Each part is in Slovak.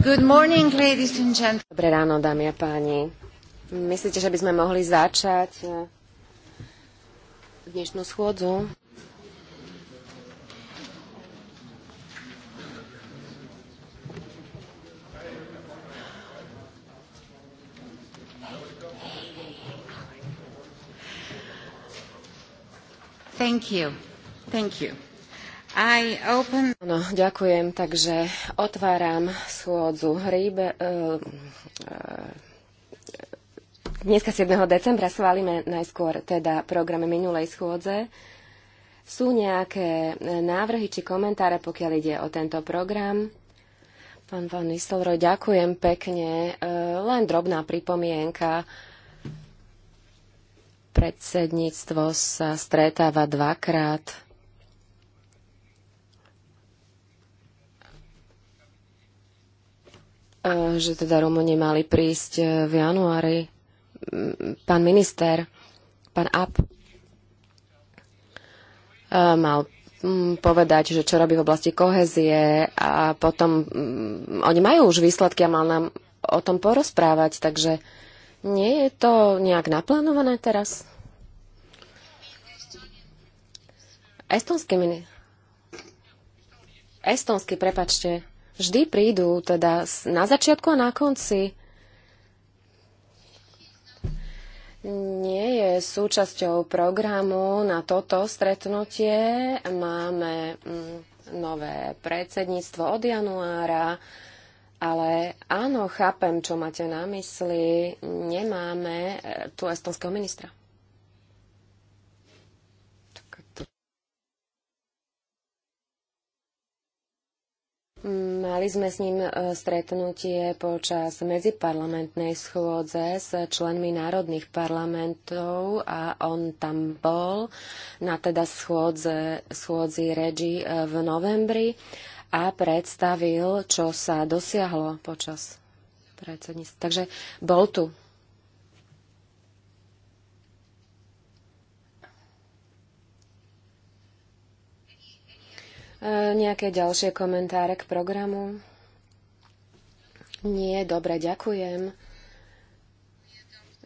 Good morning, ladies and gentlemen. Dobré ráno, dámy a páni. Myslíte, že by sme mohli začať eh, dnešnú schôdzu? Thank you. Thank you. Open... No, ďakujem, takže otváram schôdzu hríbe. Uh, uh, dneska 7. decembra schválime najskôr teda program minulej schôdze. Sú nejaké eh, návrhy či komentáre, pokiaľ ide o tento program? Pán Van Nistelroj, ďakujem pekne. Uh, len drobná pripomienka predsedníctvo sa stretáva dvakrát E, že teda Rumúni mali prísť e, v januári. Pán minister, pán Ab, e, mal povedať, že čo robí v oblasti kohezie a potom oni majú už výsledky a mal nám o tom porozprávať, takže nie je to nejak naplánované teraz? Estonský mini... Estonský, prepačte. Vždy prídu, teda na začiatku a na konci. Nie je súčasťou programu na toto stretnutie. Máme mm, nové predsedníctvo od januára, ale áno, chápem, čo máte na mysli. Nemáme eh, tu estonského ministra. Mali sme s ním e, stretnutie počas medziparlamentnej schôdze s členmi národných parlamentov a on tam bol na teda schôdze, schôdzi Regi e, v novembri a predstavil, čo sa dosiahlo počas predsedníctva. Takže bol tu E, nejaké ďalšie komentáre k programu? Nie, dobre, ďakujem.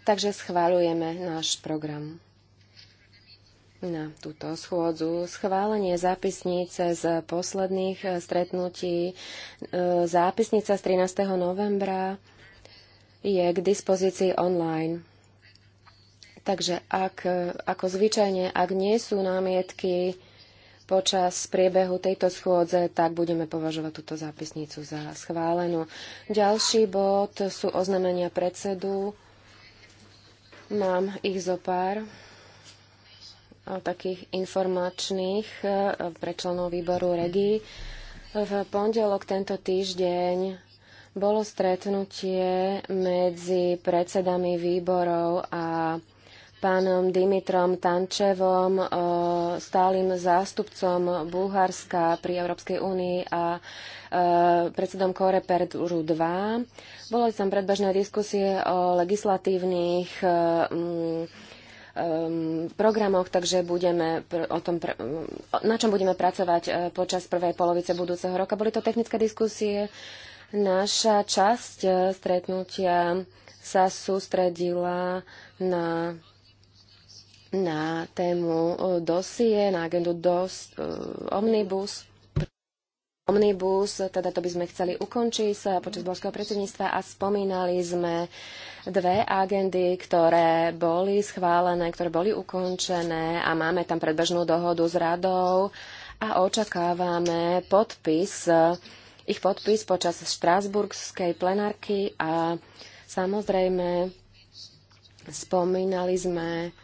Takže schválujeme náš program na túto schôdzu. Schválenie zápisnice z posledných e, stretnutí. E, zápisnica z 13. novembra je k dispozícii online. Takže ak, ako zvyčajne, ak nie sú námietky, počas priebehu tejto schôdze, tak budeme považovať túto zápisnicu za schválenú. Ďalší bod sú oznamenia predsedu. Mám ich zo pár takých informačných e, pre členov výboru REGI. V pondelok tento týždeň bolo stretnutie medzi predsedami výborov a pánom Dimitrom Tančevom, eh, stálym zástupcom Bulharska pri Európskej únii a eh, predsedom Koreperu 2. Boli tam predbežné diskusie o legislatívnych eh, mm, programoch, takže budeme o tom, mm, na čom budeme pracovať počas prvej polovice budúceho roka. Boli to technické diskusie. Naša časť stretnutia sa sústredila na na tému e, dosie, na agendu DOS, e, Omnibus. Omnibus, teda to by sme chceli ukončiť počas bolského predsedníctva a spomínali sme dve agendy, ktoré boli schválené, ktoré boli ukončené a máme tam predbežnú dohodu s radou a očakávame podpis, e, ich podpis počas štrásburgskej plenárky a samozrejme Spomínali sme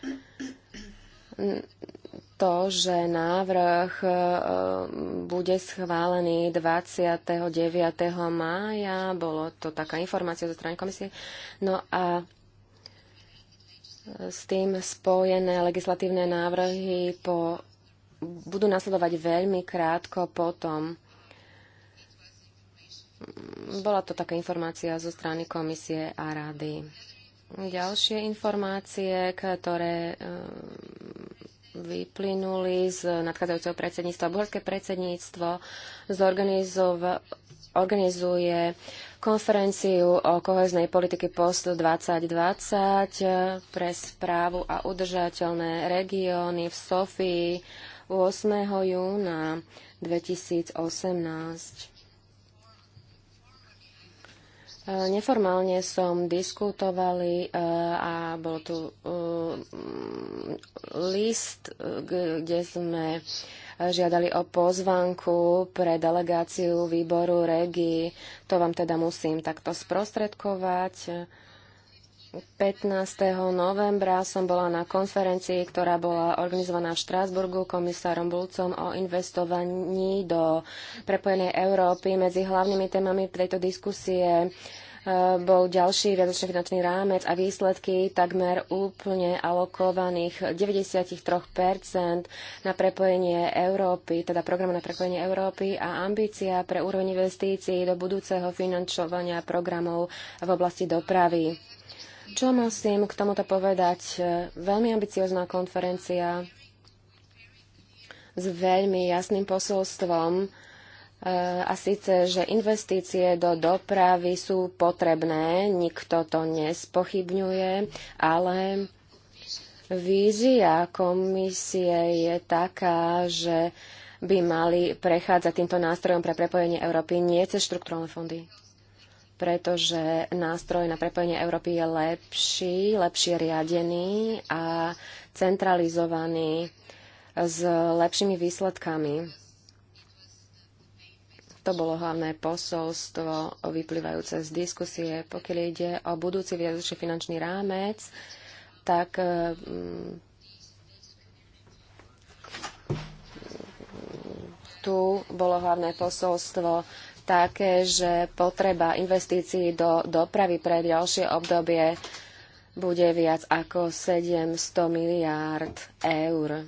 to, že návrh e, bude schválený 29. mája. Bolo to taká informácia zo strany komisie. No a s tým spojené legislatívne návrhy po, budú nasledovať veľmi krátko potom. Bola to taká informácia zo strany komisie a rady. Ďalšie informácie, ktoré eh, vyplynuli z nadchádzajúceho predsedníctva. Bulharské predsedníctvo organizuje konferenciu o koheznej politike post 2020 eh, pre správu a udržateľné regióny v Sofii 8. júna 2018. Neformálne som diskutovali e, a bol tu e, list, e, kde sme žiadali o pozvanku pre delegáciu výboru REGI. To vám teda musím takto sprostredkovať. 15. novembra som bola na konferencii, ktorá bola organizovaná v Štrásburgu komisárom Bulcom o investovaní do prepojenej Európy. Medzi hlavnými témami tejto diskusie e, bol ďalší viacočný finančný rámec a výsledky takmer úplne alokovaných 93% na prepojenie Európy, teda programu na prepojenie Európy a ambícia pre úroveň investícií do budúceho finančovania programov v oblasti dopravy. Čo musím k tomuto povedať? Veľmi ambiciozná konferencia s veľmi jasným posolstvom e, a síce, že investície do dopravy sú potrebné, nikto to nespochybňuje, ale vízia komisie je taká, že by mali prechádzať týmto nástrojom pre prepojenie Európy nie cez štruktúrne fondy pretože nástroj na prepojenie Európy je lepší, lepšie riadený a centralizovaný s lepšími výsledkami. To bolo hlavné posolstvo vyplývajúce z diskusie. Pokiaľ ide o budúci viadučný finančný rámec, tak mm, tu bolo hlavné posolstvo také, že potreba investícií do dopravy pre ďalšie obdobie bude viac ako 700 miliárd eur.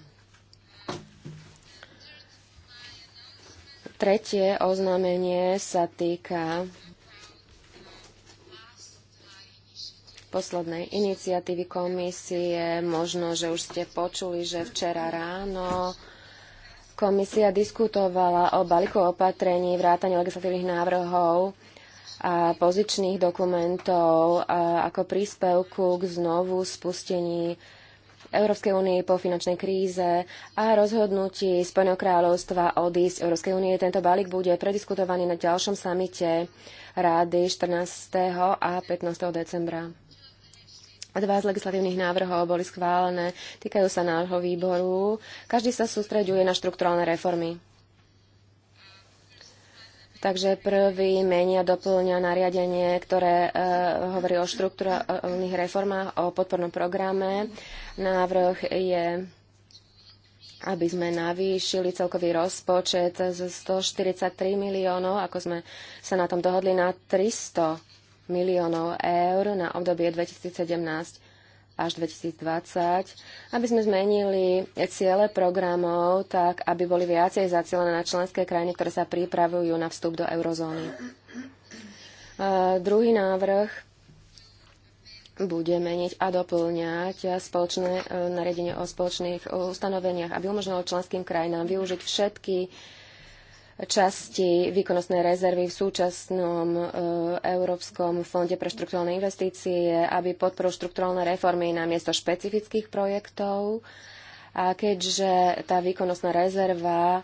Tretie oznámenie sa týka poslednej iniciatívy komisie. Možno, že už ste počuli, že včera ráno Komisia diskutovala o balíku opatrení, vrátane legislatívnych návrhov a pozičných dokumentov a ako príspevku k znovu spustení Európskej únie po finančnej kríze a rozhodnutí Spojeného kráľovstva odísť Európskej únie. Tento balík bude prediskutovaný na ďalšom samite rády 14. a 15. decembra. Dva z legislatívnych návrhov boli schválené, týkajú sa nášho výboru. Každý sa sústreďuje na štrukturálne reformy. Takže prvý menia doplňa nariadenie, ktoré e, hovorí o štruktúrnych reformách, o podpornom programe. Návrh je, aby sme navýšili celkový rozpočet z 143 miliónov, ako sme sa na tom dohodli, na 300 miliónov eur na obdobie 2017 až 2020, aby sme zmenili ciele programov tak, aby boli viacej zacielené na členské krajiny, ktoré sa pripravujú na vstup do eurozóny. A druhý návrh bude meniť a doplňať spoločné e, nariadenie o spoločných e, ustanoveniach, aby umožnilo členským krajinám využiť všetky časti výkonnostnej rezervy v súčasnom e, Európskom fonde pre štrukturálne investície, aby podporil štrukturálne reformy na miesto špecifických projektov. A keďže tá výkonnostná rezerva e,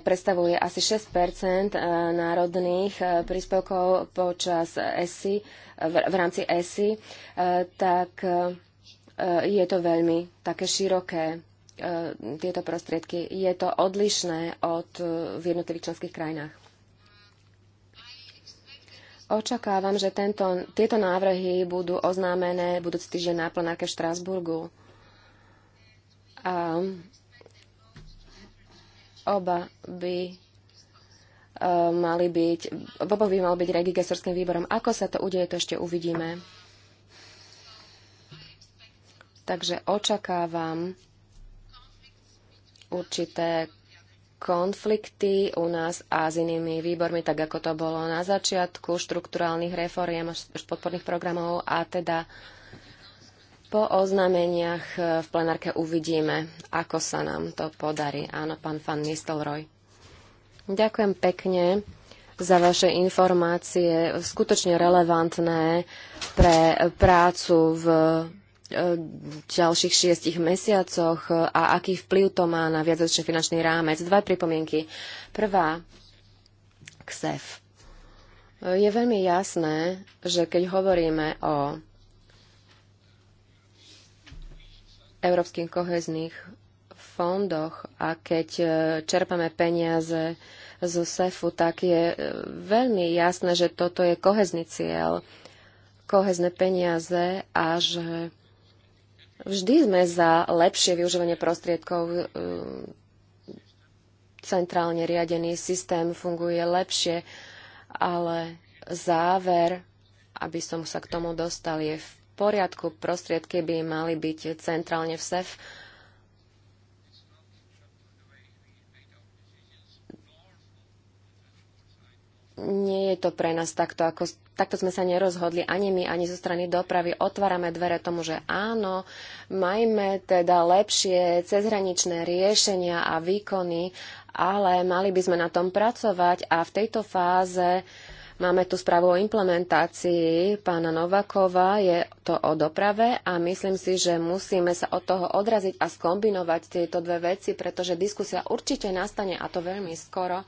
predstavuje asi 6 e, národných príspevkov počas ESI, v rámci ESI, tak je to veľmi také široké. E, tieto prostriedky. Je to odlišné od, e, v jednotlivých členských krajinách. Očakávam, že tento, tieto návrhy budú oznámené budúci týždeň na plenárke v Štrásburgu. A oba by e, mali byť, oba by mal byť regi výborom. Ako sa to udeje, to ešte uvidíme. Takže očakávam, určité konflikty u nás a s inými výbormi, tak ako to bolo na začiatku štrukturálnych reforiem a podporných programov a teda po oznámeniach e, v plenárke uvidíme, ako sa nám to podarí. Áno, pán Fan Nistelroj. Ďakujem pekne za vaše informácie, skutočne relevantné pre prácu v E, ďalších šiestich mesiacoch a aký vplyv to má na viacročný finančný rámec. Dva pripomienky. Prvá, KSEF. Je veľmi jasné, že keď hovoríme o európskych kohezných fondoch a keď e, čerpame peniaze zo SEFu, tak je e, veľmi jasné, že toto je kohezný cieľ, kohezné peniaze a že Vždy sme za lepšie využívanie prostriedkov. Um, centrálne riadený systém funguje lepšie, ale záver, aby som sa k tomu dostal, je v poriadku. Prostriedky by mali byť centrálne v SEF. nie je to pre nás takto, ako takto sme sa nerozhodli ani my, ani zo strany dopravy. Otvárame dvere tomu, že áno, majme teda lepšie cezhraničné riešenia a výkony, ale mali by sme na tom pracovať a v tejto fáze Máme tu správu o implementácii pána Novakova, je to o doprave a myslím si, že musíme sa od toho odraziť a skombinovať tieto dve veci, pretože diskusia určite nastane a to veľmi skoro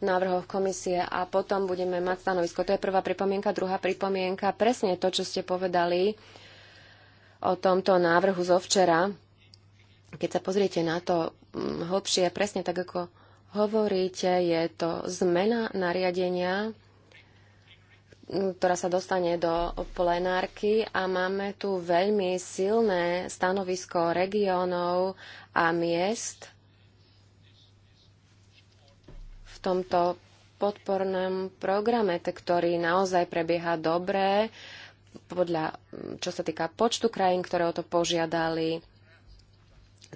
návrhoch komisie a potom budeme mať stanovisko. To je prvá pripomienka. Druhá pripomienka, presne to, čo ste povedali o tomto návrhu zo včera. Keď sa pozriete na to mm, hlbšie, presne tak, ako hovoríte, je to zmena nariadenia, ktorá sa dostane do plenárky a máme tu veľmi silné stanovisko regiónov a miest, tomto podpornom programe, ktorý naozaj prebieha dobre, podľa, mm, čo sa týka počtu krajín, ktoré o to požiadali.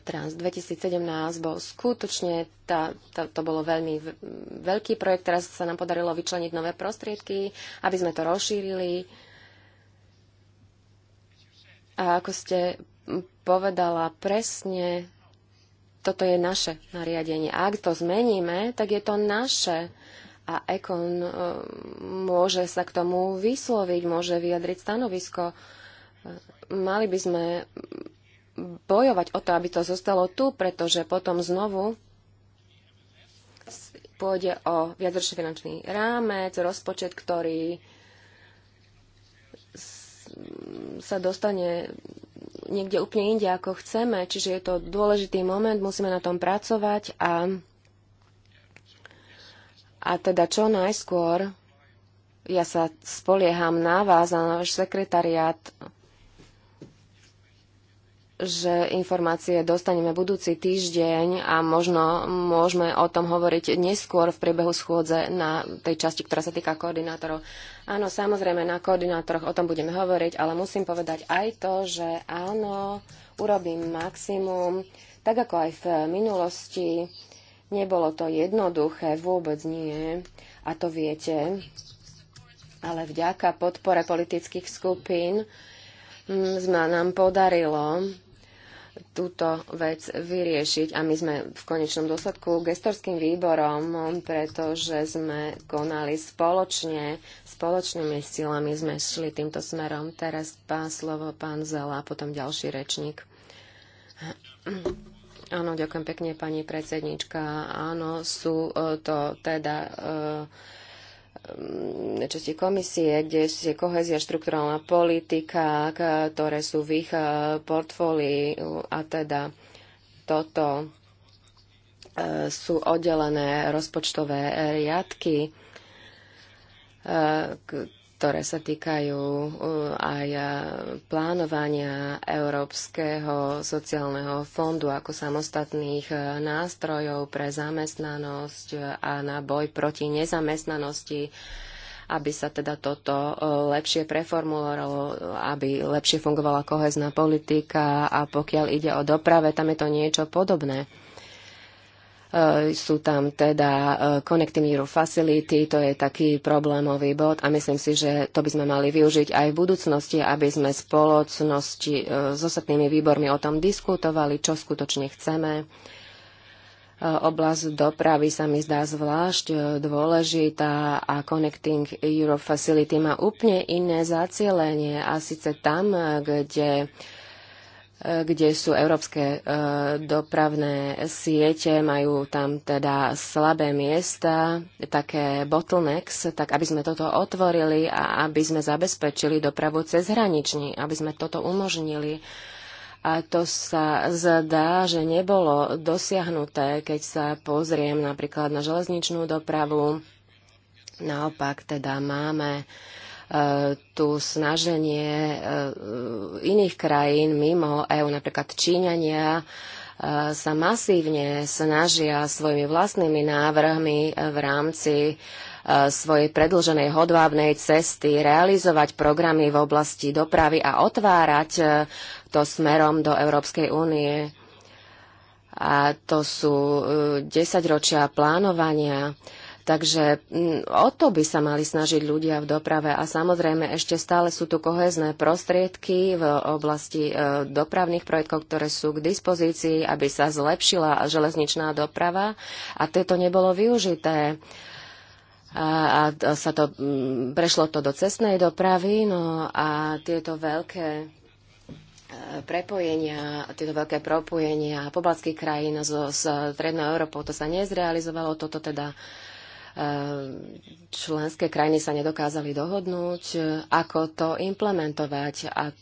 Trans 2017 bol skutočne, tá, tá, to bolo veľmi veľký projekt, teraz sa nám podarilo vyčleniť nové prostriedky, aby sme to rozšírili. A ako ste povedala presne, toto je naše nariadenie. A ak to zmeníme, tak je to naše. A Ekon e, môže sa k tomu vysloviť, môže vyjadriť stanovisko. E, mali by sme bojovať o to, aby to zostalo tu, pretože potom znovu pôjde o viacročný finančný rámec, rozpočet, ktorý sa dostane niekde úplne inde, ako chceme. Čiže je to dôležitý moment, musíme na tom pracovať a, a teda čo najskôr ja sa spolieham na vás, na náš sekretariát, že informácie dostaneme budúci týždeň a možno môžeme o tom hovoriť neskôr v priebehu schôdze na tej časti, ktorá sa týka koordinátorov. Áno, samozrejme, na koordinátoroch o tom budeme hovoriť, ale musím povedať aj to, že áno, urobím maximum, tak ako aj v minulosti. Nebolo to jednoduché, vôbec nie, a to viete, ale vďaka podpore politických skupín mm, sme nám podarilo túto vec vyriešiť. A my sme v konečnom dôsledku gestorským výborom, pretože sme konali spoločne, spoločnými silami sme šli týmto smerom. Teraz pán slovo, pán Zela, a potom ďalší rečník. Áno, ďakujem pekne, pani predsednička. Áno, sú e, to teda e, časti komisie, kde je kohezia štruktúrálna politika, ktoré sú v ich e, portfólii a teda toto e, sú oddelené rozpočtové riadky, e, ktoré sa týkajú uh, aj uh, plánovania Európskeho sociálneho fondu ako samostatných uh, nástrojov pre zamestnanosť a na boj proti nezamestnanosti aby sa teda toto lepšie preformulovalo, aby lepšie fungovala kohezná politika a pokiaľ ide o doprave, tam je to niečo podobné. E, sú tam teda e, Connecting Euro Facility, to je taký problémový bod a myslím si, že to by sme mali využiť aj v budúcnosti, aby sme spoločnosti e, s ostatnými výbormi o tom diskutovali, čo skutočne chceme. Oblasť dopravy sa mi zdá zvlášť dôležitá a Connecting Europe Facility má úplne iné zacielenie a síce tam, kde kde sú európske e, dopravné siete, majú tam teda slabé miesta, také bottlenecks, tak aby sme toto otvorili a aby sme zabezpečili dopravu cez hraniční, aby sme toto umožnili. A to sa zdá, že nebolo dosiahnuté, keď sa pozriem napríklad na železničnú dopravu. Naopak teda máme uh, tu snaženie e, iných krajín mimo EÚ, napríklad Číňania, e, sa masívne snažia svojimi vlastnými návrhmi e, v rámci svojej predlženej hodvábnej cesty realizovať programy v oblasti dopravy a otvárať to smerom do Európskej únie. A to sú desaťročia plánovania. Takže mm, o to by sa mali snažiť ľudia v doprave a samozrejme ešte stále sú tu kohezné prostriedky v oblasti e, dopravných projektov, ktoré sú k dispozícii, aby sa zlepšila železničná doprava a tieto nebolo využité a, a sa to, mm, prešlo to do cestnej dopravy, no a tieto veľké e, prepojenia, tieto veľké propojenia pobalských krajín so strednou Európou, to sa nezrealizovalo, toto teda členské krajiny sa nedokázali dohodnúť, ako to implementovať. A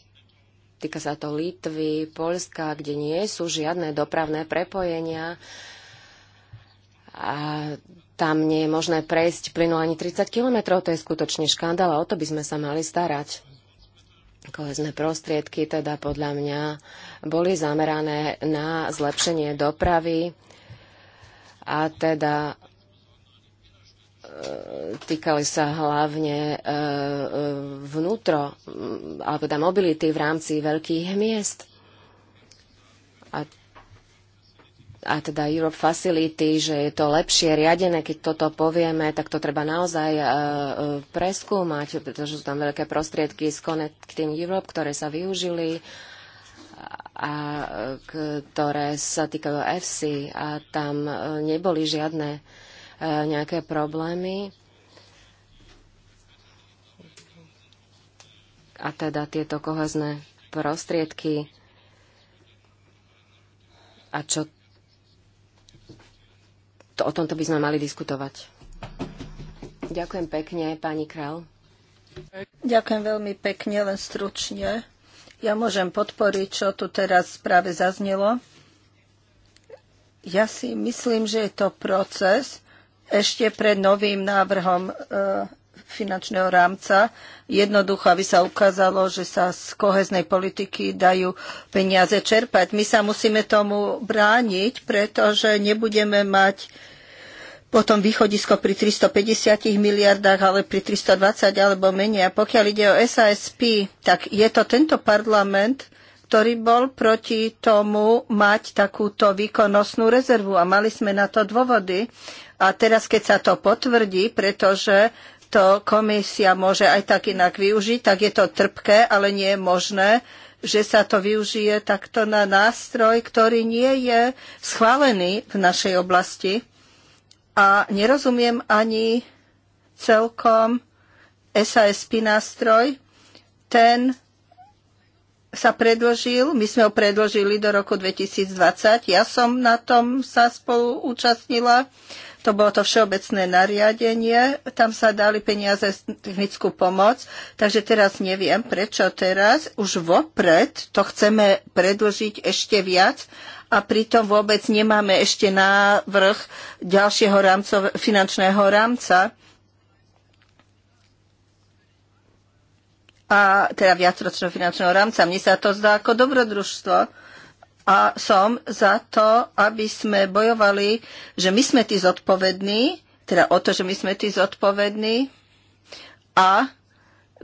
týka sa to Litvy, Polska, kde nie sú žiadne dopravné prepojenia. A tam nie je možné prejsť plynu ani 30 kilometrov, to je skutočne škandál a o to by sme sa mali starať. Kohezné prostriedky teda podľa mňa boli zamerané na zlepšenie dopravy a teda týkali sa hlavne e, e, vnútro, alebo teda mobility v rámci veľkých miest. A, a teda Europe Facility, že je to lepšie riadené, keď toto povieme, tak to treba naozaj e, preskúmať, pretože sú tam veľké prostriedky z Connecting Europe, ktoré sa využili a ktoré sa týkajú FC a tam neboli žiadne nejaké problémy. A teda tieto kohezné prostriedky a čo to, o tomto by sme mali diskutovať. Ďakujem pekne, pani Král. Ďakujem veľmi pekne, len stručne. Ja môžem podporiť, čo tu teraz práve zaznelo. Ja si myslím, že je to proces, ešte pred novým návrhom e, finančného rámca. Jednoducho, aby sa ukázalo, že sa z koheznej politiky dajú peniaze čerpať. My sa musíme tomu brániť, pretože nebudeme mať potom východisko pri 350 miliardách, ale pri 320 alebo menej. A pokiaľ ide o SASP, tak je to tento parlament, ktorý bol proti tomu mať takúto výkonnostnú rezervu a mali sme na to dôvody. A teraz, keď sa to potvrdí, pretože to komisia môže aj tak inak využiť, tak je to trpké, ale nie je možné, že sa to využije takto na nástroj, ktorý nie je schválený v našej oblasti. A nerozumiem ani celkom SASP nástroj. Ten sa predložil, my sme ho predložili do roku 2020. Ja som na tom sa spolu účastnila to bolo to všeobecné nariadenie, tam sa dali peniaze z technickú pomoc, takže teraz neviem, prečo teraz už vopred to chceme predlžiť ešte viac a pritom vôbec nemáme ešte návrh ďalšieho rámcov, finančného rámca. a teda viacročného finančného rámca. Mne sa to zdá ako dobrodružstvo a som za to, aby sme bojovali, že my sme tí zodpovední, teda o to, že my sme tí zodpovední a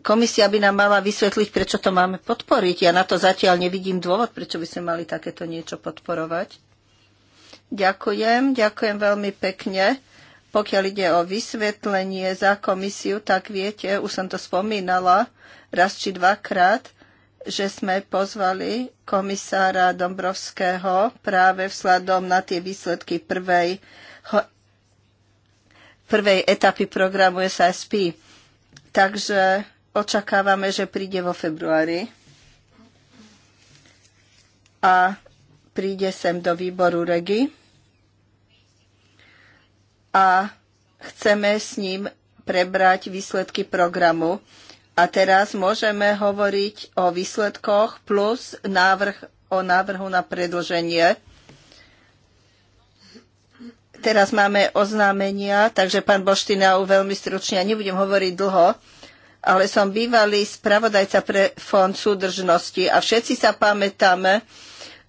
komisia by nám mala vysvetliť, prečo to máme podporiť. Ja na to zatiaľ nevidím dôvod, prečo by sme mali takéto niečo podporovať. Ďakujem, ďakujem veľmi pekne. Pokiaľ ide o vysvetlenie za komisiu, tak viete, už som to spomínala raz či dvakrát, že sme pozvali komisára Dombrovského práve vzhľadom na tie výsledky prvej, prvej etapy programu SSP. Takže očakávame, že príde vo februári a príde sem do výboru REGI a chceme s ním prebrať výsledky programu a teraz môžeme hovoriť o výsledkoch plus návrh o návrhu na predlženie. Teraz máme oznámenia, takže pán Boština veľmi stručne, ja nebudem hovoriť dlho, ale som bývalý spravodajca pre Fond súdržnosti a všetci sa pamätáme,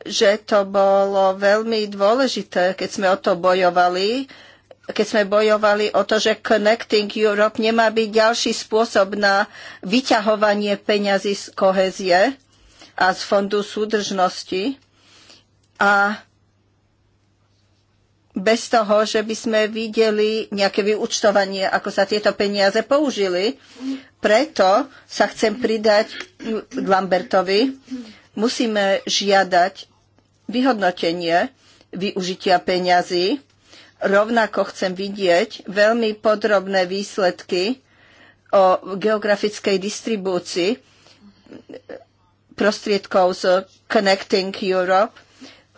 že to bolo veľmi dôležité, keď sme o to bojovali, keď sme bojovali o to, že Connecting Europe nemá byť ďalší spôsob na vyťahovanie peňazí z kohezie a z fondu súdržnosti. A bez toho, že by sme videli nejaké vyúčtovanie, ako sa tieto peniaze použili. Preto sa chcem pridať k Lambertovi. Musíme žiadať vyhodnotenie využitia peňazí Rovnako chcem vidieť veľmi podrobné výsledky o geografickej distribúcii prostriedkov z Connecting Europe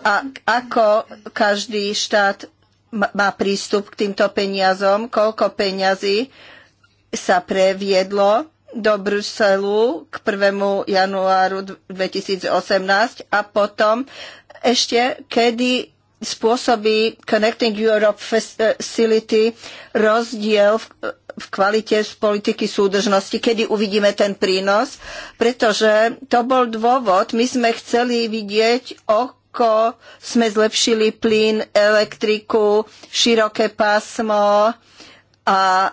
a ako každý štát má prístup k týmto peniazom, koľko peňazí sa previedlo do Bruselu k 1. januáru 2018 a potom ešte, kedy spôsobí Connecting Europe eh, Facility rozdiel v, v kvalite z politiky súdržnosti, kedy uvidíme ten prínos, pretože to bol dôvod, my sme chceli vidieť, ako sme zlepšili plyn, elektriku, široké pásmo a e,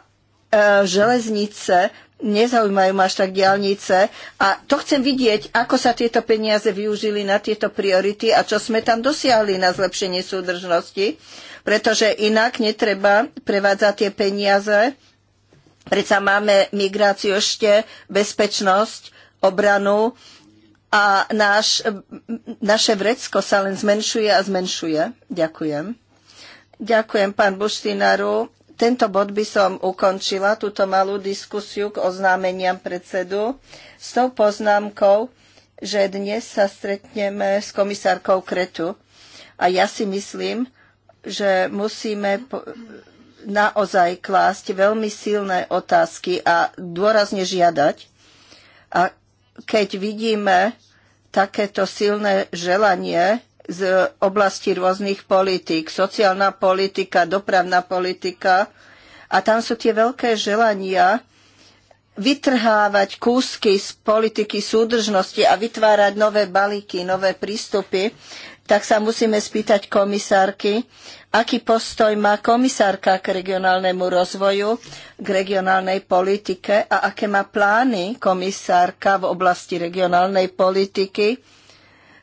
železnice, nezaujímajú ma až tak diálnice. A to chcem vidieť, ako sa tieto peniaze využili na tieto priority a čo sme tam dosiahli na zlepšenie súdržnosti, pretože inak netreba prevádzať tie peniaze. Predsa máme migráciu ešte, bezpečnosť, obranu a náš, naše vrecko sa len zmenšuje a zmenšuje. Ďakujem. Ďakujem, pán Buštinaru. Tento bod by som ukončila, túto malú diskusiu k oznámeniam predsedu s tou poznámkou, že dnes sa stretneme s komisárkou Kretu. A ja si myslím, že musíme naozaj klásť veľmi silné otázky a dôrazne žiadať. A keď vidíme takéto silné želanie z oblasti rôznych politík. Sociálna politika, dopravná politika. A tam sú tie veľké želania vytrhávať kúsky z politiky súdržnosti a vytvárať nové balíky, nové prístupy, tak sa musíme spýtať komisárky, aký postoj má komisárka k regionálnemu rozvoju, k regionálnej politike a aké má plány komisárka v oblasti regionálnej politiky,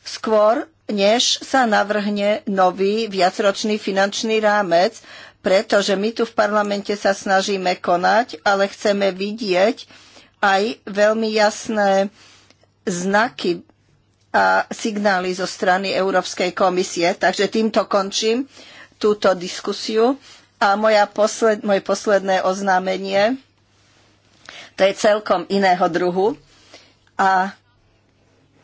skôr než sa navrhne nový viacročný finančný rámec, pretože my tu v parlamente sa snažíme konať, ale chceme vidieť aj veľmi jasné znaky a signály zo strany Európskej komisie. Takže týmto končím túto diskusiu. A moja posled, moje posledné oznámenie, to je celkom iného druhu. A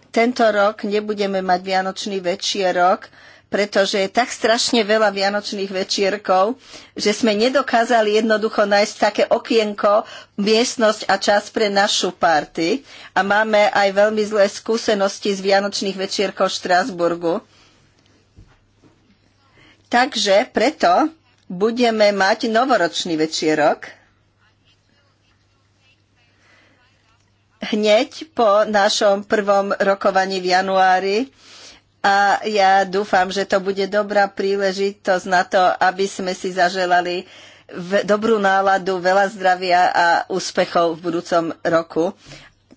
tento rok nebudeme mať Vianočný večierok, pretože je tak strašne veľa vianočných večierkov, že sme nedokázali jednoducho nájsť také okienko, miestnosť a čas pre našu party. A máme aj veľmi zlé skúsenosti z vianočných večierkov v Štrásburgu. Takže preto budeme mať novoročný večierok hneď po našom prvom rokovaní v januári a ja dúfam, že to bude dobrá príležitosť na to, aby sme si zaželali dobrú náladu, veľa zdravia a úspechov v budúcom roku.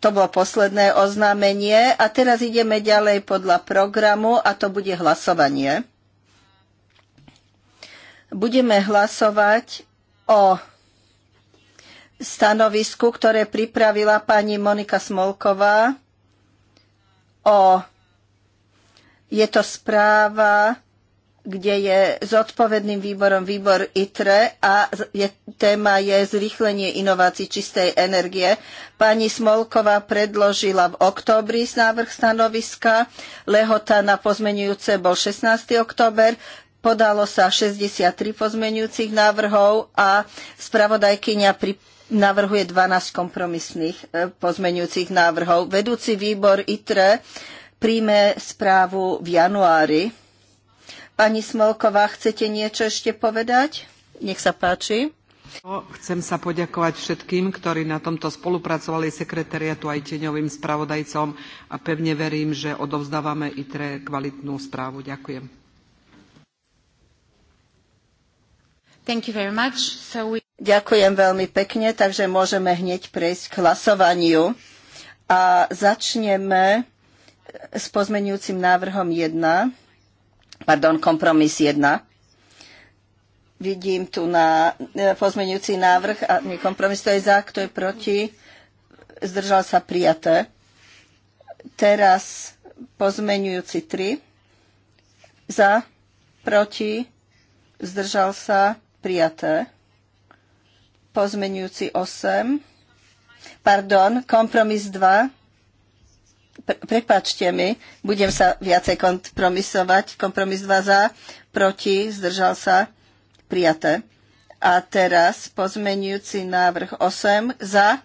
To bolo posledné oznámenie a teraz ideme ďalej podľa programu a to bude hlasovanie. Budeme hlasovať o stanovisku, ktoré pripravila pani Monika Smolková o je to správa, kde je zodpovedným výborom výbor ITRE a je, téma je zrýchlenie inovácií čistej energie. Pani Smolková predložila v októbri návrh stanoviska, lehota na pozmenujúce bol 16. október, podalo sa 63 pozmenujúcich návrhov a spravodajkyňa pri navrhuje 12 kompromisných e, pozmeňujúcich návrhov. Vedúci výbor ITRE príjme správu v januári. Pani Smolková, chcete niečo ešte povedať? Nech sa páči. Chcem sa poďakovať všetkým, ktorí na tomto spolupracovali sekretariatu aj teňovým spravodajcom a pevne verím, že odovzdávame ITRE kvalitnú správu. Ďakujem. Ďakujem veľmi pekne, takže môžeme hneď prejsť k hlasovaniu. A začneme s pozmenujúcim návrhom 1, pardon, kompromis 1. Vidím tu na e, pozmenujúci návrh a nie kompromis, to je za, kto je proti, zdržal sa prijaté. Teraz pozmenujúci 3, za, proti, zdržal sa prijaté prijaté. Pozmenujúci 8, pardon, kompromis 2, prepačte mi, budem sa viacej kompromisovať. Kompromis 2 za, proti, zdržal sa, prijaté. A teraz pozmenujúci návrh 8 za,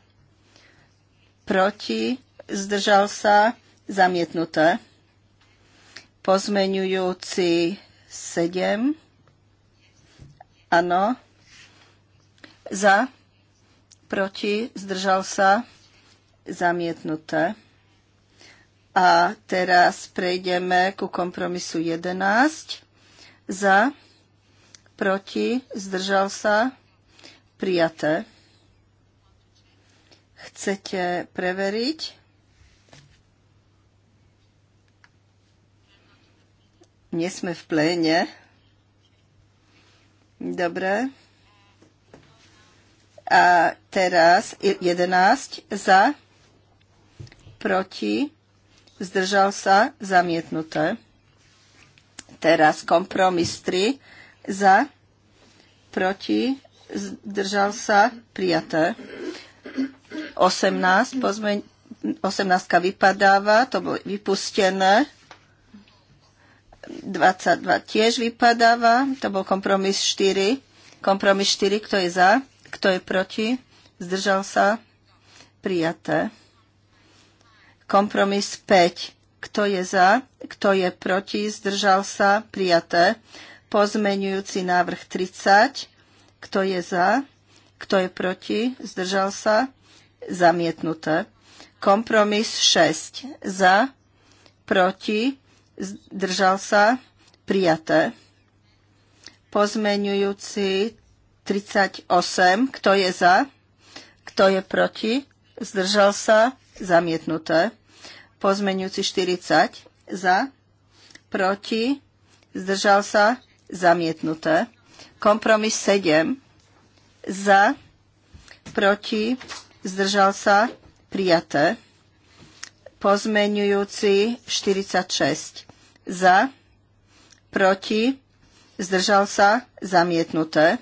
proti, zdržal sa, zamietnuté. Pozmenujúci 7 Áno. Za. Proti. Zdržal sa. Zamietnuté. A teraz prejdeme ku kompromisu 11. Za. Proti. Zdržal sa. Prijaté. Chcete preveriť? Nie sme v pléne. Dobre. A teraz 11 za, proti, zdržal sa, zamietnuté. Teraz kompromis 3 za, proti, zdržal sa, prijaté. 18, pozmeň, 18 vypadáva, to bolo vypustené. 22 tiež vypadáva, to bol kompromis 4. Kompromis 4, kto je za, kto je proti, zdržal sa, prijaté. Kompromis 5, kto je za, kto je proti, zdržal sa, prijaté. Pozmenujúci návrh 30, kto je za, kto je proti, zdržal sa, zamietnuté. Kompromis 6, za, proti, zdržal sa, prijaté. Pozmeňujúci 38, kto je za, kto je proti, zdržal sa, zamietnuté. Pozmeňujúci 40, za, proti, zdržal sa, zamietnuté. Kompromis 7, za, proti, zdržal sa, prijaté. Pozmeňujúci 46, za, proti, zdržal sa, zamietnuté.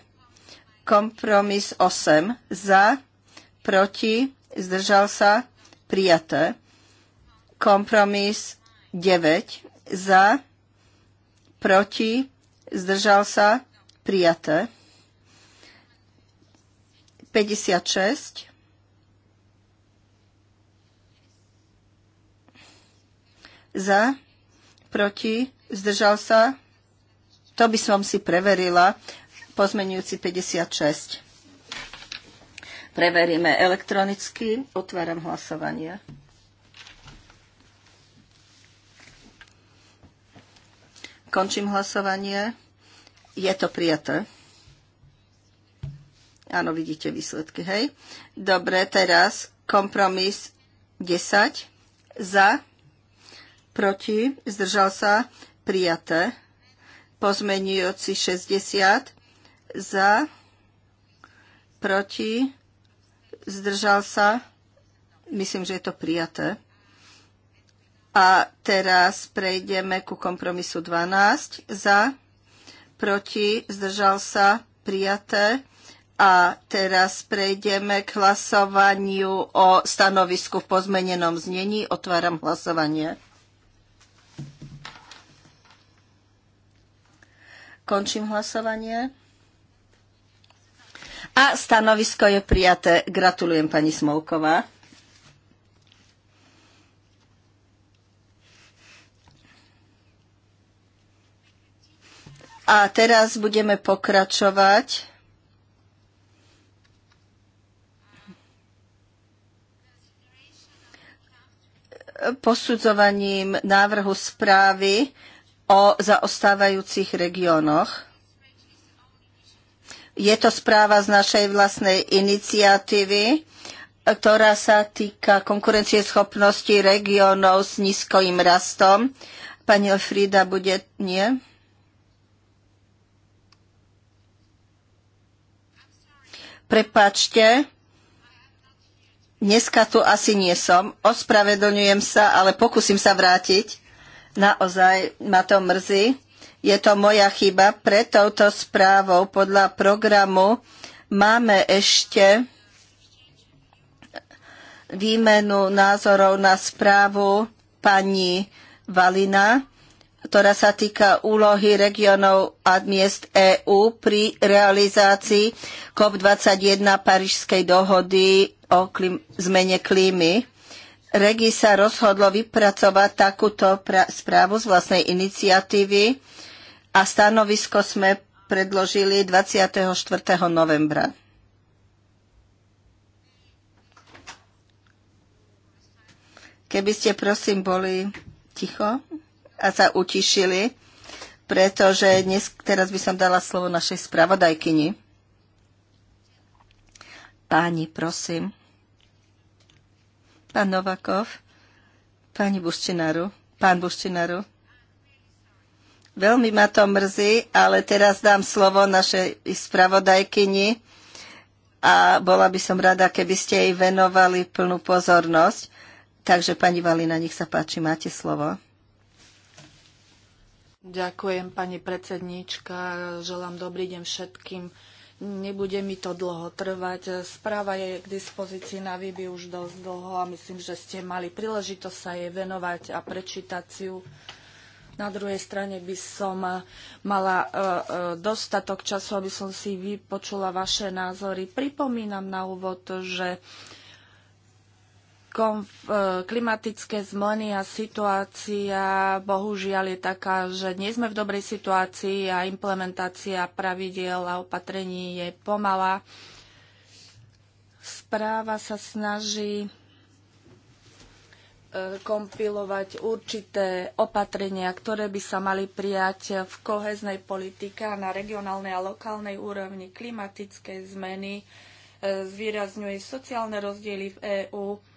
Kompromis 8 za, proti, zdržal sa, prijaté. Kompromis 9 za, proti, zdržal sa, prijaté. 56 za, proti, zdržal sa. To by som si preverila. Pozmenujúci 56. Preveríme elektronicky. Otváram hlasovanie. Končím hlasovanie. Je to prijaté. Áno, vidíte výsledky, hej. Dobre, teraz kompromis 10 za, proti, zdržal sa, prijaté. Pozmenujúci 60, za, proti, zdržal sa, myslím, že je to prijaté. A teraz prejdeme ku kompromisu 12, za, proti, zdržal sa, prijaté. A teraz prejdeme k hlasovaniu o stanovisku v pozmenenom znení. Otváram hlasovanie. Končím hlasovanie. A stanovisko je prijaté. Gratulujem pani Smolková. A teraz budeme pokračovať. posudzovaním návrhu správy o zaostávajúcich regiónoch. Je to správa z našej vlastnej iniciatívy, ktorá sa týka konkurencieschopnosti regiónov s nízkým rastom. Pani Elfrida bude... Nie? Prepačte, dneska tu asi nie som. Ospravedlňujem sa, ale pokúsim sa vrátiť. Naozaj ma to mrzí. Je to moja chyba. Pre touto správou podľa programu máme ešte výmenu názorov na správu pani Valina, ktorá sa týka úlohy regionov a miest EÚ pri realizácii COP21 Parížskej dohody o klim- zmene klímy. Regi sa rozhodlo vypracovať takúto správu z vlastnej iniciatívy a stanovisko sme predložili 24. novembra. Keby ste prosím boli ticho a sa utišili, pretože dnes, teraz by som dala slovo našej spravodajkyni. Páni, prosím. Pán Novakov, pani Buštinaru, pán Buštinaru. Veľmi ma to mrzí, ale teraz dám slovo našej spravodajkyni a bola by som rada, keby ste jej venovali plnú pozornosť. Takže pani Valina, nech sa páči, máte slovo. Ďakujem, pani predsedníčka. Želám dobrý deň všetkým. Nebude mi to dlho trvať. Správa je k dispozícii na Vibi už dosť dlho a myslím, že ste mali príležitosť sa jej venovať a prečítať si ju. Na druhej strane by som eh, mala eh, eh, dostatok času, aby som si vypočula vaše názory. Pripomínam na úvod, že konf- e, klimatické zmeny a situácia bohužiaľ je taká, že nie sme v dobrej situácii a implementácia pravidiel a opatrení je pomalá. Správa sa snaží e, kompilovať určité opatrenia, ktoré by sa mali prijať v koheznej politike na regionálnej a lokálnej úrovni klimatické zmeny, e, zvýrazňuje sociálne rozdiely v EÚ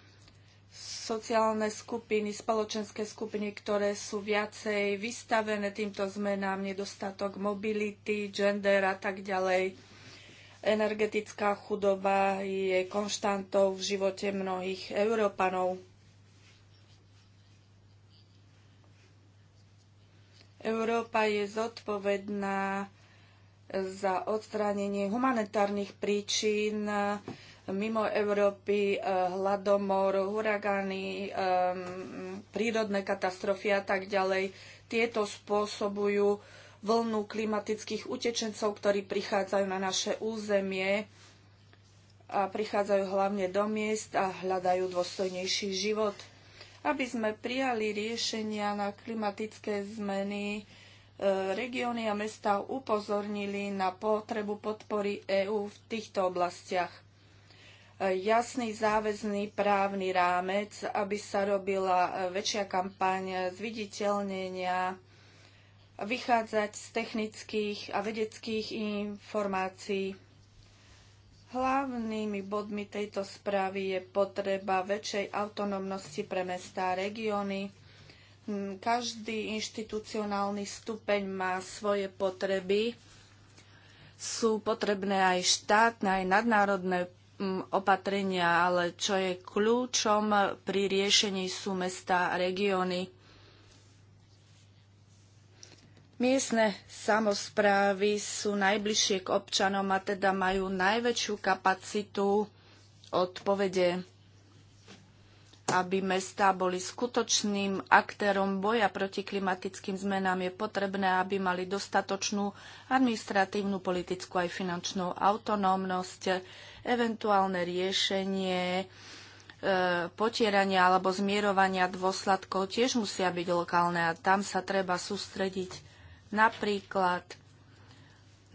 sociálne skupiny, spoločenské skupiny, ktoré sú viacej vystavené týmto zmenám, nedostatok mobility, gender a tak ďalej. Energetická chudoba je konštantou v živote mnohých Európanov. Európa je zodpovedná za odstránenie humanitárnych príčin mimo Európy, e, hladomor, huragány, e, prírodné katastrofy a tak ďalej. Tieto spôsobujú vlnu klimatických utečencov, ktorí prichádzajú na naše územie a prichádzajú hlavne do miest a hľadajú dôstojnejší život. Aby sme prijali riešenia na klimatické zmeny, e, regióny a mesta upozornili na potrebu podpory EÚ v týchto oblastiach jasný záväzný právny rámec, aby sa robila e, väčšia kampaň zviditeľnenia, vychádzať z technických a vedeckých informácií. Hlavnými bodmi tejto správy je potreba väčšej autonómnosti pre mestá a regióny. Hm, každý inštitucionálny stupeň má svoje potreby. Sú potrebné aj štátne, aj nadnárodné opatrenia, ale čo je kľúčom pri riešení sú mesta a regióny. Miestne samozprávy sú najbližšie k občanom a teda majú najväčšiu kapacitu odpovede, aby mesta boli skutočným aktérom boja proti klimatickým zmenám. Je potrebné, aby mali dostatočnú administratívnu, politickú aj finančnú autonómnosť eventuálne riešenie e, potierania alebo zmierovania dôsledkov tiež musia byť lokálne a tam sa treba sústrediť napríklad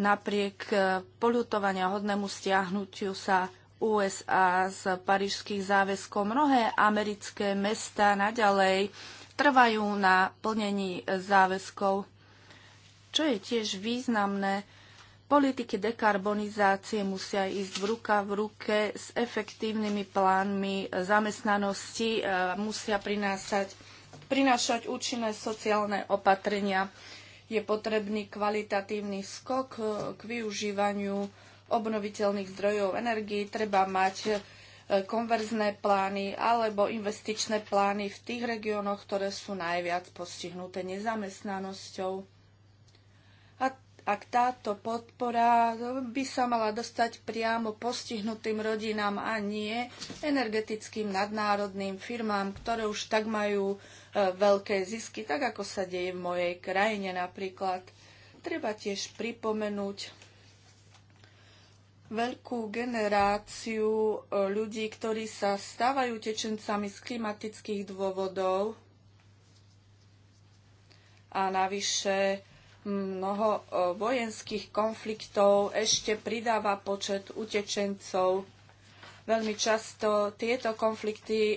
napriek e, polutovania hodnému stiahnutiu sa USA z parížských záväzkov mnohé americké mesta naďalej trvajú na plnení záväzkov, čo je tiež významné Politiky dekarbonizácie musia ísť v ruka v ruke s efektívnymi plánmi zamestnanosti, e, musia prinášať, prinášať účinné sociálne opatrenia. Je potrebný kvalitatívny skok e, k využívaniu obnoviteľných zdrojov energii, treba mať e, konverzné plány alebo investičné plány v tých regiónoch, ktoré sú najviac postihnuté nezamestnanosťou ak táto podpora by sa mala dostať priamo postihnutým rodinám a nie energetickým nadnárodným firmám, ktoré už tak majú e, veľké zisky, tak ako sa deje v mojej krajine napríklad. Treba tiež pripomenúť veľkú generáciu e, ľudí, ktorí sa stávajú tečencami z klimatických dôvodov a navyše mnoho e, vojenských konfliktov ešte pridáva počet utečencov. Veľmi často tieto konflikty, e,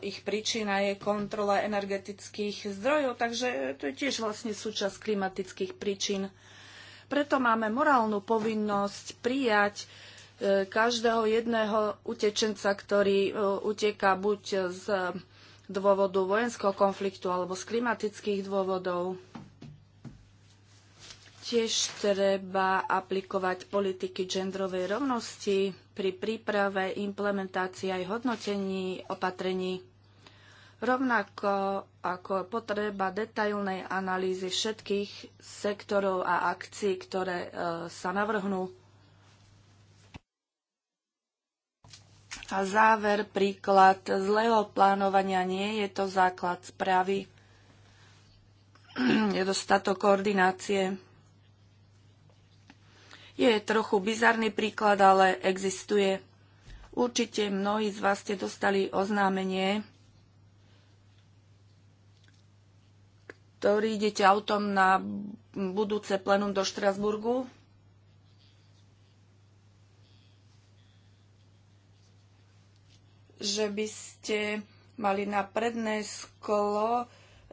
ich príčina je kontrola energetických zdrojov, takže to je tiež vlastne súčasť klimatických príčin. Preto máme morálnu povinnosť prijať e, každého jedného utečenca, ktorý uteká buď z dôvodu vojenského konfliktu alebo z klimatických dôvodov. Tiež treba aplikovať politiky genderovej rovnosti pri príprave, implementácii aj hodnotení opatrení. Rovnako ako potreba detailnej analýzy všetkých sektorov a akcií, ktoré e, sa navrhnú. A záver, príklad zlého plánovania nie je to základ správy, je dostatok koordinácie je trochu bizarný príklad, ale existuje. Určite mnohí z vás ste dostali oznámenie, ktorý idete autom na budúce plenum do Štrasburgu. že by ste mali na predné sklo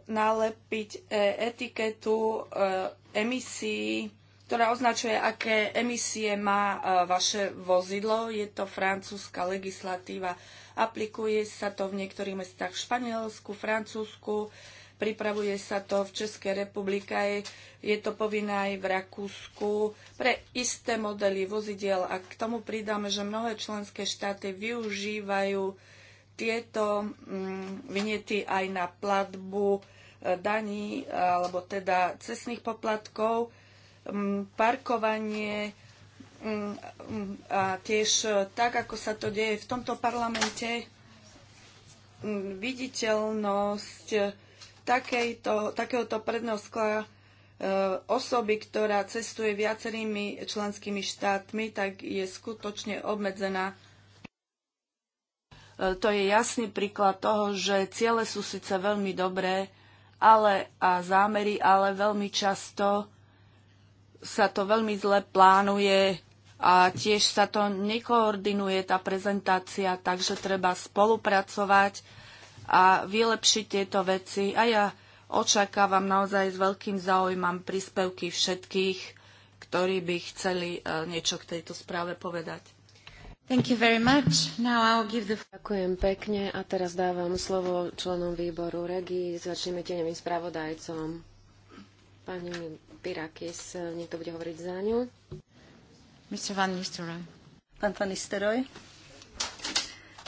nalepiť e, etiketu e, emisí ktorá označuje, aké emisie má e, vaše vozidlo. Je to francúzska legislatíva. Aplikuje sa to v niektorých mestách v Španielsku, Francúzsku, pripravuje sa to v Českej republike, je to povinné aj v Rakúsku pre isté modely vozidiel. A k tomu pridáme, že mnohé členské štáty využívajú tieto mm, vinety aj na platbu e, daní alebo teda cestných poplatkov parkovanie a tiež e, tak, ako sa to deje v tomto parlamente, viditeľnosť e, takejto, takéhoto predného skla e, osoby, ktorá cestuje viacerými členskými štátmi, tak je skutočne obmedzená. To je jasný príklad toho, že ciele sú síce veľmi dobré ale, a zámery, ale veľmi často sa to veľmi zle plánuje a tiež sa to nekoordinuje, tá prezentácia, takže treba spolupracovať a vylepšiť tieto veci. A ja očakávam naozaj s veľkým záujmom príspevky všetkých, ktorí by chceli e, niečo k tejto správe povedať. Thank you very much. Now I'll give the... Ďakujem pekne a teraz dávam slovo členom výboru REGI. Začneme tieňovým spravodajcom. Pani Pirakis. Niekto bude hovoriť za ňu. Mr. Van Nistelrooy. Pán Van Nistelrooy.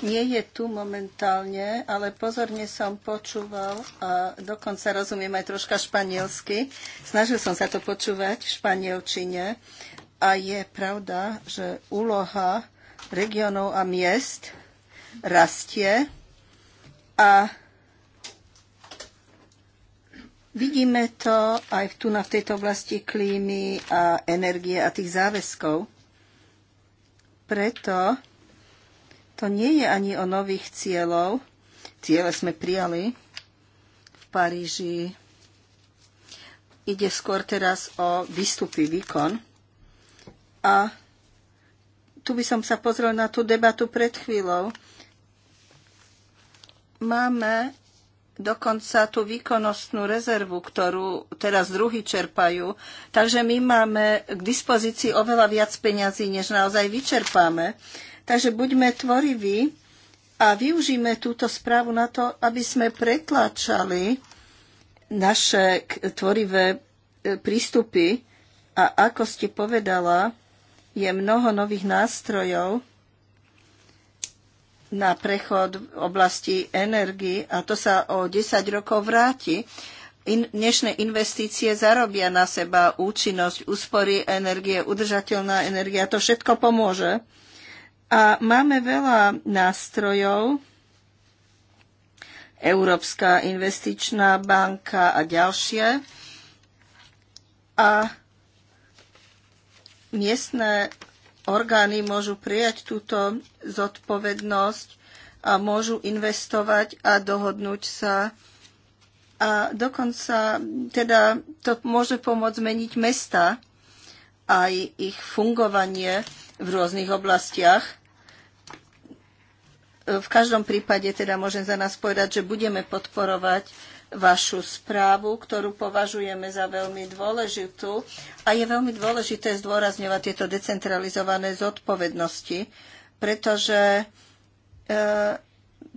Nie je tu momentálne, ale pozorne som počúval a dokonca rozumiem aj troška španielsky. Snažil som sa to počúvať v španielčine a je pravda, že úloha regionov a miest rastie a Vidíme to aj tu na v tejto oblasti klímy a energie a tých záväzkov. Preto to nie je ani o nových cieľov. Ciele sme prijali v Paríži. Ide skôr teraz o výstupy, výkon. A tu by som sa pozrel na tú debatu pred chvíľou. Máme dokonca tú výkonnostnú rezervu, ktorú teraz druhy čerpajú. Takže my máme k dispozícii oveľa viac peňazí, než naozaj vyčerpáme. Takže buďme tvoriví a využíme túto správu na to, aby sme pretláčali naše tvorivé e, prístupy. A ako ste povedala, je mnoho nových nástrojov, na prechod v oblasti energii a to sa o 10 rokov vráti. In, dnešné investície zarobia na seba účinnosť, úspory energie, udržateľná energia, to všetko pomôže. A máme veľa nástrojov, Európska investičná banka a ďalšie. A miestne orgány môžu prijať túto zodpovednosť a môžu investovať a dohodnúť sa. A dokonca teda to môže pomôcť zmeniť mesta aj ich fungovanie v rôznych oblastiach. V každom prípade teda môžem za nás povedať, že budeme podporovať vašu správu, ktorú považujeme za veľmi dôležitú a je veľmi dôležité zdôrazňovať tieto decentralizované zodpovednosti, pretože e,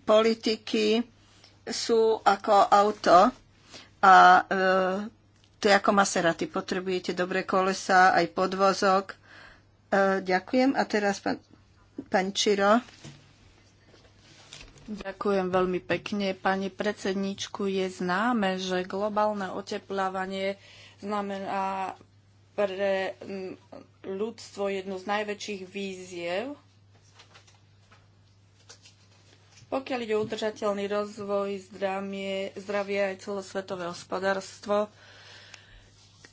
politiky sú ako auto a e, to je ako Maserati. Potrebujete dobré kolesa, aj podvozok. E, ďakujem. A teraz pán, pán Čiro. Ďakujem veľmi pekne. Pani predsedničku, je známe, že globálne oteplávanie znamená pre mm, ľudstvo jednu z najväčších víziev. Pokiaľ ide o udržateľný rozvoj, zdravie, zdravie aj celosvetové hospodárstvo,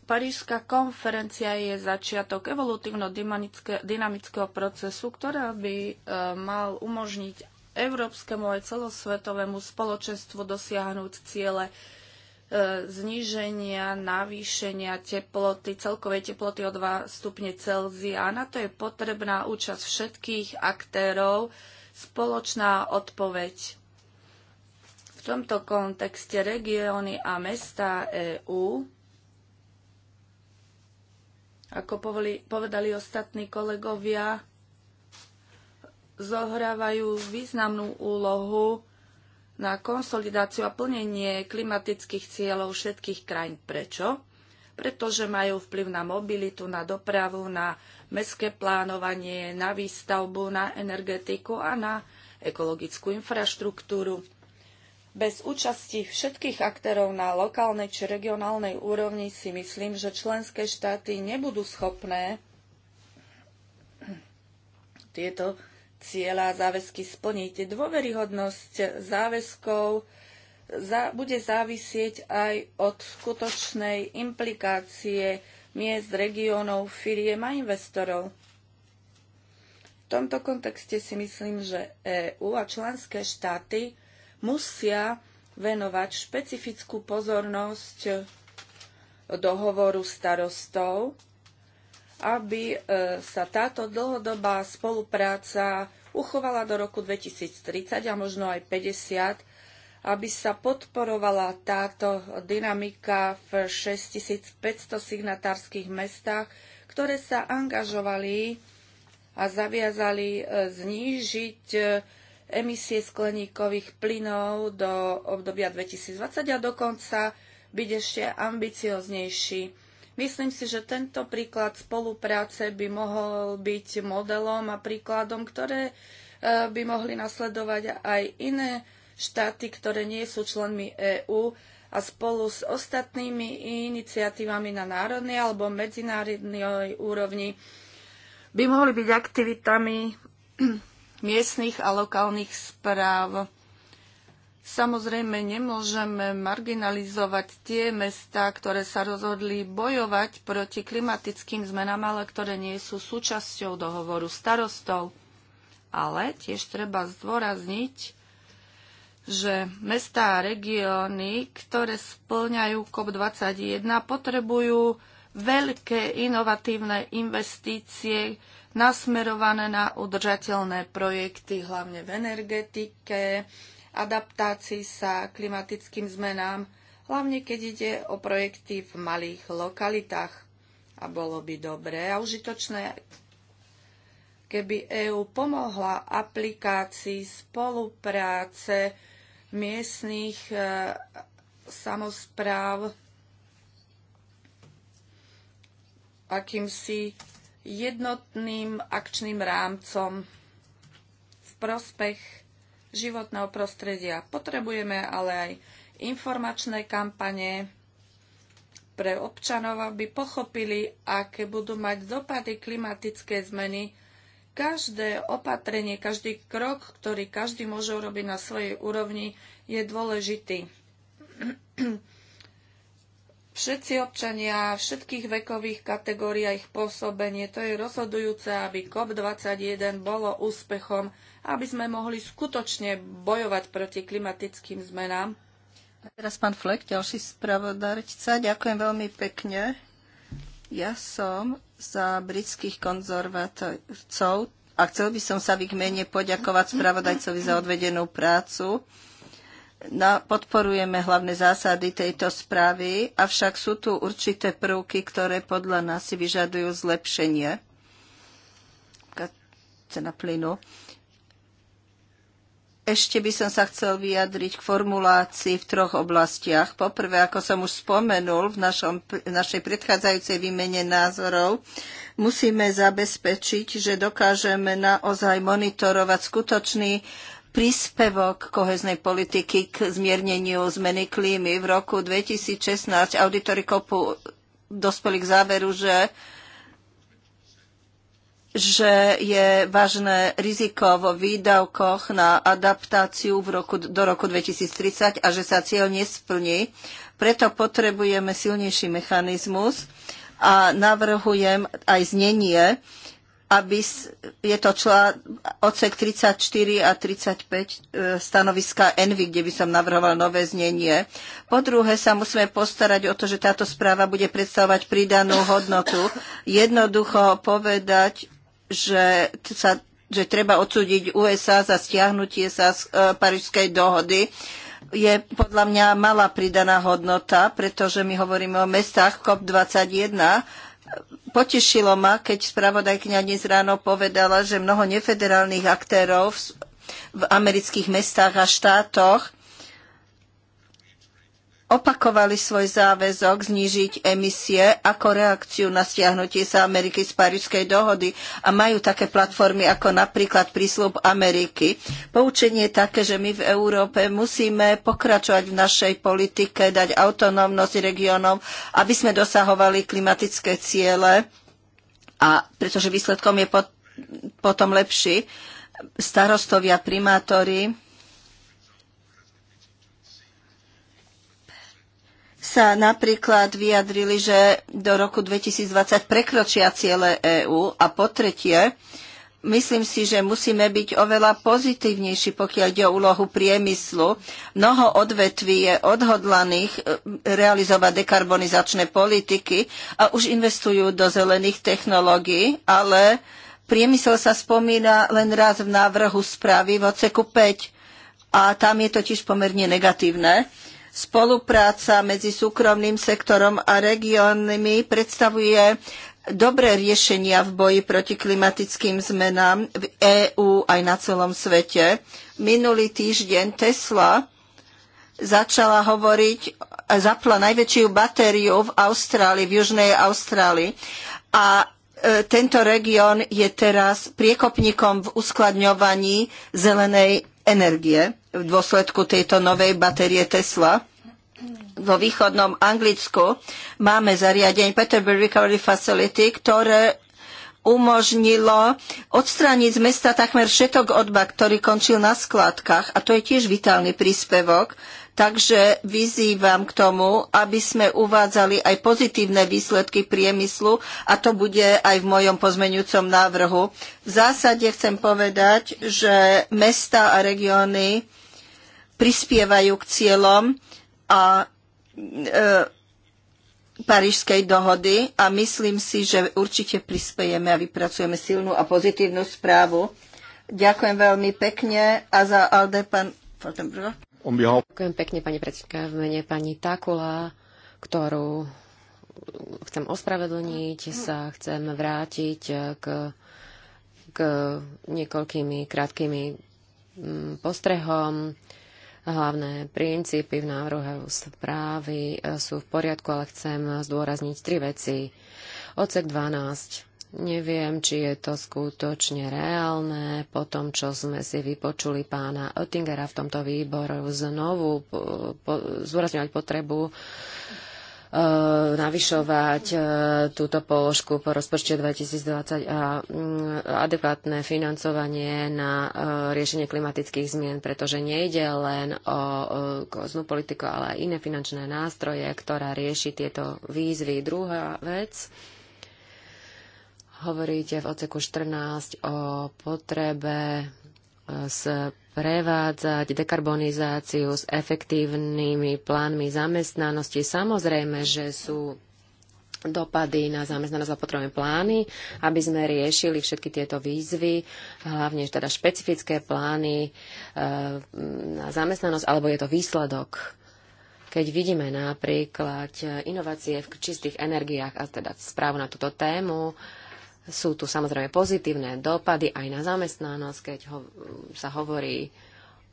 Parížská konferencia je začiatok evolutívno-dynamického procesu, ktorá by e, mal umožniť európskemu aj celosvetovému spoločenstvu dosiahnuť ciele e, zníženia, navýšenia teploty, celkovej teploty o 2 stupne Celzia. Na to je potrebná účasť všetkých aktérov, spoločná odpoveď. V tomto kontexte regióny a mesta EÚ, ako povedali ostatní kolegovia, zohrávajú významnú úlohu na konsolidáciu a plnenie klimatických cieľov všetkých krajín. Prečo? Pretože majú vplyv na mobilitu, na dopravu, na mestské plánovanie, na výstavbu, na energetiku a na ekologickú infraštruktúru. Bez účasti všetkých aktérov na lokálnej či regionálnej úrovni si myslím, že členské štáty nebudú schopné tieto cieľa a záväzky splniť. Dôveryhodnosť záväzkov za, bude závisieť aj od skutočnej implikácie miest, regiónov, firiem a investorov. V tomto kontexte si myslím, že EÚ a členské štáty musia venovať špecifickú pozornosť dohovoru starostov aby e, sa táto dlhodobá spolupráca uchovala do roku 2030 a možno aj 50, aby sa podporovala táto dynamika v 6500 signatárskych mestách, ktoré sa angažovali a zaviazali e, znížiť e, emisie skleníkových plynov do obdobia 2020 a dokonca byť ešte ambicioznejší. Myslím si, že tento príklad spolupráce by mohol byť modelom a príkladom, ktoré e, by mohli nasledovať aj iné štáty, ktoré nie sú členmi EÚ a spolu s ostatnými iniciatívami na národnej alebo medzinárodnej úrovni by mohli byť aktivitami miestnych a lokálnych správ. Samozrejme, nemôžeme marginalizovať tie mestá, ktoré sa rozhodli bojovať proti klimatickým zmenám, ale ktoré nie sú súčasťou dohovoru starostov. Ale tiež treba zdôrazniť, že mestá a regióny, ktoré splňajú COP21, potrebujú veľké inovatívne investície nasmerované na udržateľné projekty, hlavne v energetike, adaptácii sa klimatickým zmenám, hlavne keď ide o projekty v malých lokalitách. A bolo by dobré a užitočné, keby EÚ pomohla aplikácii spolupráce miestných e, samozpráv akýmsi jednotným akčným rámcom v prospech životného prostredia. Potrebujeme ale aj informačné kampane pre občanov, aby pochopili, aké budú mať dopady klimatické zmeny. Každé opatrenie, každý krok, ktorý každý môže urobiť na svojej úrovni, je dôležitý. Všetci občania všetkých vekových kategórií a ich pôsobenie, to je rozhodujúce, aby COP21 bolo úspechom, aby sme mohli skutočne bojovať proti klimatickým zmenám. A teraz pán Flek, ďalší spravodajca. Ďakujem veľmi pekne. Ja som za britských konzervatorcov a chcel by som sa v ich mene poďakovať spravodajcovi za odvedenú prácu. No, podporujeme hlavné zásady tejto správy, avšak sú tu určité prvky, ktoré podľa nás si vyžadujú zlepšenie. Cena plynu. Ešte by som sa chcel vyjadriť k formulácii v troch oblastiach. Poprvé, ako som už spomenul v, našom, v našej predchádzajúcej výmene názorov, musíme zabezpečiť, že dokážeme naozaj monitorovať skutočný príspevok koheznej politiky k zmierneniu zmeny klímy. V roku 2016 auditory kopu dospeli k záveru, že že je vážne riziko vo výdavkoch na adaptáciu v roku, do roku 2030 a že sa cieľ nesplní. Preto potrebujeme silnejší mechanizmus a navrhujem aj znenie aby je to člá, odsek 34 a 35 e, stanoviska Envy, kde by som navrhoval nové znenie. Po druhé sa musíme postarať o to, že táto správa bude predstavovať pridanú hodnotu. Jednoducho povedať, že sa že treba odsúdiť USA za stiahnutie sa z e, Parížskej dohody, je podľa mňa malá pridaná hodnota, pretože my hovoríme o mestách COP21 potešilo ma, keď spravodajkňa dnes ráno povedala, že mnoho nefederálnych aktérov v amerických mestách a štátoch opakovali svoj záväzok znížiť emisie ako reakciu na stiahnutie sa Ameriky z Parížskej dohody a majú také platformy ako napríklad prísľub Ameriky. Poučenie je také, že my v Európe musíme pokračovať v našej politike, dať autonómnosť regiónom, aby sme dosahovali klimatické ciele, a pretože výsledkom je potom lepší. Starostovia, primátori, sa napríklad vyjadrili, že do roku 2020 prekročia ciele EÚ a po tretie, myslím si, že musíme byť oveľa pozitívnejší, pokiaľ ide o úlohu priemyslu. Mnoho odvetví je odhodlaných e, realizovať dekarbonizačné politiky a už investujú do zelených technológií, ale priemysel sa spomína len raz v návrhu správy v oceku 5 a tam je totiž pomerne negatívne. Spolupráca medzi súkromným sektorom a regiónmi predstavuje dobré riešenia v boji proti klimatickým zmenám v EÚ aj na celom svete. Minulý týždeň Tesla začala hovoriť, zapla najväčšiu batériu v Austrálii, v Južnej Austrálii. A e, tento región je teraz priekopníkom v uskladňovaní zelenej energie v dôsledku tejto novej batérie Tesla. Vo východnom Anglicku máme zariadenie Peterborough Recovery Facility, ktoré umožnilo odstrániť z mesta takmer všetok odbak, ktorý končil na skládkach a to je tiež vitálny príspevok Takže vyzývam k tomu, aby sme uvádzali aj pozitívne výsledky priemyslu a to bude aj v mojom pozmeňujúcom návrhu. V zásade chcem povedať, že mesta a regióny prispievajú k cieľom a e, Parížskej dohody a myslím si, že určite prispiejeme a vypracujeme silnú a pozitívnu správu. Ďakujem veľmi pekne a za Alde pán Fortenbrugger. Ďakujem pekne, pani predsedka, v mene pani Takula, ktorú chcem ospravedlniť, sa chcem vrátiť k, k niekoľkými krátkými mm, postrehom. Hlavné princípy v návrhu správy sú v poriadku, ale chcem zdôrazniť tri veci. Ocek 12 Neviem, či je to skutočne reálne. Po tom, čo sme si vypočuli pána Oettingera v tomto výboru, znovu po, po, zúrazňovať potrebu e, navyšovať e, túto položku po rozpočte 2020 a mm, adekvátne financovanie na e, riešenie klimatických zmien, pretože nejde len o koznú politiku, ale aj iné finančné nástroje, ktorá rieši tieto výzvy. Druhá vec, Hovoríte v oceku 14 o potrebe e, sprevádzať dekarbonizáciu s efektívnymi plánmi zamestnanosti. Samozrejme, že sú dopady na zamestnanosť a potrebujeme plány, aby sme riešili všetky tieto výzvy, hlavne teda špecifické plány e, na zamestnanosť, alebo je to výsledok. Keď vidíme napríklad e, inovácie v čistých energiách a teda správu na túto tému, sú tu samozrejme pozitívne dopady aj na zamestnanosť, keď ho, sa hovorí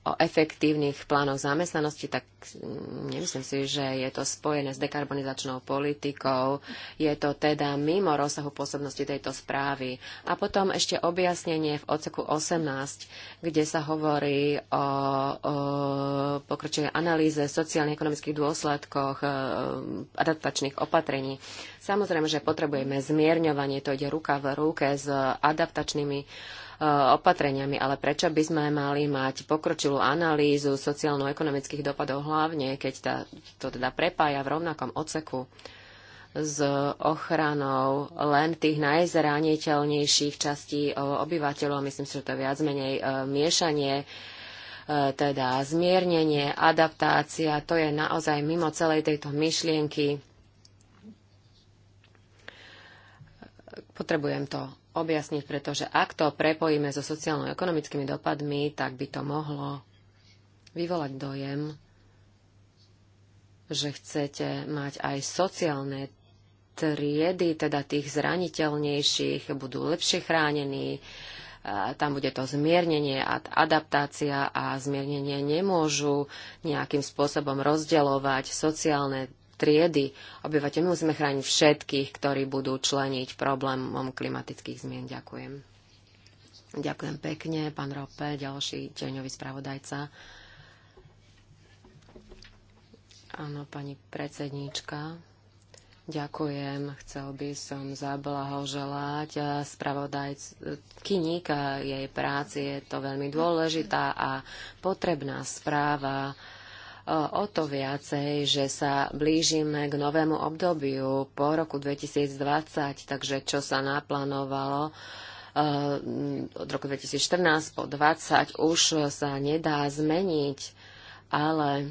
o efektívnych plánoch zamestnanosti, tak mm, nemyslím si, že je to spojené s dekarbonizačnou politikou. Je to teda mimo rozsahu pôsobnosti tejto správy. A potom ešte objasnenie v odseku 18, kde sa hovorí o, o pokročilej analýze sociálnych ekonomických dôsledkoch e, adaptačných opatrení. Samozrejme, že potrebujeme zmierňovanie, to ide ruka v ruke s adaptačnými Eh, opatreniami, ale prečo by sme mali mať pokročilú analýzu sociálno-ekonomických dopadov hlavne, keď tá, to teda prepája v rovnakom oceku s ochranou len tých najzraniteľnejších častí obyvateľov. Myslím si, že to je viac menej eh, miešanie eh, teda zmiernenie, adaptácia, to je naozaj mimo celej tejto myšlienky. Potrebujem to objasniť, pretože ak to prepojíme so sociálno-ekonomickými dopadmi, tak by to mohlo vyvolať dojem, že chcete mať aj sociálne triedy, teda tých zraniteľnejších, budú lepšie chránení, tam bude to zmiernenie a adaptácia a zmiernenie nemôžu nejakým spôsobom rozdeľovať sociálne triedy obyvateľov. Musíme chrániť všetkých, ktorí budú členiť problémom klimatických zmien. Ďakujem. Ďakujem pekne, pán Rope, ďalší tieňový spravodajca. Áno, pani predsedníčka, ďakujem. Chcel by som zablahoželať eh, spravodajkyni a eh, jej práci. Je to veľmi dôležitá a potrebná správa o to viacej, že sa blížime k novému obdobiu po roku 2020, takže čo sa naplánovalo od roku 2014 po 2020 už sa nedá zmeniť, ale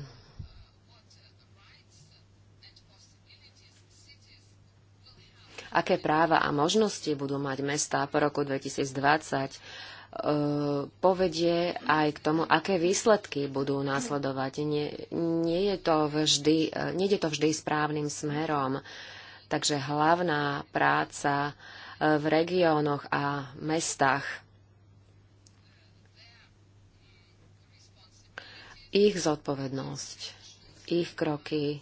aké práva a možnosti budú mať mestá po roku 2020 E, povedie aj k tomu, aké výsledky budú následovať. Nie, nie je to vždy, nie je to vždy správnym smerom. Takže hlavná práca e, v regiónoch a mestách ich zodpovednosť, ich kroky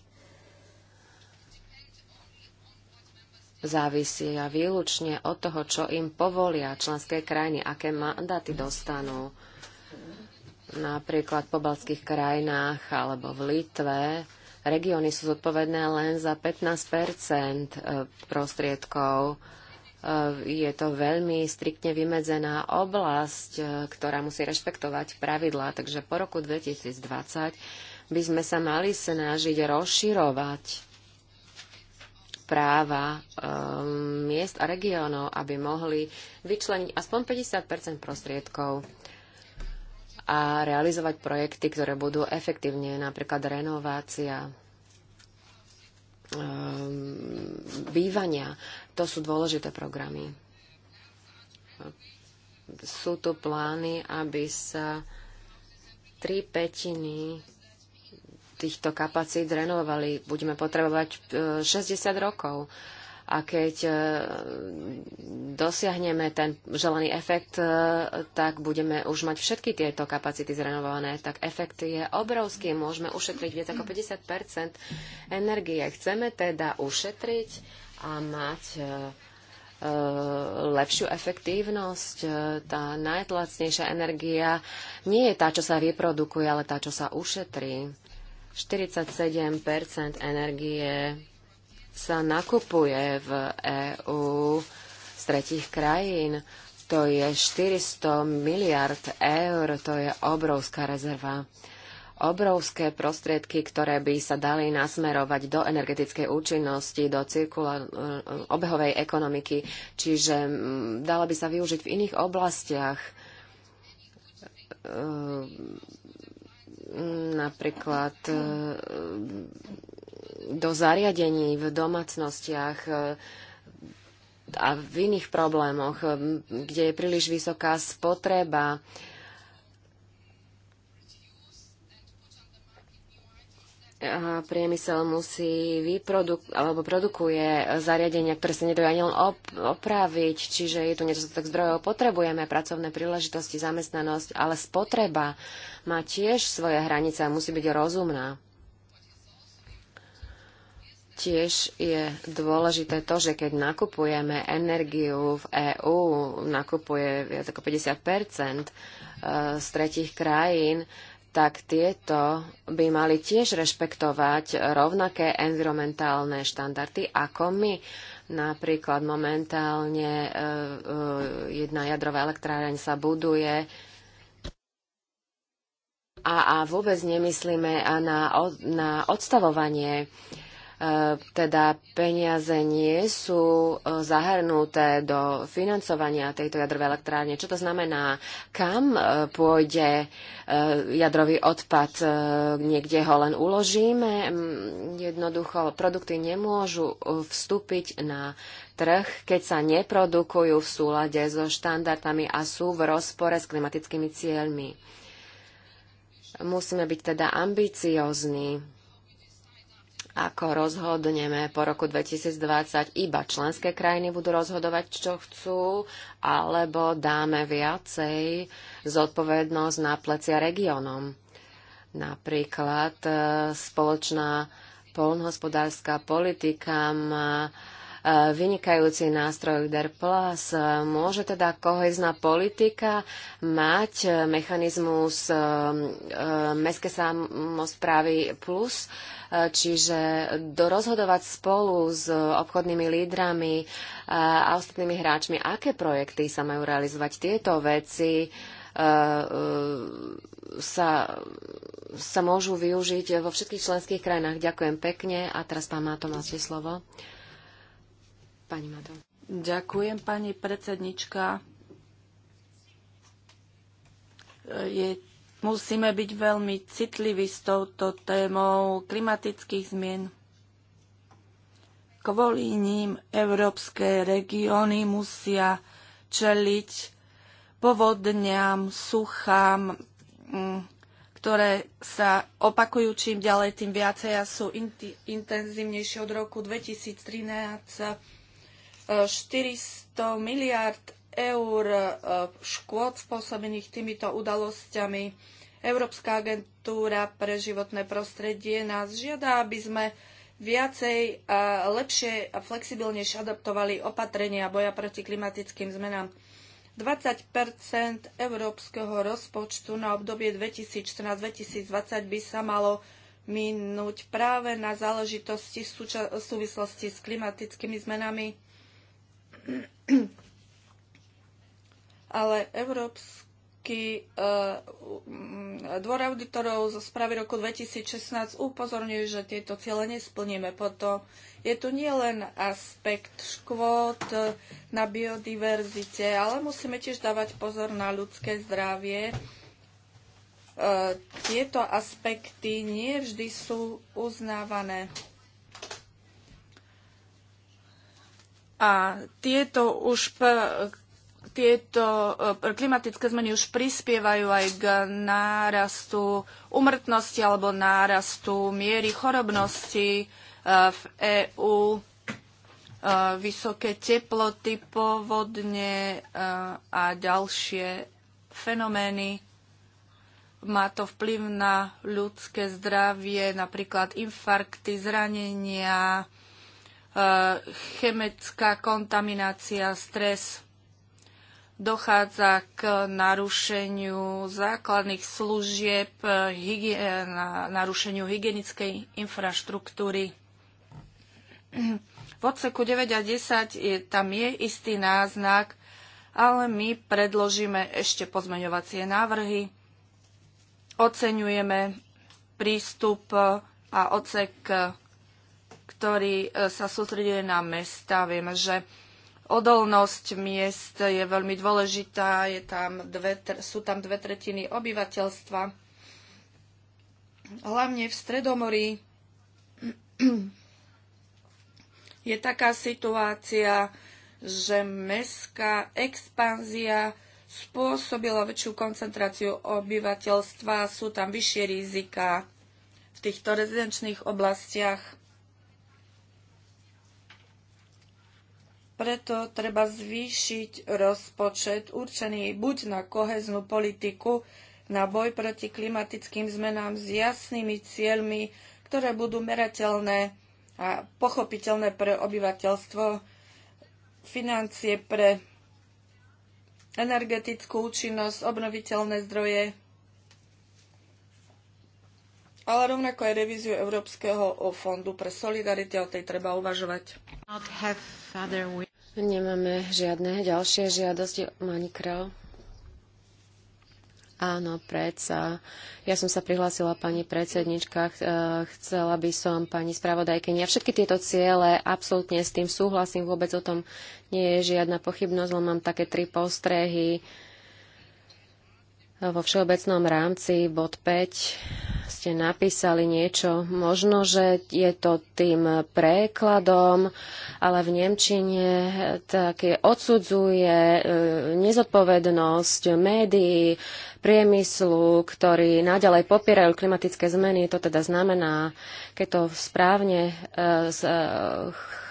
závisia výlučne od toho, čo im povolia členské krajiny, aké mandáty dostanú. Napríklad v baltských krajinách alebo v Litve regióny sú zodpovedné len za 15 e, prostriedkov. E, je to veľmi striktne vymedzená oblasť, e, ktorá musí rešpektovať pravidlá, takže po roku 2020 by sme sa mali snažiť rozširovať práva ehm, miest a regiónov, aby mohli vyčleniť aspoň 50 prostriedkov a realizovať projekty, ktoré budú efektívne, napríklad renovácia ehm, bývania. To sú dôležité programy. Sú tu plány, aby sa tri petiny týchto kapacít renovovali. Budeme potrebovať 60 e, rokov. A keď e, dosiahneme ten želený efekt, e, tak budeme už mať všetky tieto kapacity zrenovované. Tak efekt je obrovský. Môžeme ušetriť viac ako 50 energie. Chceme teda ušetriť a mať lepšiu efektívnosť. Tá najtlacnejšia energia nie je tá, čo sa vyprodukuje, ale tá, čo sa ušetrí. 47 energie sa nakupuje v EÚ z tretich krajín. To je 400 miliard eur, to je obrovská rezerva. Obrovské prostriedky, ktoré by sa dali nasmerovať do energetickej účinnosti, do cirkula- obehovej ekonomiky, čiže dala by sa využiť v iných oblastiach ehm, napríklad e, do zariadení v domácnostiach e, a v iných problémoch, kde je príliš vysoká spotreba priemysel musí vyprodukovať alebo produkuje zariadenia, ktoré sa nedajú ani len op- opraviť, čiže je tu nedostatok zdrojov. Potrebujeme pracovné príležitosti, zamestnanosť, ale spotreba má tiež svoje hranice a musí byť rozumná. Tiež je dôležité to, že keď nakupujeme energiu v EÚ, nakupuje viac ako 50 eh, z tretich krajín, tak tieto by mali tiež rešpektovať rovnaké environmentálne štandardy ako my. Napríklad momentálne e, e, jedna jadrová elektráreň sa buduje a, a vôbec nemyslíme na, na odstavovanie E, teda peniaze nie sú e, zahrnuté do financovania tejto jadrovej elektrárne. Čo to znamená? Kam e, pôjde jadrový odpad? Niekde ho len uložíme? Jednoducho, produkty nemôžu vstúpiť na trh, keď sa neprodukujú v súlade so štandardami a sú v rozpore s klimatickými cieľmi. Musíme byť teda ambiciozní ako rozhodneme po roku 2020, iba členské krajiny budú rozhodovať, čo chcú, alebo dáme viacej zodpovednosť na plecia regiónom. Napríklad e, spoločná polnohospodárska politika má vynikajúci nástroj DER Plus. Môže teda kohezná politika mať e, mechanizmus e, e, mestské samozprávy plus, čiže dorozhodovať spolu s obchodnými lídrami a ostatnými hráčmi, aké projekty sa majú realizovať tieto veci, sa, sa môžu využiť vo všetkých členských krajinách. Ďakujem pekne. A teraz pán Máto, máte slovo. Pani Mato. Ďakujem, pani predsednička. Je, musíme byť veľmi citliví s touto témou klimatických zmien. Kvôli ním európske regióny musia čeliť povodňam, suchám, mm, ktoré sa opakujú čím ďalej, tým viacej a sú intenzívnejšie od roku 2013 400 miliard eur e, škôd spôsobených týmito udalosťami. Európska agentúra pre životné prostredie nás žiada, aby sme viacej, a lepšie a flexibilnejšie adaptovali opatrenia boja proti klimatickým zmenám. 20 európskeho rozpočtu na obdobie 2014-2020 by sa malo minúť práve na záležitosti v súvislosti s klimatickými zmenami. Ale Európsky eh, dvor auditorov zo správy roku 2016 upozorňuje, že tieto ciele nesplníme. Potom je tu nielen aspekt škôd eh, na biodiverzite, ale musíme tiež dávať pozor na ľudské zdravie eh, tieto aspekty nie vždy sú uznávané. A tieto už tieto e, klimatické zmeny už prispievajú aj k nárastu umrtnosti alebo nárastu miery chorobnosti e, v EÚ. E, vysoké teploty, povodne a ďalšie fenomény. Má to vplyv na ľudské zdravie, napríklad infarkty, zranenia, chemická kontaminácia, stres. Dochádza k narušeniu základných služieb, hygie, narušeniu hygienickej infraštruktúry. V odseku 9 a 10 je, tam je istý náznak, ale my predložíme ešte pozmeňovacie návrhy. Oceňujeme prístup a odsek ktorý e, sa sústreduje na mesta. Vieme, že odolnosť miest je veľmi dôležitá, je tam dve, sú tam dve tretiny obyvateľstva. Hlavne v Stredomorí je taká situácia, že mestská expanzia spôsobila väčšiu koncentráciu obyvateľstva, sú tam vyššie rizika v týchto rezidenčných oblastiach. Preto treba zvýšiť rozpočet určený buď na koheznú politiku, na boj proti klimatickým zmenám s jasnými cieľmi, ktoré budú merateľné a pochopiteľné pre obyvateľstvo, financie pre energetickú účinnosť, obnoviteľné zdroje, ale rovnako aj revíziu Európskeho fondu pre solidarity, o tej treba uvažovať. Nemáme žiadne ďalšie žiadosti. Mani Král. Áno, predsa. Ja som sa prihlásila pani predsednička, eh, chcela by som pani spravodajkyni. A všetky tieto ciele, absolútne s tým súhlasím, vôbec o tom nie je žiadna pochybnosť, len mám také tri postrehy vo všeobecnom rámci, bod 5 ste napísali niečo. Možno, že je to tým prekladom, ale v Nemčine tak odsudzuje e, nezodpovednosť médií, priemyslu, ktorí naďalej popierajú klimatické zmeny. To teda znamená, keď to správne e, e,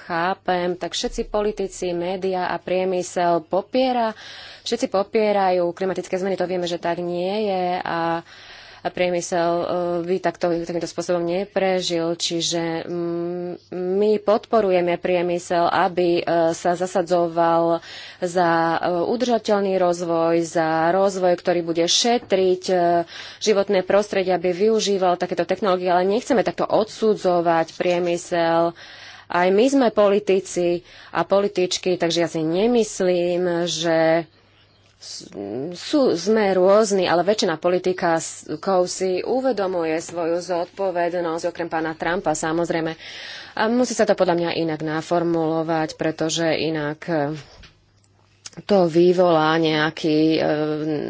chápem, tak všetci politici, média a priemysel popiera, všetci popierajú klimatické zmeny, to vieme, že tak nie je a priemysel by e, takto, takýmto spôsobom neprežil. Čiže mm, my podporujeme priemysel, aby e, sa zasadzoval za e, udržateľný rozvoj, za rozvoj, ktorý bude šetriť životné prostredie, aby využíval takéto technológie, ale nechceme takto odsudzovať priemysel aj my sme politici a političky, takže ja si nemyslím, že sú, sme rôzni, ale väčšina politika si uvedomuje svoju zodpovednosť, okrem pána Trumpa samozrejme. A musí sa to podľa mňa inak naformulovať, pretože inak e, to vyvolá nejaký e,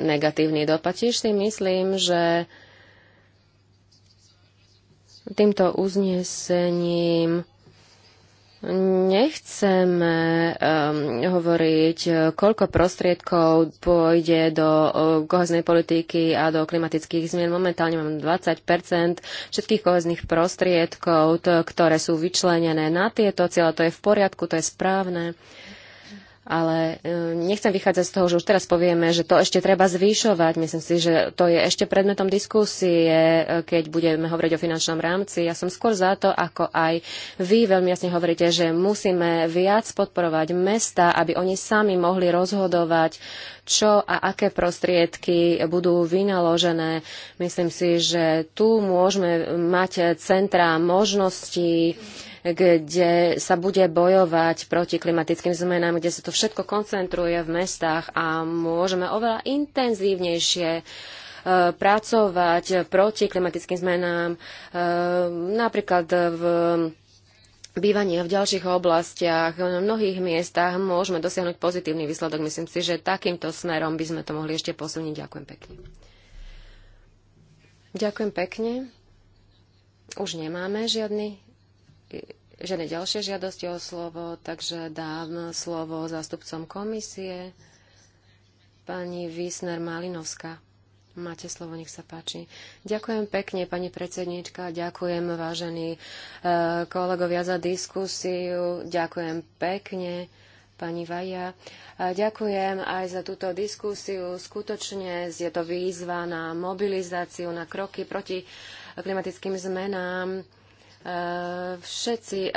negatívny dopad. Tiež si myslím, že týmto uznesením Nechceme um, hovoriť, koľko prostriedkov pôjde do uh, koheznej politiky a do klimatických zmien. Momentálne máme 20 všetkých kohezných prostriedkov, to, ktoré sú vyčlenené na tieto cieľa. To je v poriadku, to je správne. Uh, ale e, nechcem vychádzať z toho, že už teraz povieme, že to ešte treba zvýšovať. Myslím si, že to je ešte predmetom diskusie, e, keď budeme hovoriť o finančnom rámci. Ja som skôr za to, ako aj vy veľmi jasne hovoríte, že musíme viac podporovať mesta, aby oni sami mohli rozhodovať, čo a aké prostriedky budú vynaložené. Myslím si, že tu môžeme mať centra možností, kde sa bude bojovať proti klimatickým zmenám, kde sa to všetko koncentruje v mestách a môžeme oveľa intenzívnejšie e, pracovať proti klimatickým zmenám, e, napríklad v bývanie v ďalších oblastiach, v mnohých miestach môžeme dosiahnuť pozitívny výsledok. Myslím si, že takýmto smerom by sme to mohli ešte posilniť. Ďakujem pekne. Ďakujem pekne. Už nemáme žiadny žiadne ďalšie žiadosti o slovo, takže dám slovo zástupcom komisie, pani vysner Malinovská. Máte slovo, nech sa páči. Ďakujem pekne, pani predsedníčka, ďakujem, vážení e, kolegovia, za diskusiu, ďakujem pekne, pani Vaja. A ďakujem aj za túto diskusiu. Skutočne je to výzva na mobilizáciu, na kroky proti klimatickým zmenám Všetci eh,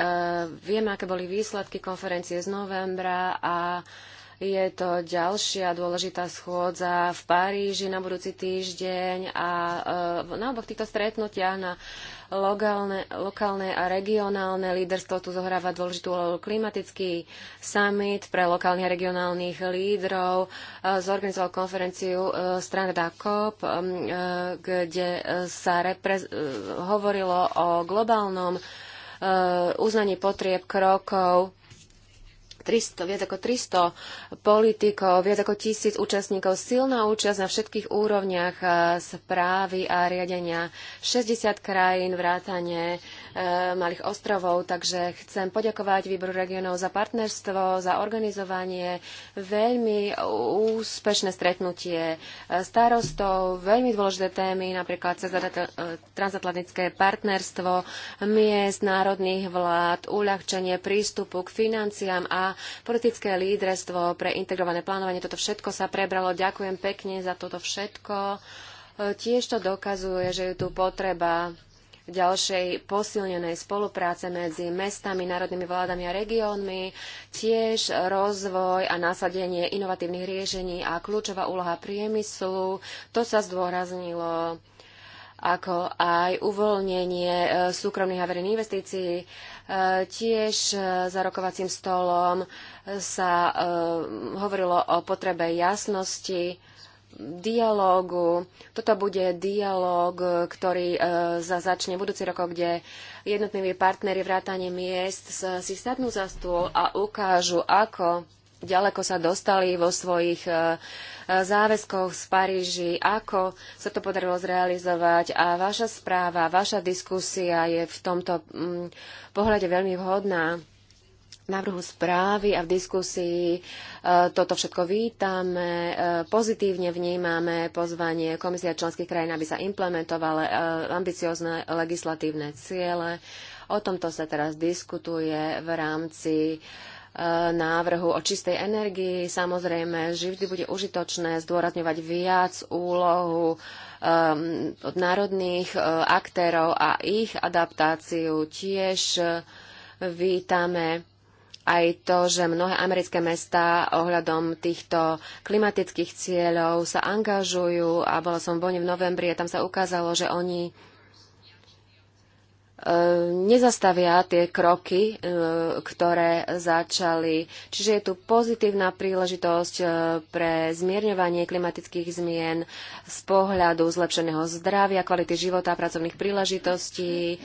vieme, aké boli výsledky konferencie z novembra a je to ďalšia dôležitá schôdza v Paríži na budúci týždeň a e, na oboch týchto stretnutiach na lokálne, lokálne a regionálne líderstvo tu zohráva dôležitú úlohu klimatický summit pre lokálnych a regionálnych lídrov. E, zorganizoval konferenciu e, Stranda COP, kde sa hovorilo o globálnom uznaní potrieb krokov 300, viac ako 300 politikov, viac ako tisíc účastníkov, silná účasť na všetkých úrovniach eh, správy a riadenia, 60 krajín, vrátane Eh, malých ostrovov. Takže chcem poďakovať výboru regionov za partnerstvo, za organizovanie, veľmi úspešné stretnutie eh, starostov, veľmi dôležité témy, napríklad cez eh, transatlantické partnerstvo miest, národných vlád, uľahčenie prístupu k financiám a politické lídrestvo pre integrované plánovanie. Toto všetko sa prebralo. Ďakujem pekne za toto všetko. Tiež to dokazuje, že je tu potreba ďalšej posilnenej spolupráce medzi mestami, národnými vládami a regiónmi, tiež rozvoj a nasadenie inovatívnych riešení a kľúčová úloha priemyslu. To sa zdôraznilo ako aj uvoľnenie e, súkromných a verejných investícií. E, tiež e, za rokovacím stolom sa hovorilo o potrebe jasnosti dialógu. Toto bude dialóg, ktorý e, začne začne budúci rokov, kde jednotliví partnery vrátane miest si sadnú za stôl a ukážu, ako ďaleko sa dostali vo svojich e, záväzkoch z Paríži, ako sa to podarilo zrealizovať a vaša správa, vaša diskusia je v tomto mm, pohľade veľmi vhodná návrhu správy a v diskusii e, toto všetko vítame, e, pozitívne vnímame pozvanie Komisia členských krajín, aby sa implementovali e, ambiciozne legislatívne ciele. O tomto sa teraz diskutuje v rámci návrhu o čistej energii. Samozrejme, že vždy bude užitočné zdôrazňovať viac úlohu od národných aktérov a ich adaptáciu. Tiež vítame aj to, že mnohé americké mestá ohľadom týchto klimatických cieľov sa angažujú a bola som v Bonne v novembri a tam sa ukázalo, že oni e, nezastavia tie kroky, e, ktoré začali. Čiže je tu pozitívna príležitosť e, pre zmierňovanie klimatických zmien z pohľadu zlepšeného zdravia, kvality života a pracovných príležitostí.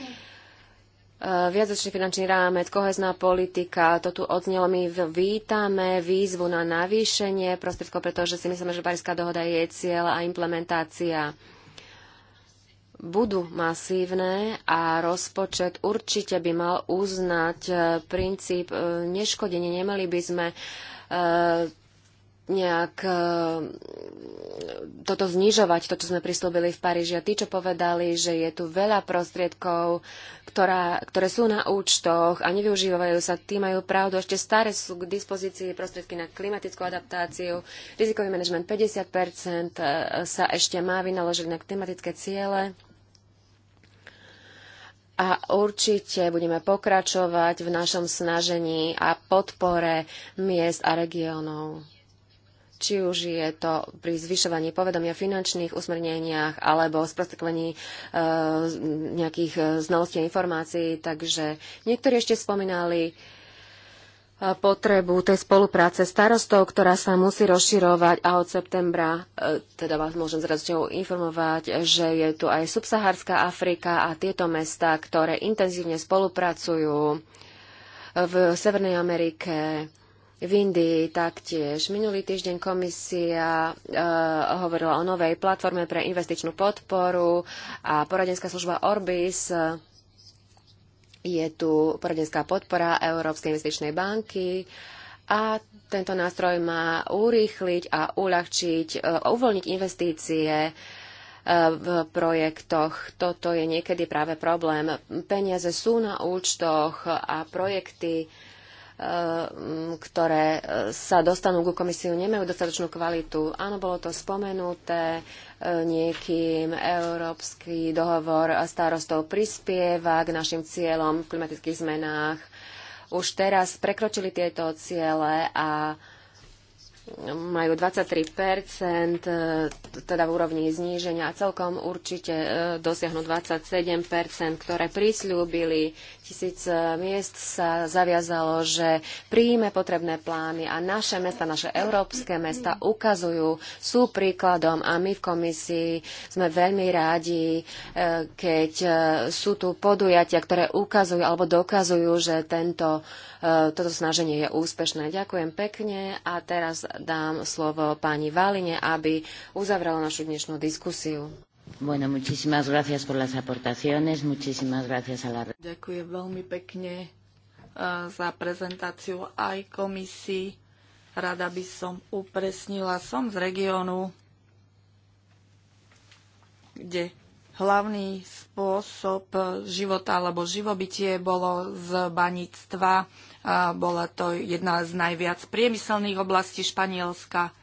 Eh, viacročný finančný rámec, kohezná politika, to tu odznelo, my vítame výzvu na navýšenie prostriedkov, pretože si myslíme, že Paríska dohoda je jej cieľ a implementácia budú masívne a rozpočet určite by mal uznať eh, princíp eh, neškodenie. Nemali by sme nejak e, toto znižovať, to, čo sme prislúbili v Paríži. A tí, čo povedali, že je tu veľa prostriedkov, ktorá, ktoré sú na účtoch a nevyužívajú sa, tí majú pravdu. Ešte staré sú k dispozícii prostriedky na klimatickú adaptáciu. Rizikový manažment 50% e, sa ešte má vynaložiť na klimatické ciele. A určite budeme pokračovať v našom snažení a podpore miest a regiónov či už je to pri zvyšovaní povedomia finančných usmerneniach alebo sprostredkovaní e, nejakých e, znalostí a informácií. Takže niektorí ešte spomínali e, potrebu tej spolupráce starostov, ktorá sa musí rozširovať a od septembra, e, teda vás môžem s radosťou informovať, že je tu aj subsahárska Afrika a tieto mesta, ktoré intenzívne spolupracujú v Severnej Amerike, v Indii taktiež. Minulý týždeň komisia e, hovorila o novej platforme pre investičnú podporu a poradenská služba Orbis e, je tu poradenská podpora Európskej investičnej banky a tento nástroj má urýchliť a uľahčiť, e, uvoľniť investície e, v projektoch. Toto je niekedy práve problém. Peniaze sú na účtoch a projekty Eh, ktoré eh, sa dostanú ku komisiu, nemajú dostatočnú kvalitu. Áno, bolo to spomenuté eh, niekým. Európsky dohovor starostov prispieva k našim cieľom v klimatických zmenách. Už teraz prekročili tieto ciele a majú 23%, e, teda v úrovni zníženia a celkom určite e, dosiahnu 27%, ktoré prisľúbili. Tisíc e, miest sa zaviazalo, že príjme potrebné plány a naše mesta, naše európske mesta ukazujú, sú príkladom a my v komisii sme veľmi rádi, keď sú tu podujatia, ktoré ukazujú alebo dokazujú, že tento, toto snaženie je úspešné. Ďakujem pekne a teraz dám slovo pani Valine, aby uzavrela našu dnešnú diskusiu. Bueno, muchísimas gracias por las aportaciones, muchísimas gracias a la... Ďakujem veľmi pekne eh, za prezentáciu aj komisii. Rada by som upresnila, som z regiónu, kde hlavný spôsob života alebo živobytie bolo z baníctva bola to jedna z najviac priemyselných oblastí Španielska.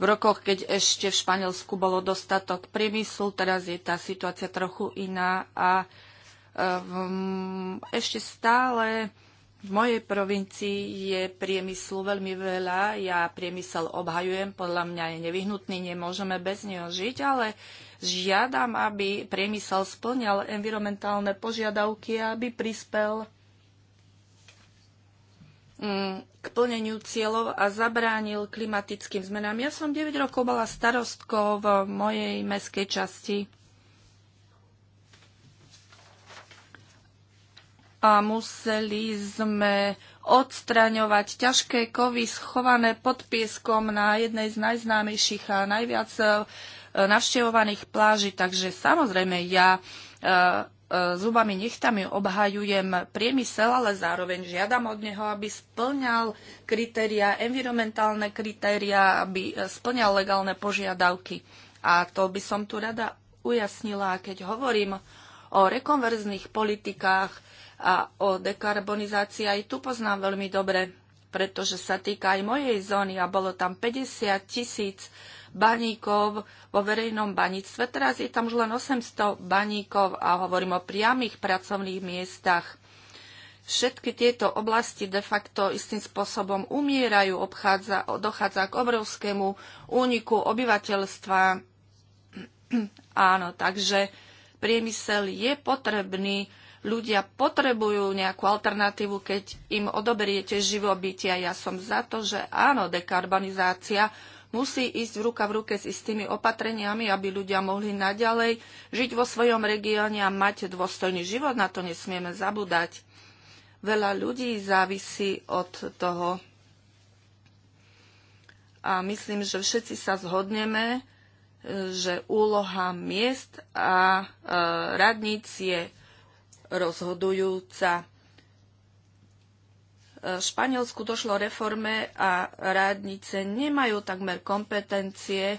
V rokoch, keď ešte v Španielsku bolo dostatok priemyslu, teraz je tá situácia trochu iná a ehm, ešte stále v mojej provincii je priemyslu veľmi veľa. Ja priemysel obhajujem, podľa mňa je nevyhnutný, nemôžeme bez neho žiť, ale Žiadam, aby priemysel splňal environmentálne požiadavky a aby prispel mm, k plneniu cieľov a zabránil klimatickým zmenám. Ja som 9 rokov bola starostkou v mojej meskej časti. A museli sme odstraňovať ťažké kovy schované pod pieskom na jednej z najznámejších a najviac navštevovaných pláží, takže samozrejme ja e, e, zubami nechtami obhajujem priemysel, ale zároveň žiadam od neho, aby splňal kritéria, environmentálne kritéria, aby e, splňal legálne požiadavky. A to by som tu rada ujasnila, keď hovorím o rekonverzných politikách a o dekarbonizácii, aj tu poznám veľmi dobre, pretože sa týka aj mojej zóny a bolo tam 50 tisíc 000 baníkov vo verejnom baníctve. Teraz je tam už len 800 baníkov a hovorím o priamých pracovných miestach. Všetky tieto oblasti de facto istým spôsobom umierajú, obchádza, dochádza k obrovskému úniku obyvateľstva. Áno, takže priemysel je potrebný, ľudia potrebujú nejakú alternatívu, keď im odoberiete živobytia. Ja som za to, že áno, dekarbonizácia musí ísť ruka v ruke s istými opatreniami, aby ľudia mohli naďalej žiť vo svojom regióne a mať dôstojný život. Na to nesmieme zabúdať. Veľa ľudí závisí od toho. A myslím, že všetci sa zhodneme, e, že úloha miest a e, radníc je rozhodujúca. V Španielsku došlo reforme a rádnice nemajú takmer kompetencie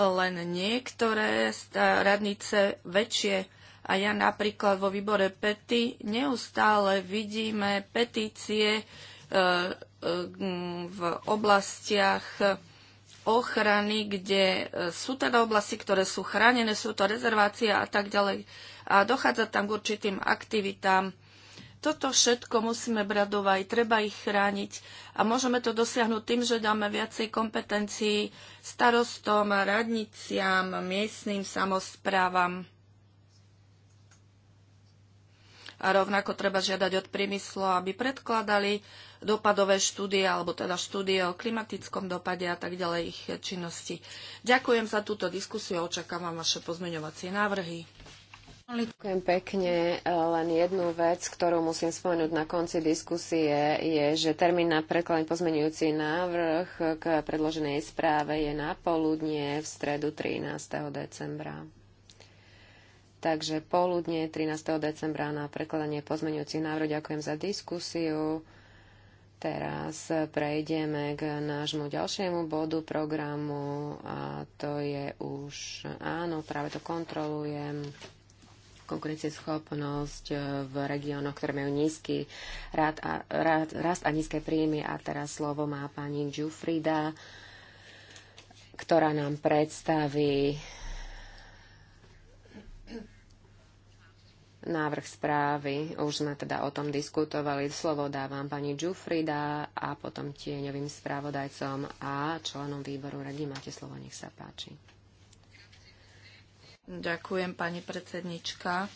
len niektoré radnice väčšie. A ja napríklad vo výbore PETI neustále vidíme petície e, e, v oblastiach ochrany, kde e, sú teda oblasti, ktoré sú chránené, sú to rezervácie a tak ďalej a dochádza tam k určitým aktivitám. Toto všetko musíme brať do vaj, treba ich chrániť a môžeme to dosiahnuť tým, že dáme viacej kompetencií starostom, radniciam, miestnym samozprávam. A rovnako treba žiadať od priemyslu, aby predkladali dopadové štúdie, alebo teda štúdie o klimatickom dopade a tak ďalej ich činnosti. Ďakujem za túto diskusiu a očakávam vaše pozmeňovacie návrhy. Ďakujem pekne. E, len jednu vec, ktorú musím spomenúť na konci diskusie, je, že termín na prekladný pozmenujúci návrh k predloženej správe je na poludnie v stredu 13. decembra. Takže poludne 13. decembra na prekladanie pozmenujúcich návrhov. Ďakujem za diskusiu. Teraz prejdeme k nášmu ďalšiemu bodu programu a to je už, áno, práve to kontrolujem konkurencieschopnosť eh, v regiónoch, ktoré majú nízky rád a, rád, rast a nízke príjmy. A teraz slovo má pani Giuffrida, ktorá nám predstaví návrh správy. Už sme teda o tom diskutovali. Slovo dávam pani Giuffrida a potom tieňovým správodajcom a členom výboru radí. Máte slovo, nech sa páči. Ďakujem, pani predsednička.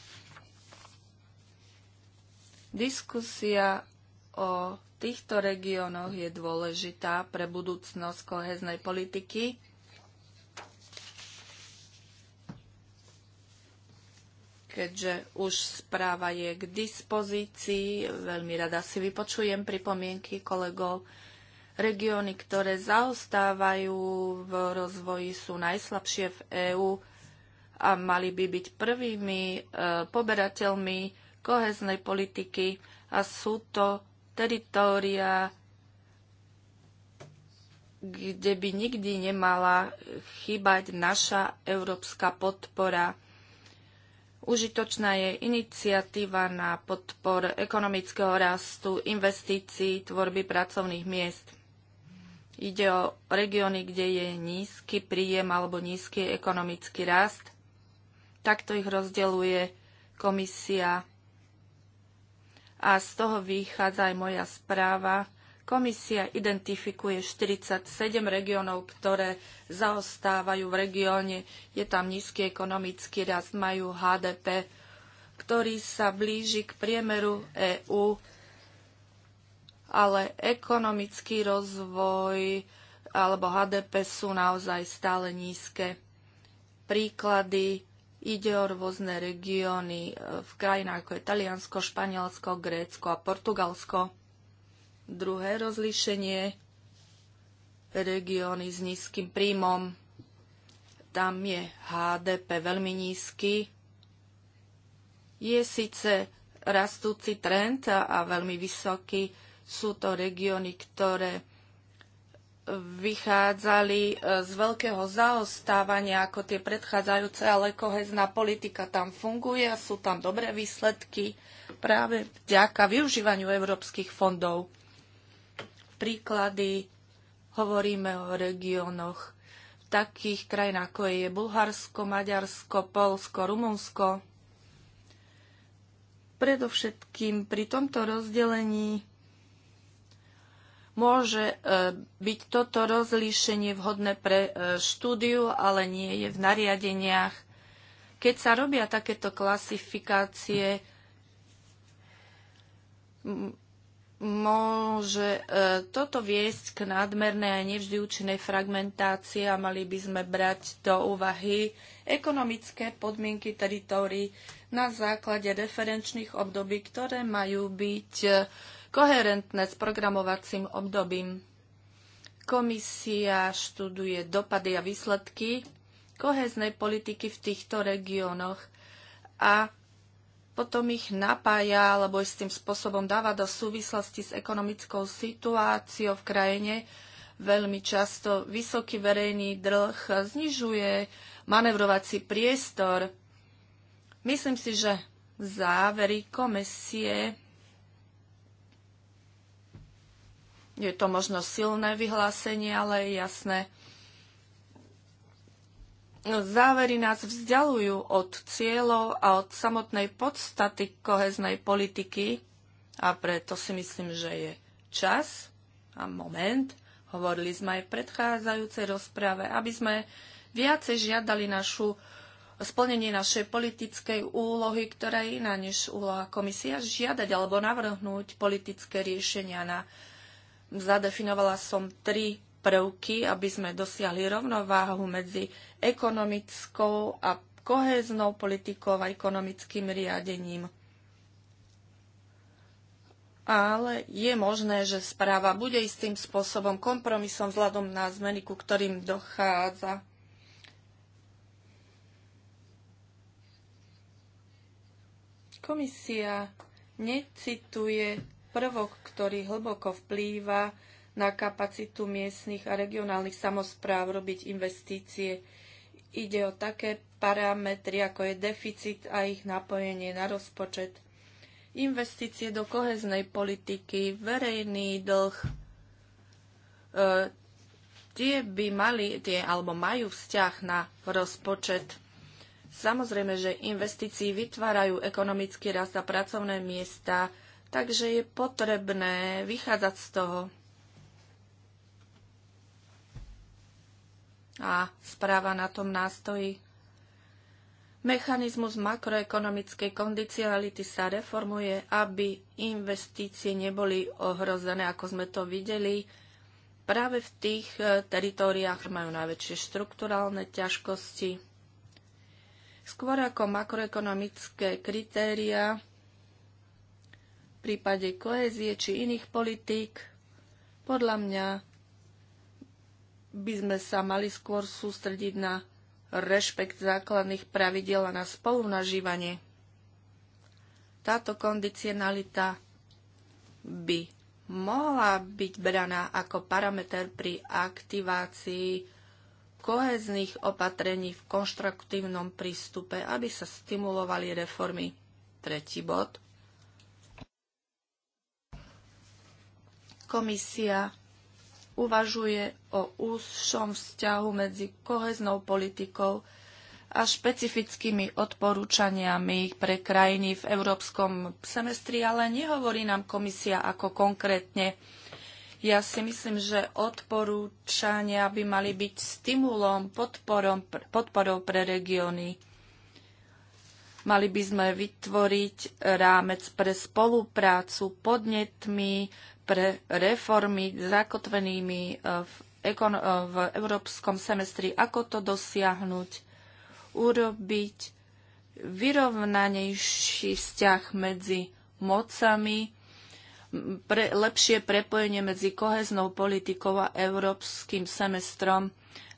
Diskusia o týchto regiónoch je dôležitá pre budúcnosť koheznej politiky. Keďže už správa je k dispozícii, veľmi rada si vypočujem pripomienky kolegov. Regióny, ktoré zaostávajú v rozvoji, sú najslabšie v EÚ a mali by byť prvými e, poberateľmi koheznej politiky a sú to teritória, kde by nikdy nemala chýbať naša európska podpora. Užitočná je iniciatíva na podpor ekonomického rastu, investícií, tvorby pracovných miest. Ide o regióny, kde je nízky príjem alebo nízky ekonomický rast Takto ich rozdeluje komisia. A z toho vychádza aj moja správa. Komisia identifikuje 47 regiónov, ktoré zaostávajú v regióne. Je tam nízky ekonomický rast, majú HDP, ktorý sa blíži k priemeru EÚ, ale ekonomický rozvoj alebo HDP sú naozaj stále nízke. Príklady Ide o rôzne regióny e, v krajinách ako je Taliansko, Španielsko, Grécko a Portugalsko. Druhé rozlíšenie regióny s nízkym príjmom. Tam je HDP veľmi nízky. Je síce rastúci trend a veľmi vysoký. Sú to regióny, ktoré vychádzali e, z veľkého zaostávania ako tie predchádzajúce, ale kohezná politika tam funguje a sú tam dobré výsledky práve vďaka využívaniu európskych fondov. Príklady hovoríme o regiónoch v takých krajinách, ako je Bulharsko, Maďarsko, Polsko, Rumunsko. Predovšetkým pri tomto rozdelení Môže e, byť toto rozlíšenie vhodné pre e, štúdiu, ale nie je v nariadeniach. Keď sa robia takéto klasifikácie, môže e, toto viesť k nadmernej a nevždy účinnej fragmentácii a mali by sme brať do úvahy ekonomické podmienky teritórií na základe referenčných období, ktoré majú byť koherentné s programovacím obdobím. Komisia študuje dopady a výsledky koheznej politiky v týchto regiónoch a potom ich napája alebo s tým spôsobom dáva do súvislosti s ekonomickou situáciou v krajine. Veľmi často vysoký verejný dlh znižuje manevrovací priestor. Myslím si, že závery komisie Je to možno silné vyhlásenie, ale je jasné. Závery nás vzdialujú od cieľov a od samotnej podstaty koheznej politiky a preto si myslím, že je čas a moment, hovorili sme aj v predchádzajúcej rozprave, aby sme viacej žiadali našu splnenie našej politickej úlohy, ktorá je iná než úloha komisia, žiadať alebo navrhnúť politické riešenia na Zadefinovala som tri prvky, aby sme dosiahli rovnováhu medzi ekonomickou a kohéznou politikou a ekonomickým riadením. Ale je možné, že správa bude istým spôsobom kompromisom vzhľadom na zmeny, ku ktorým dochádza. Komisia necituje prvok, ktorý hlboko vplýva na kapacitu miestnych a regionálnych samozpráv robiť investície. Ide o také parametry, ako je deficit a ich napojenie na rozpočet. Investície do koheznej politiky, verejný dlh, e, tie by mali, tie alebo majú vzťah na rozpočet. Samozrejme, že investícii vytvárajú ekonomický rast a pracovné miesta, Takže je potrebné vychádzať z toho. A správa na tom nástoji. Mechanizmus makroekonomickej kondicionality sa reformuje, aby investície neboli ohrozené, ako sme to videli, práve v tých e, teritóriách majú najväčšie štrukturálne ťažkosti. Skôr ako makroekonomické kritéria prípade kohezie či iných politík, podľa mňa by sme sa mali skôr sústrediť na rešpekt základných pravidel a na spolunažívanie. Táto kondicionalita by mohla byť braná ako parameter pri aktivácii kohezných opatrení v konštruktívnom prístupe, aby sa stimulovali reformy. Tretí bod. Komisia uvažuje o úzšom vzťahu medzi koheznou politikou a špecifickými odporúčaniami pre krajiny v európskom semestri, ale nehovorí nám komisia ako konkrétne. Ja si myslím, že odporúčania by mali byť stimulom, podporom, podporou pre regióny. Mali by sme vytvoriť rámec pre spoluprácu podnetmi, pre reformy zakotvenými eh, v, ekon- eh, v európskom semestri, ako to dosiahnuť, urobiť vyrovnanejší vzťah medzi mocami, pre, lepšie prepojenie medzi koheznou politikou a európskym semestrom.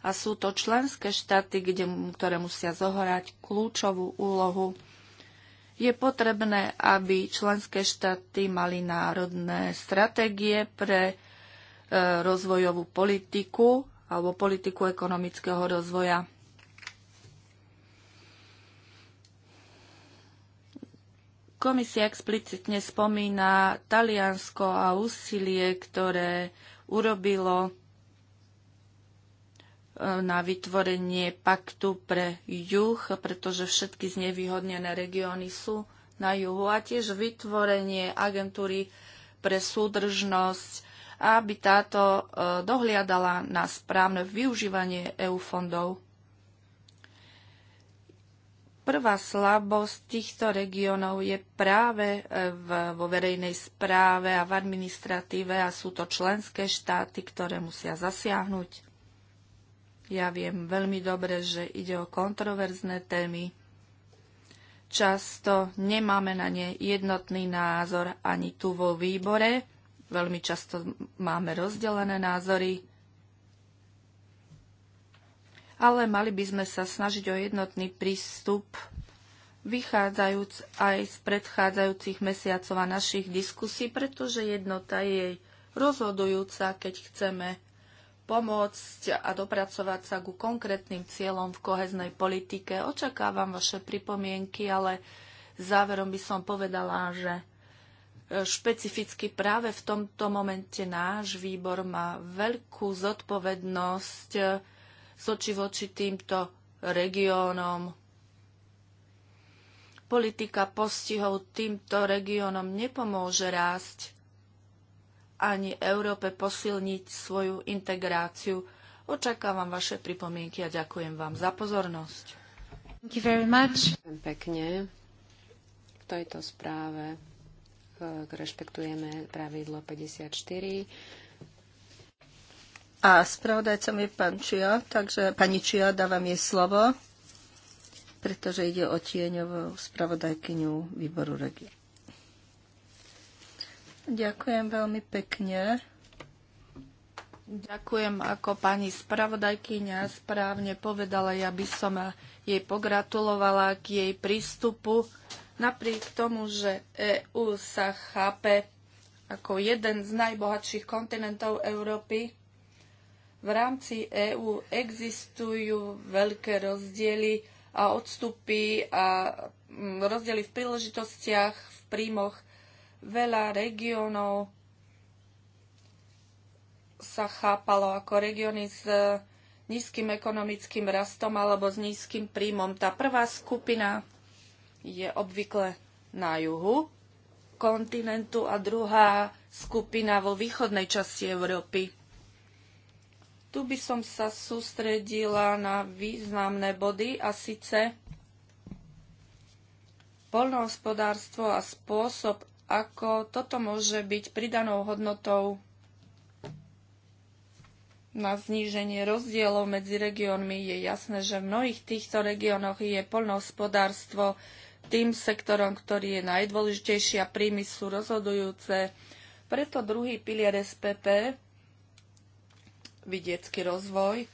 A sú to členské štáty, kde, ktoré musia zohrať kľúčovú úlohu je potrebné, aby členské štáty mali národné stratégie pre e, rozvojovú politiku alebo politiku ekonomického rozvoja. Komisia explicitne spomína Taliansko a úsilie, ktoré urobilo na vytvorenie paktu pre juh, pretože všetky znevýhodnené regióny sú na juhu a tiež vytvorenie agentúry pre súdržnosť, aby táto e, dohliadala na správne využívanie EU fondov. Prvá slabosť týchto regiónov je práve e, v, vo verejnej správe a v administratíve a sú to členské štáty, ktoré musia zasiahnuť. Ja viem veľmi dobre, že ide o kontroverzné témy. Často nemáme na ne jednotný názor ani tu vo výbore. Veľmi často máme rozdelené názory. Ale mali by sme sa snažiť o jednotný prístup, vychádzajúc aj z predchádzajúcich mesiacov a našich diskusí, pretože jednota je rozhodujúca, keď chceme pomôcť a dopracovať sa ku konkrétnym cieľom v koheznej politike. Očakávam vaše pripomienky, ale záverom by som povedala, že e, špecificky práve v tomto momente náš výbor má veľkú zodpovednosť e, z oči voči týmto regiónom. Politika postihov týmto regiónom nepomôže rásť ani Európe posilniť svoju integráciu. Očakávam vaše pripomienky a ďakujem vám za pozornosť. Thank you very much. Pekne. V tejto správe eh, rešpektujeme pravidlo 54. A spravodajcom je pán Čia, takže pani Čia, dávam jej slovo, pretože ide o tieňovú spravodajkyňu výboru regie. Ďakujem veľmi pekne. Ďakujem, ako pani spravodajkyňa správne povedala, ja by som jej pogratulovala k jej prístupu. Napriek tomu, že EÚ sa chápe ako jeden z najbohatších kontinentov Európy, v rámci EÚ existujú veľké rozdiely a odstupy a mm, rozdiely v príležitostiach, v príjmoch Veľa regiónov sa chápalo ako regióny s nízkym ekonomickým rastom alebo s nízkym príjmom. Tá prvá skupina je obvykle na juhu kontinentu a druhá skupina vo východnej časti Európy. Tu by som sa sústredila na významné body a síce poľnohospodárstvo a spôsob, ako toto môže byť pridanou hodnotou na zníženie rozdielov medzi regiónmi. Je jasné, že v mnohých týchto regiónoch je poľnohospodárstvo tým sektorom, ktorý je najdôležitejší a príjmy sú rozhodujúce. Preto druhý pilier SPP, vidiecký rozvoj,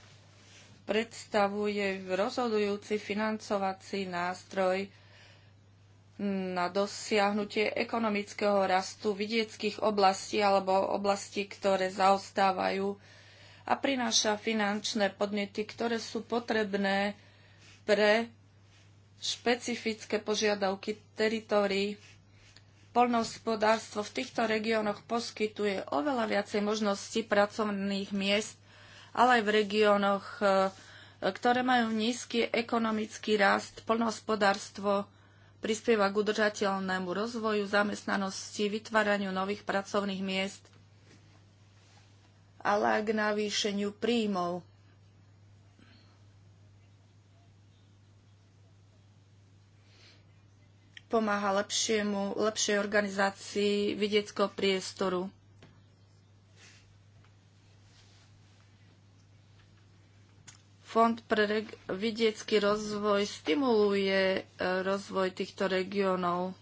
predstavuje rozhodujúci financovací nástroj na dosiahnutie ekonomického rastu vidieckých oblastí alebo oblastí, ktoré zaostávajú a prináša finančné podnety, ktoré sú potrebné pre špecifické požiadavky teritórií. Polnohospodárstvo v týchto regiónoch poskytuje oveľa viacej možností pracovných miest, ale aj v regiónoch, e, ktoré majú nízky ekonomický rast, polnohospodárstvo prispieva k udržateľnému rozvoju zamestnanosti, vytváraniu nových pracovných miest, ale aj k navýšeniu príjmov. Pomáha lepšiemu, lepšej organizácii vidieckého priestoru. Fond pre vidiecký rozvoj stimuluje e, rozvoj týchto regiónov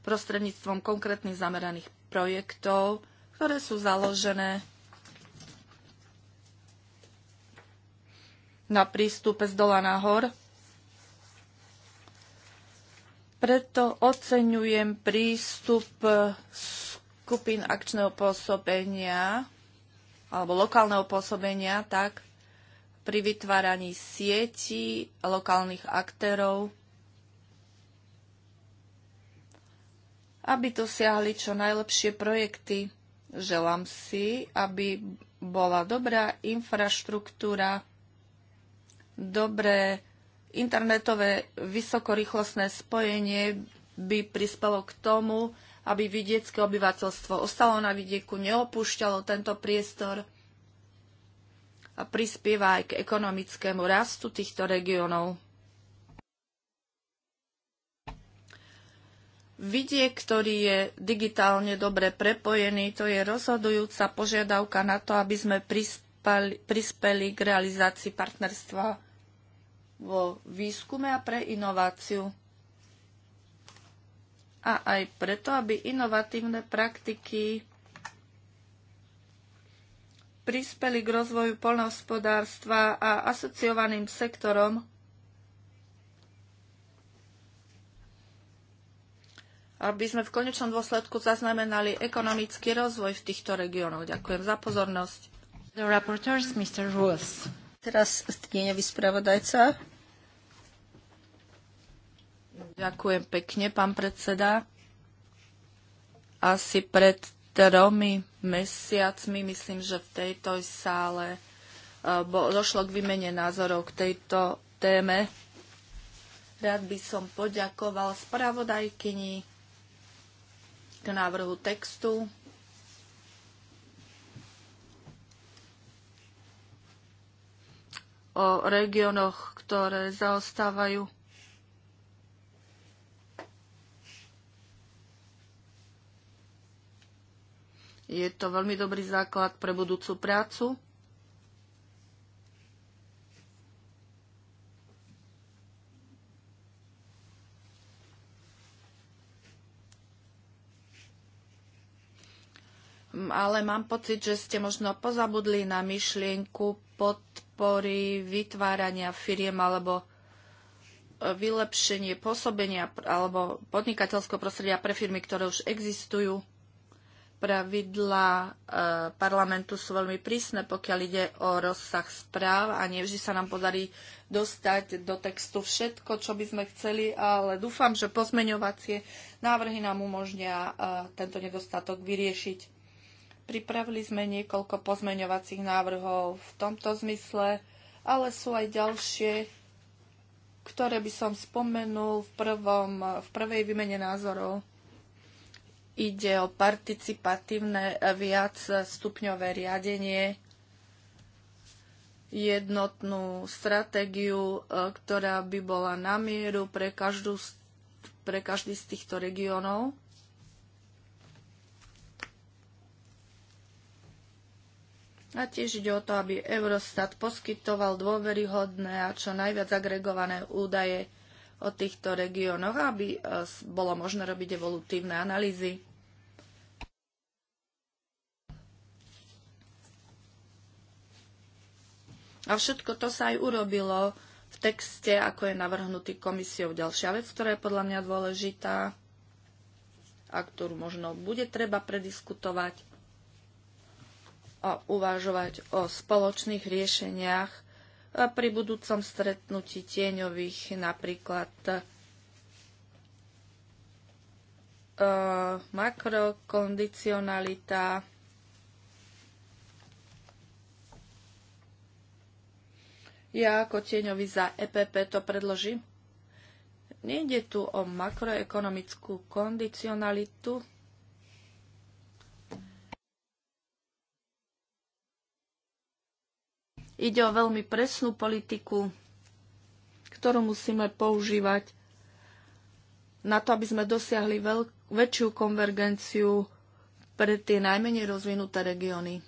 prostredníctvom konkrétnych zameraných projektov, ktoré sú založené na prístupe z dola nahor. Preto oceňujem prístup skupín akčného pôsobenia alebo lokálneho pôsobenia tak, pri vytváraní sietí lokálnych aktérov, aby dosiahli čo najlepšie projekty. Želám si, aby bola dobrá infraštruktúra, dobré internetové vysokorýchlostné spojenie by prispelo k tomu, aby vidiecké obyvateľstvo ostalo na vidieku, neopúšťalo tento priestor – prispieva aj k ekonomickému rastu týchto regiónov. Vidie, ktorý je digitálne dobre prepojený, to je rozhodujúca požiadavka na to, aby sme prispali, prispeli k realizácii partnerstva vo výskume a pre inováciu. A aj preto, aby inovatívne praktiky prispeli k rozvoju poľnohospodárstva a asociovaným sektorom aby sme v konečnom dôsledku zaznamenali ekonomický rozvoj v týchto regiónoch. Ďakujem za pozornosť. The rapporteurs, Mr. Rules. Teraz tieňový spravodajca. Ďakujem pekne, pán predseda. Asi pred tromi mesiacmi, myslím, že v tejto sále e, bo došlo k výmene názorov k tejto téme. Rád by som poďakoval spravodajkyni k návrhu textu. o regiónoch, ktoré zaostávajú. Je to veľmi dobrý základ pre budúcu prácu. ale mám pocit, že ste možno pozabudli na myšlienku podpory vytvárania firiem alebo e, vylepšenie pôsobenia alebo podnikateľského prostredia pre firmy, ktoré už existujú pravidlá e, parlamentu sú veľmi prísne, pokiaľ ide o rozsah správ a nevždy sa nám podarí dostať do textu všetko, čo by sme chceli, ale dúfam, že pozmeňovacie návrhy nám umožnia e, tento nedostatok vyriešiť. Pripravili sme niekoľko pozmeňovacích návrhov v tomto zmysle, ale sú aj ďalšie, ktoré by som spomenul v, prvom, v prvej výmene názorov ide o participatívne viac stupňové riadenie, jednotnú stratégiu, e, ktorá by bola na mieru pre, každú, pre každý z týchto regiónov. A tiež ide o to, aby Eurostat poskytoval dôveryhodné a čo najviac agregované údaje o týchto regiónoch, aby e, bolo možné robiť evolutívne analýzy. A všetko to sa aj urobilo v texte, ako je navrhnutý komisiou. Ďalšia vec, ktorá je podľa mňa dôležitá a ktorú možno bude treba prediskutovať a uvažovať o spoločných riešeniach pri budúcom stretnutí tieňových napríklad uh, makrokondicionalita, Ja ako tieňovi za EPP to predložím. Nejde tu o makroekonomickú kondicionalitu, Ide o veľmi presnú politiku, ktorú musíme používať na to, aby sme dosiahli veľk- väčšiu konvergenciu pre tie najmenej rozvinuté regióny.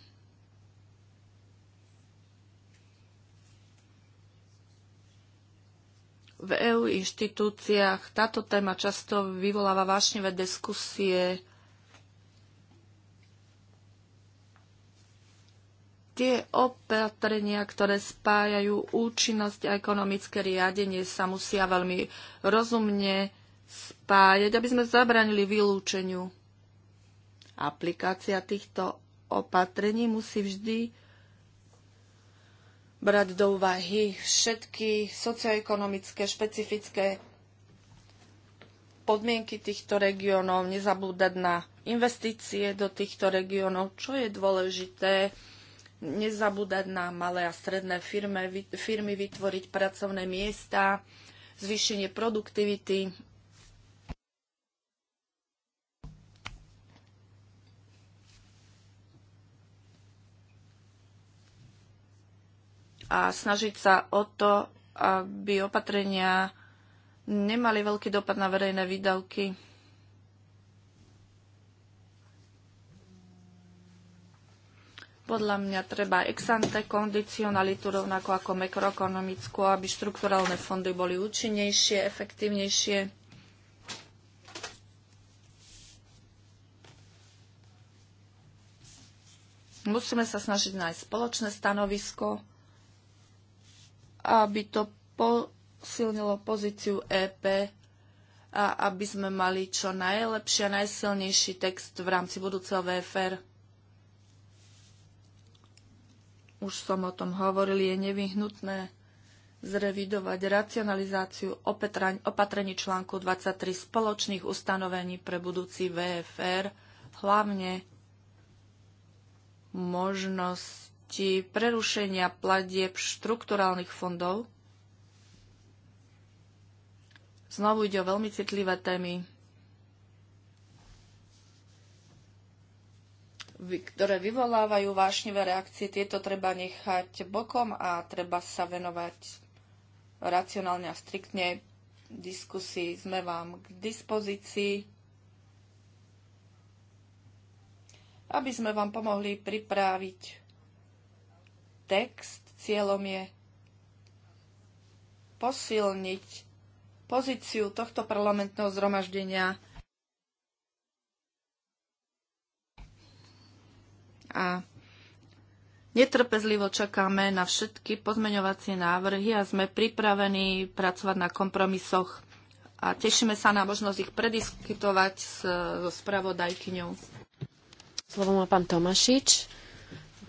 v EU inštitúciách táto téma často vyvoláva vášnevé diskusie tie opatrenia, ktoré spájajú účinnosť a ekonomické riadenie, sa musia veľmi rozumne spájať, aby sme zabranili vylúčeniu. Aplikácia týchto opatrení musí vždy brať do úvahy všetky socioekonomické, špecifické podmienky týchto regiónov, nezabúdať na investície do týchto regiónov, čo je dôležité nezabúdať na malé a stredné firmy, firmy vytvoriť pracovné miesta, zvýšenie produktivity. A snažiť sa o to, aby opatrenia nemali veľký dopad na verejné výdavky. Podľa mňa treba ex ante kondicionalitu rovnako ako makroekonomickú, aby štrukturálne fondy boli účinnejšie, efektívnejšie. Musíme sa snažiť nájsť spoločné stanovisko, aby to posilnilo pozíciu EP a aby sme mali čo najlepší a najsilnejší text v rámci budúceho VFR už som o tom hovoril, je nevyhnutné zrevidovať racionalizáciu opatrení článku 23 spoločných ustanovení pre budúci VFR, hlavne možnosti prerušenia platieb štrukturálnych fondov. Znovu ide o veľmi citlivé témy. ktoré vyvolávajú vášnivé reakcie, tieto treba nechať bokom a treba sa venovať racionálne a striktne diskusii. Sme vám k dispozícii, aby sme vám pomohli pripraviť text. Cieľom je posilniť pozíciu tohto parlamentného zhromaždenia a netrpezlivo čakáme na všetky pozmeňovacie návrhy a sme pripravení pracovať na kompromisoch a tešíme sa na možnosť ich prediskutovať s, so spravodajkyňou. Slovo má pán Tomašič.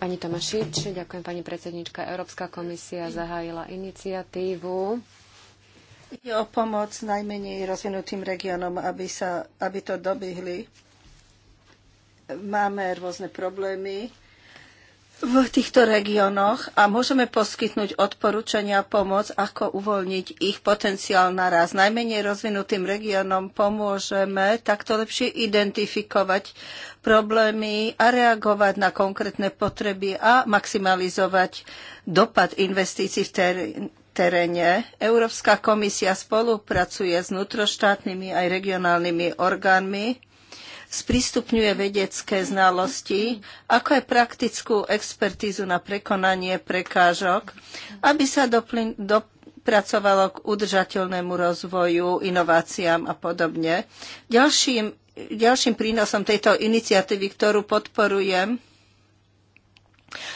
Pani Tomašič, ďakujem pani predsednička. Európska komisia zahájila iniciatívu Ide o pomoc najmenej rozvinutým regiónom, aby, sa, aby to dobihli máme rôzne problémy v týchto regiónoch a môžeme poskytnúť odporúčania a pomoc, ako uvoľniť ich potenciál naraz. Najmenej rozvinutým regiónom pomôžeme takto lepšie identifikovať problémy a reagovať na konkrétne potreby a maximalizovať dopad investícií v teréne. Európska komisia spolupracuje s vnútroštátnymi aj regionálnymi orgánmi sprístupňuje vedecké znalosti, ako aj praktickú expertízu na prekonanie prekážok, aby sa doplň, dopracovalo k udržateľnému rozvoju, inováciám a podobne. Ďalším, ďalším prínosom tejto iniciatívy, ktorú podporujem,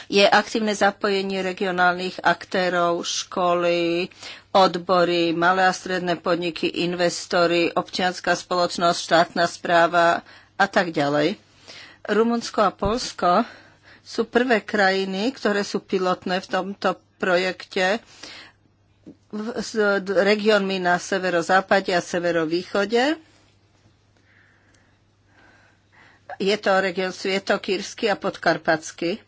je aktívne zapojenie regionálnych aktérov, školy, odbory, malé a stredné podniky, investory, občianská spoločnosť, štátna správa a tak ďalej. Rumunsko a Polsko sú prvé krajiny, ktoré sú pilotné v tomto projekte s regiónmi na severozápade a severovýchode. Je to región Svietokírsky a Podkarpatsky.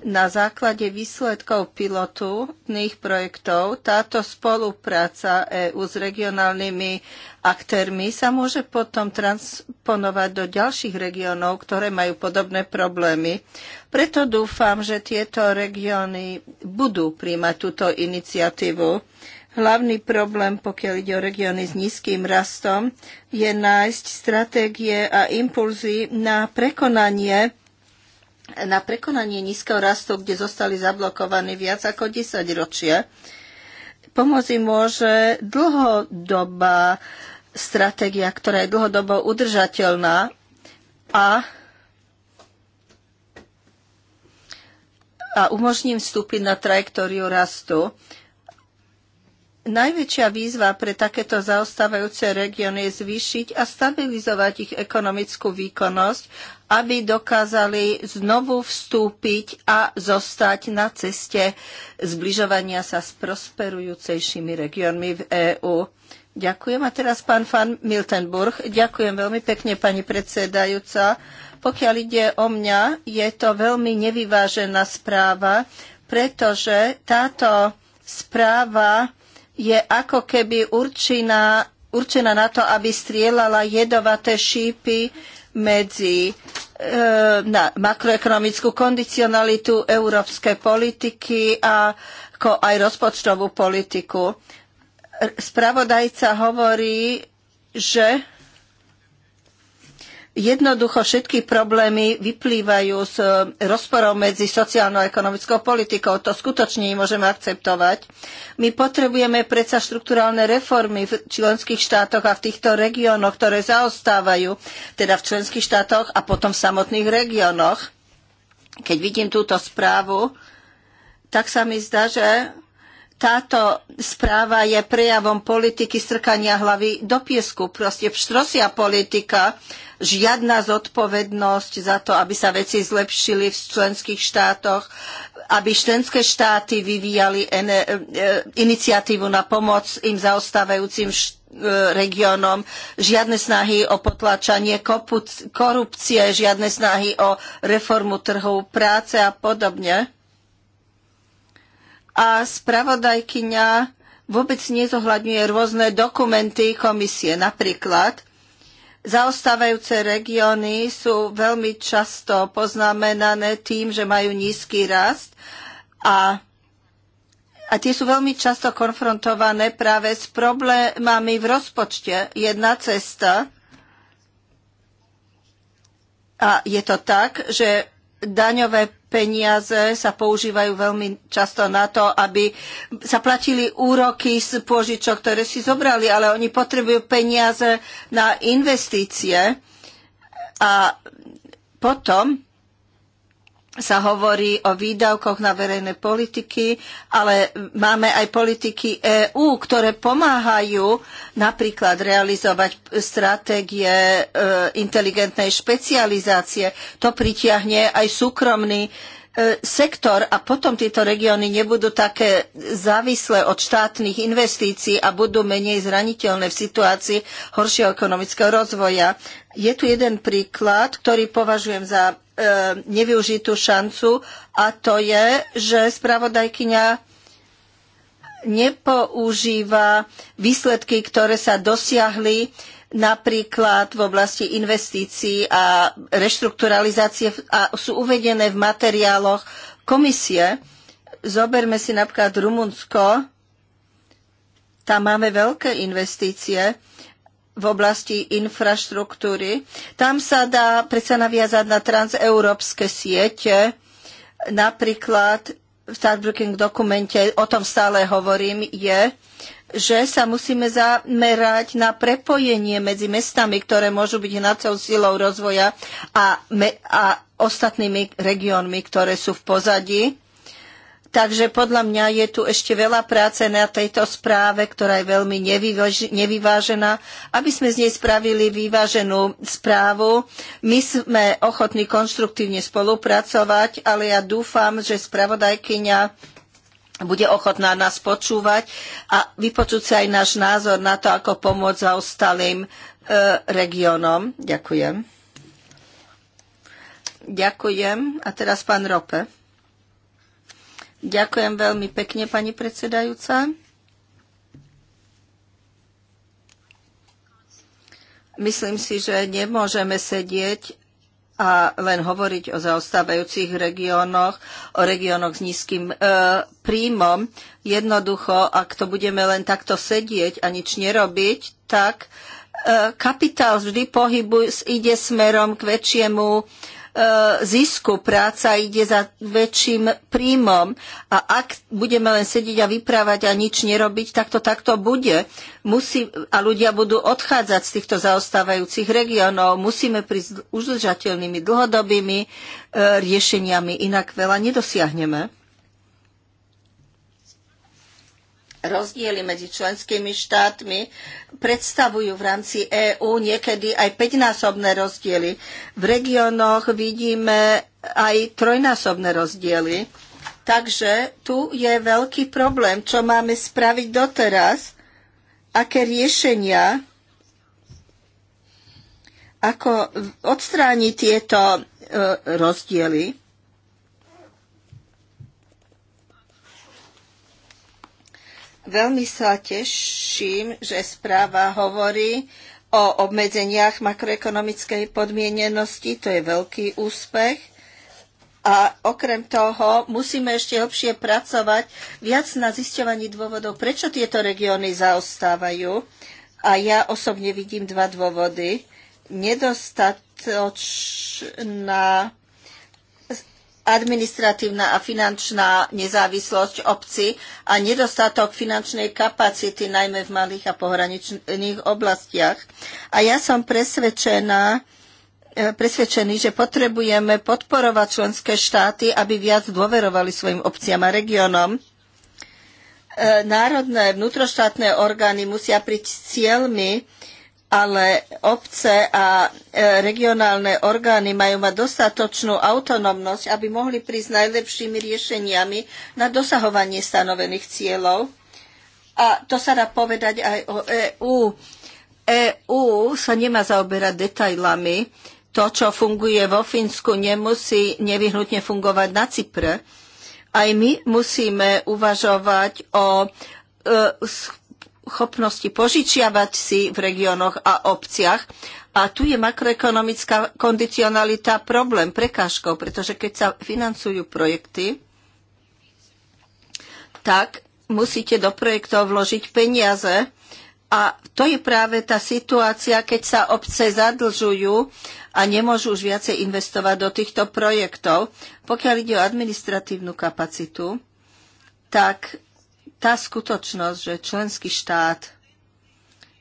Na základe výsledkov pilotných projektov táto spolupráca EÚ s regionálnymi aktérmi sa môže potom transponovať do ďalších regiónov, ktoré majú podobné problémy. Preto dúfam, že tieto regióny budú príjmať túto iniciatívu. Hlavný problém, pokiaľ ide o regióny s nízkym rastom, je nájsť stratégie a impulzy na prekonanie na prekonanie nízkeho rastu, kde zostali zablokovaní viac ako 10 ročia, Pomôcť im môže dlhodobá stratégia, ktorá je dlhodobo udržateľná a a umožním vstúpiť na trajektóriu rastu. Najväčšia výzva pre takéto zaostávajúce regióny je zvýšiť a stabilizovať ich ekonomickú výkonnosť, aby dokázali znovu vstúpiť a zostať na ceste zbližovania sa s prosperujúcejšími regiónmi v EÚ. Ďakujem. A teraz pán Van Miltenburg. Ďakujem veľmi pekne, pani predsedajúca. Pokiaľ ide o mňa, je to veľmi nevyvážená správa, pretože táto správa je ako keby určená, určená na to, aby strieľala jedovaté šípy medzi e, na makroekonomickú kondicionalitu európskej politiky a ako aj rozpočtovú politiku. Spravodajca hovorí, že Jednoducho všetky problémy vyplývajú z e, rozporov medzi sociálnou a ekonomickou politikou. To skutočne nemôžeme akceptovať. My potrebujeme predsa štruktúralne reformy v členských štátoch a v týchto regiónoch, ktoré zaostávajú, teda v členských štátoch a potom v samotných regiónoch. Keď vidím túto správu, tak sa mi zdá, že táto správa je prejavom politiky strkania hlavy do piesku. Proste vštrosia politika, žiadna zodpovednosť za to, aby sa veci zlepšili v členských štátoch, aby členské štáty vyvíjali e, e, iniciatívu na pomoc im zaostávajúcim e, regiónom, žiadne snahy o potláčanie korupcie, žiadne snahy o reformu trhu práce a podobne a spravodajkyňa vôbec nezohľadňuje rôzne dokumenty komisie. Napríklad zaostávajúce regióny sú veľmi často poznamenané tým, že majú nízky rast a a tie sú veľmi často konfrontované práve s problémami v rozpočte. Jedna cesta, a je to tak, že daňové peniaze sa používajú veľmi často na to, aby sa platili úroky z pôžičok, ktoré si zobrali, ale oni potrebujú peniaze na investície. A potom sa hovorí o výdavkoch na verejné politiky, ale máme aj politiky EÚ, ktoré pomáhajú napríklad realizovať stratégie e, inteligentnej špecializácie. To pritiahne aj súkromný e, sektor a potom tieto regióny nebudú také závislé od štátnych investícií a budú menej zraniteľné v situácii horšieho ekonomického rozvoja. Je tu jeden príklad, ktorý považujem za E, nevyužitú šancu a to je, že spravodajkyňa nepoužíva výsledky, ktoré sa dosiahli napríklad v oblasti investícií a reštrukturalizácie a sú uvedené v materiáloch komisie. Zoberme si napríklad Rumunsko. Tam máme veľké investície v oblasti infraštruktúry. Tam sa dá predsa naviazať na transeurópske siete. Napríklad v Starbrooking dokumente, o tom stále hovorím, je, že sa musíme zamerať na prepojenie medzi mestami, ktoré môžu byť hnacou silou rozvoja a, me, a ostatnými regiónmi, ktoré sú v pozadí. Takže podľa mňa je tu ešte veľa práce na tejto správe, ktorá je veľmi nevyvážená. Aby sme z nej spravili vyváženú správu, my sme ochotní konštruktívne spolupracovať, ale ja dúfam, že spravodajkyňa bude ochotná nás počúvať a vypočuť si aj náš názor na to, ako pomôcť zaostalým e, regiónom. Ďakujem. Ďakujem. A teraz pán Rope. Ďakujem veľmi pekne, pani predsedajúca. Myslím si, že nemôžeme sedieť a len hovoriť o zaostávajúcich regiónoch, o regiónoch s nízkym e, príjmom. Jednoducho, ak to budeme len takto sedieť a nič nerobiť, tak e, kapitál vždy pohybuje, ide smerom k väčšiemu e, E, zisku. Práca ide za väčším príjmom. A ak budeme len sedieť a vyprávať a nič nerobiť, tak to takto bude. Musí, a ľudia budú odchádzať z týchto zaostávajúcich regiónov. Musíme prísť udržateľnými dlhodobými e, riešeniami, inak veľa nedosiahneme. rozdiely medzi členskými štátmi predstavujú v rámci EÚ niekedy aj päťnásobné rozdiely. V regiónoch vidíme aj trojnásobné rozdiely. Takže tu je veľký problém, čo máme spraviť doteraz, aké riešenia, ako odstrániť tieto e, rozdiely. Veľmi sa teším, že správa hovorí o obmedzeniach makroekonomickej podmienenosti. To je veľký úspech. A okrem toho musíme ešte hlbšie pracovať viac na zisťovaní dôvodov, prečo tieto regióny zaostávajú. A ja osobne vidím dva dôvody. Nedostatočná administratívna a finančná nezávislosť obci a nedostatok finančnej kapacity, najmä v malých a pohraničných oblastiach. A ja som presvedčená, e, presvedčený, že potrebujeme podporovať členské štáty, aby viac dôverovali svojim obciam a regiónom. E, národné vnútroštátne orgány musia priť s cieľmi, ale obce a e, regionálne orgány majú mať dostatočnú autonómnosť, aby mohli prísť najlepšími riešeniami na dosahovanie stanovených cieľov. A to sa dá povedať aj o EÚ. EÚ sa nemá zaoberať detailami. To, čo funguje vo Fínsku, nemusí nevyhnutne fungovať na Cypre. Aj my musíme uvažovať o e, schopnosti požičiavať si v regiónoch a obciach. A tu je makroekonomická kondicionalita problém, prekážkou, pretože keď sa financujú projekty, tak musíte do projektov vložiť peniaze. A to je práve tá situácia, keď sa obce zadlžujú a nemôžu už viacej investovať do týchto projektov. Pokiaľ ide o administratívnu kapacitu, tak tá skutočnosť, že členský štát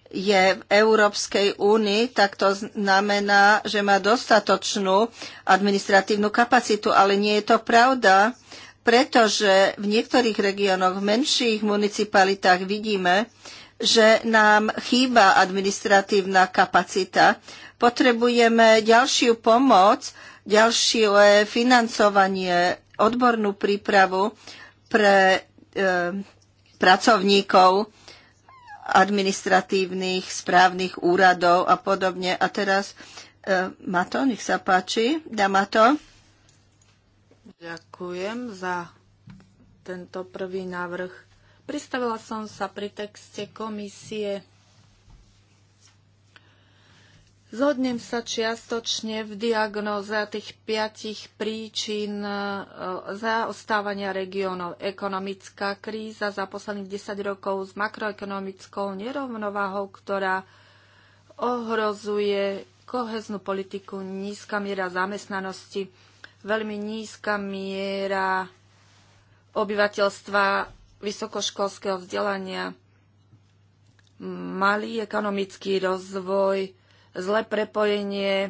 je v Európskej únii, tak to znamená, že má dostatočnú administratívnu kapacitu, ale nie je to pravda, pretože v niektorých regiónoch, v menších municipalitách vidíme, že nám chýba administratívna kapacita. Potrebujeme ďalšiu pomoc, ďalšie financovanie, odbornú prípravu pre e, pracovníkov administratívnych, správnych úradov a podobne. A teraz e, Mato, nech sa páči. Dá Mato. Ďakujem za tento prvý návrh. Pristavila som sa pri texte komisie Zhodnem sa čiastočne v diagnoze tých piatich príčin e, zaostávania regiónov. Ekonomická kríza za posledných 10 rokov s makroekonomickou nerovnováhou, ktorá ohrozuje koheznú politiku, nízka miera zamestnanosti, veľmi nízka miera obyvateľstva vysokoškolského vzdelania, malý ekonomický rozvoj, zlé prepojenie e,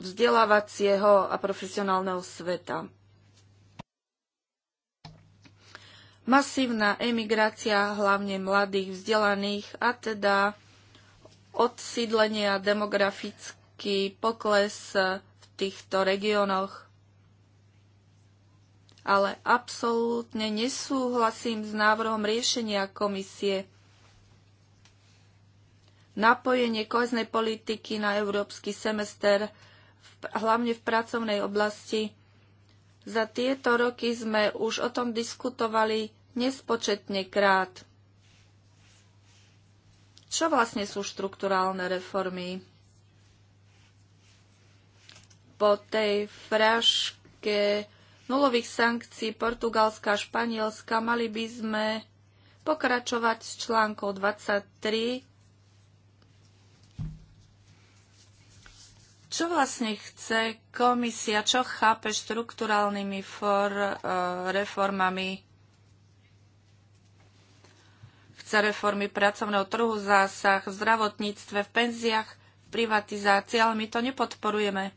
vzdelávacieho a profesionálneho sveta. Masívna emigrácia hlavne mladých vzdelaných a teda odsídlenie a demografický pokles v týchto regiónoch. Ale absolútne nesúhlasím s návrhom riešenia komisie napojenie koheznej politiky na európsky semester, hlavne v pracovnej oblasti. Za tieto roky sme už o tom diskutovali nespočetne krát. Čo vlastne sú štrukturálne reformy? Po tej fraške nulových sankcií Portugalska a Španielska mali by sme pokračovať s článkou 23 Čo vlastne chce komisia, čo chápe štruktúralnými for, e, reformami? Chce reformy pracovného trhu, zásah v zdravotníctve, v penziách, v privatizácii, ale my to nepodporujeme.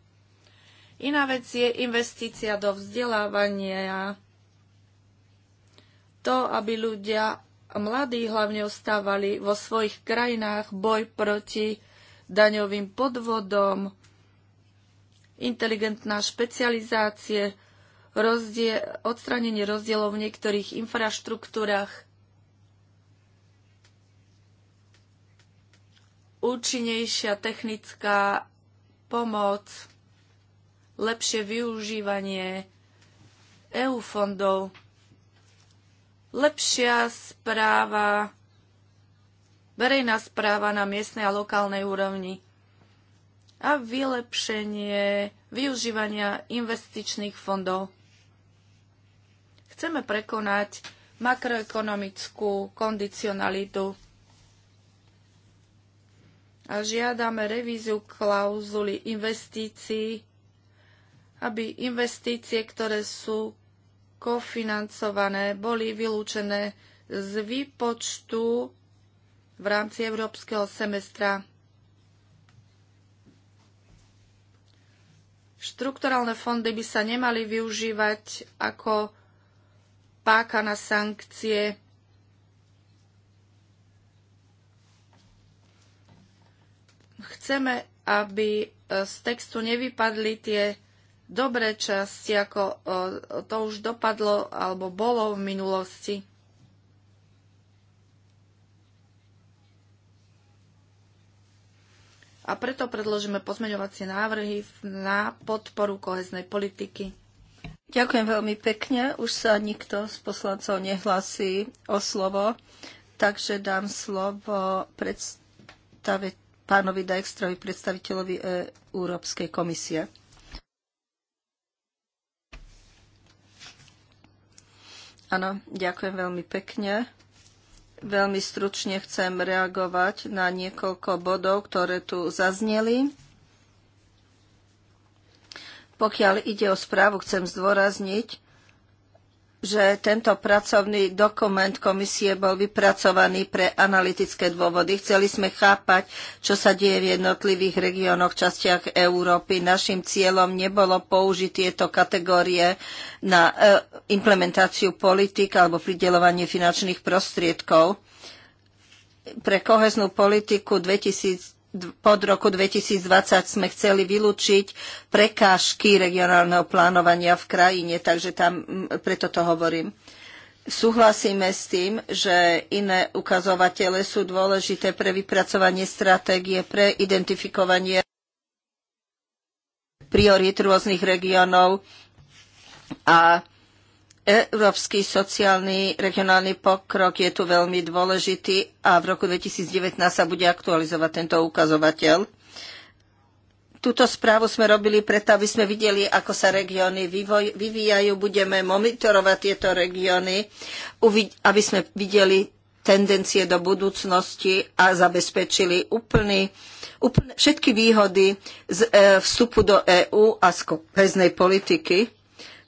Iná vec je investícia do vzdelávania. To, aby ľudia, mladí hlavne, ostávali vo svojich krajinách, boj proti daňovým podvodom, inteligentná špecializácie, rozdie, odstránenie rozdielov v niektorých infraštruktúrach, účinnejšia technická pomoc, lepšie využívanie EU fondov, lepšia správa, verejná správa na miestnej a lokálnej úrovni a vylepšenie využívania investičných fondov. Chceme prekonať makroekonomickú kondicionalitu a žiadame revíziu klauzuly investícií, aby investície, ktoré sú kofinancované, boli vylúčené z výpočtu v rámci európskeho semestra. Štrukturálne fondy by sa nemali využívať ako páka na sankcie. Chceme, aby e, z textu nevypadli tie dobré časti, ako e, to už dopadlo alebo bolo v minulosti. a preto predložíme pozmeňovacie návrhy na podporu koheznej politiky. Ďakujem veľmi pekne. Už sa nikto z poslancov nehlasí o slovo, takže dám slovo predstave, pánovi Dijkstrovi, predstaviteľovi e, Európskej komisie. Áno, ďakujem veľmi pekne. Veľmi stručne chcem reagovať na niekoľko bodov, ktoré tu zazneli. Pokiaľ ide o správu, chcem zdôrazniť, že tento pracovný dokument komisie bol vypracovaný pre analytické dôvody. Chceli sme chápať, čo sa deje v jednotlivých regiónoch, častiach Európy. Našim cieľom nebolo použiť tieto kategórie na e, implementáciu politik alebo pridelovanie finančných prostriedkov. Pre koheznú politiku 2000 pod roku 2020 sme chceli vylúčiť prekážky regionálneho plánovania v krajine, takže tam preto to hovorím. Súhlasíme s tým, že iné ukazovatele sú dôležité pre vypracovanie stratégie, pre identifikovanie priorít rôznych regiónov a Európsky sociálny regionálny pokrok je tu veľmi dôležitý a v roku 2019 sa bude aktualizovať tento ukazovateľ. Túto správu sme robili preto, aby sme videli, ako sa regióny vyvíjajú. Budeme monitorovať tieto regióny, aby sme videli tendencie do budúcnosti a zabezpečili úplný, úplne, všetky výhody z e, vstupu do EÚ a z koheznej politiky.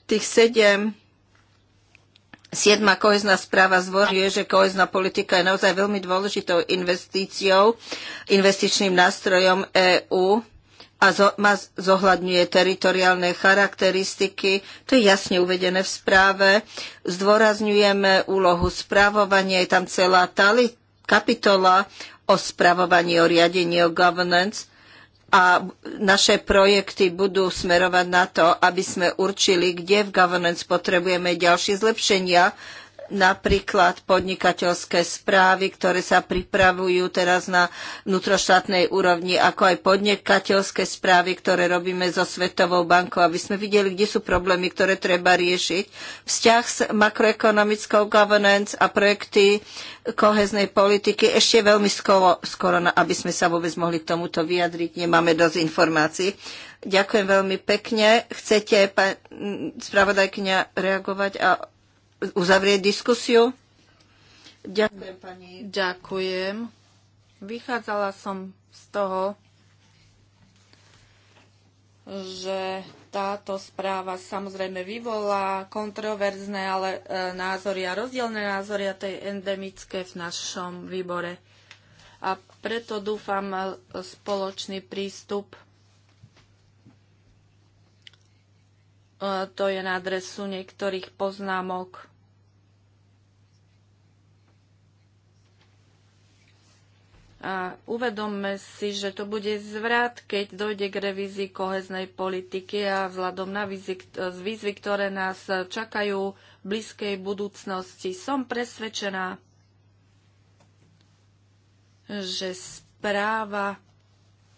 Tých sedem Siedma kohezná správa zvoruje, že kohezná politika je naozaj veľmi dôležitou investíciou, investičným nástrojom EÚ a zo, ma zohľadňuje teritoriálne charakteristiky. To je jasne uvedené v správe. Zdôrazňujeme úlohu správovania. Je tam celá tali, kapitola o správovaní, o riadení, o governance a naše projekty budú smerovať na to, aby sme určili, kde v governance potrebujeme ďalšie zlepšenia, napríklad podnikateľské správy, ktoré sa pripravujú teraz na vnútroštátnej úrovni, ako aj podnikateľské správy, ktoré robíme so Svetovou bankou, aby sme videli, kde sú problémy, ktoré treba riešiť. Vzťah s makroekonomickou governance a projekty koheznej politiky ešte veľmi skoro, skoro aby sme sa vôbec mohli k tomuto vyjadriť. Nemáme dosť informácií. Ďakujem veľmi pekne. Chcete, pán spravodajkňa, reagovať a uzavrieť diskusiu? Ďakujem, pani. Ďakujem. Vychádzala som z toho, že táto správa samozrejme vyvolá kontroverzné ale e, názory a rozdielne názory a to je endemické v našom výbore. A preto dúfam e, spoločný prístup E, to je na adresu niektorých poznámok. A uvedomme si, že to bude zvrat, keď dojde k revízii koheznej politiky a vzhľadom na výzvy, ktoré nás čakajú v blízkej budúcnosti. Som presvedčená, že správa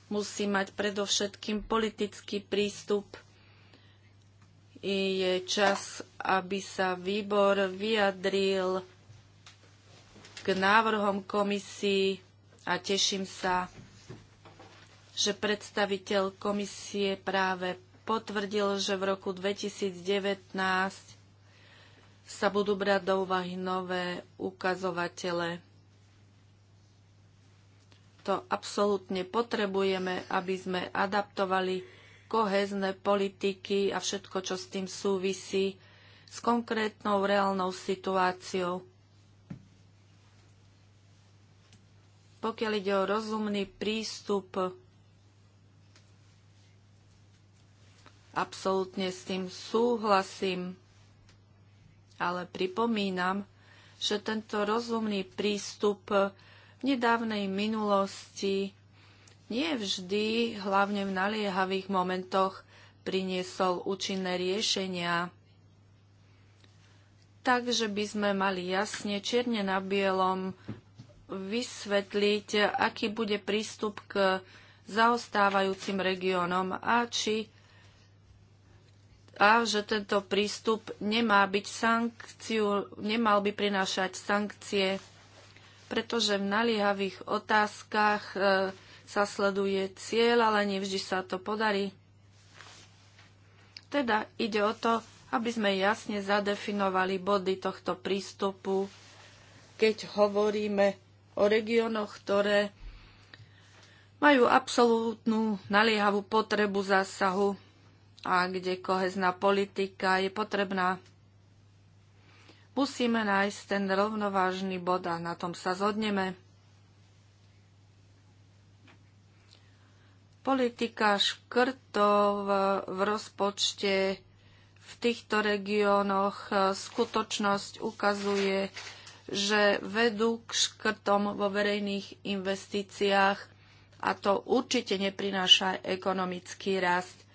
musí mať predovšetkým politický prístup je čas, aby sa výbor vyjadril k návrhom komisii a teším sa, že predstaviteľ komisie práve potvrdil, že v roku 2019 sa budú brať do úvahy nové ukazovatele. To absolútne potrebujeme, aby sme adaptovali kohezné politiky a všetko, čo s tým súvisí, s konkrétnou reálnou situáciou. Pokiaľ ide o rozumný prístup, absolútne s tým súhlasím, ale pripomínam, že tento rozumný prístup v nedávnej minulosti nie vždy, hlavne v naliehavých momentoch, priniesol účinné riešenia. Takže by sme mali jasne, čierne na bielom, vysvetliť, aký bude prístup k zaostávajúcim regiónom a či a že tento prístup nemá byť sankciu, nemal by prinášať sankcie, pretože v naliehavých otázkach e, sa sleduje cieľ, ale nevždy sa to podarí. Teda ide o to, aby sme jasne zadefinovali body tohto prístupu, keď hovoríme o regiónoch, ktoré majú absolútnu naliehavú potrebu zásahu a kde kohezná politika je potrebná. Musíme nájsť ten rovnovážny bod a na tom sa zhodneme. Politika škrtov v rozpočte v týchto regiónoch skutočnosť ukazuje, že vedú k škrtom vo verejných investíciách a to určite neprináša ekonomický rast.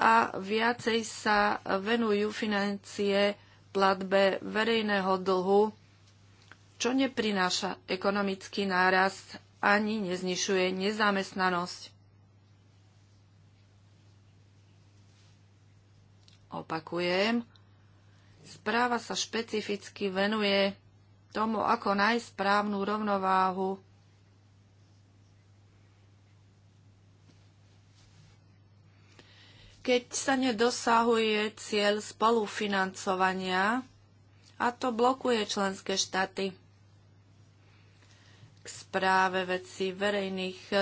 A viacej sa venujú financie platbe verejného dlhu, čo neprináša ekonomický nárast ani neznišuje nezamestnanosť. Opakujem, správa sa špecificky venuje tomu, ako nájsť správnu rovnováhu keď sa nedosahuje cieľ spolufinancovania a to blokuje členské štáty správe veci verejných e,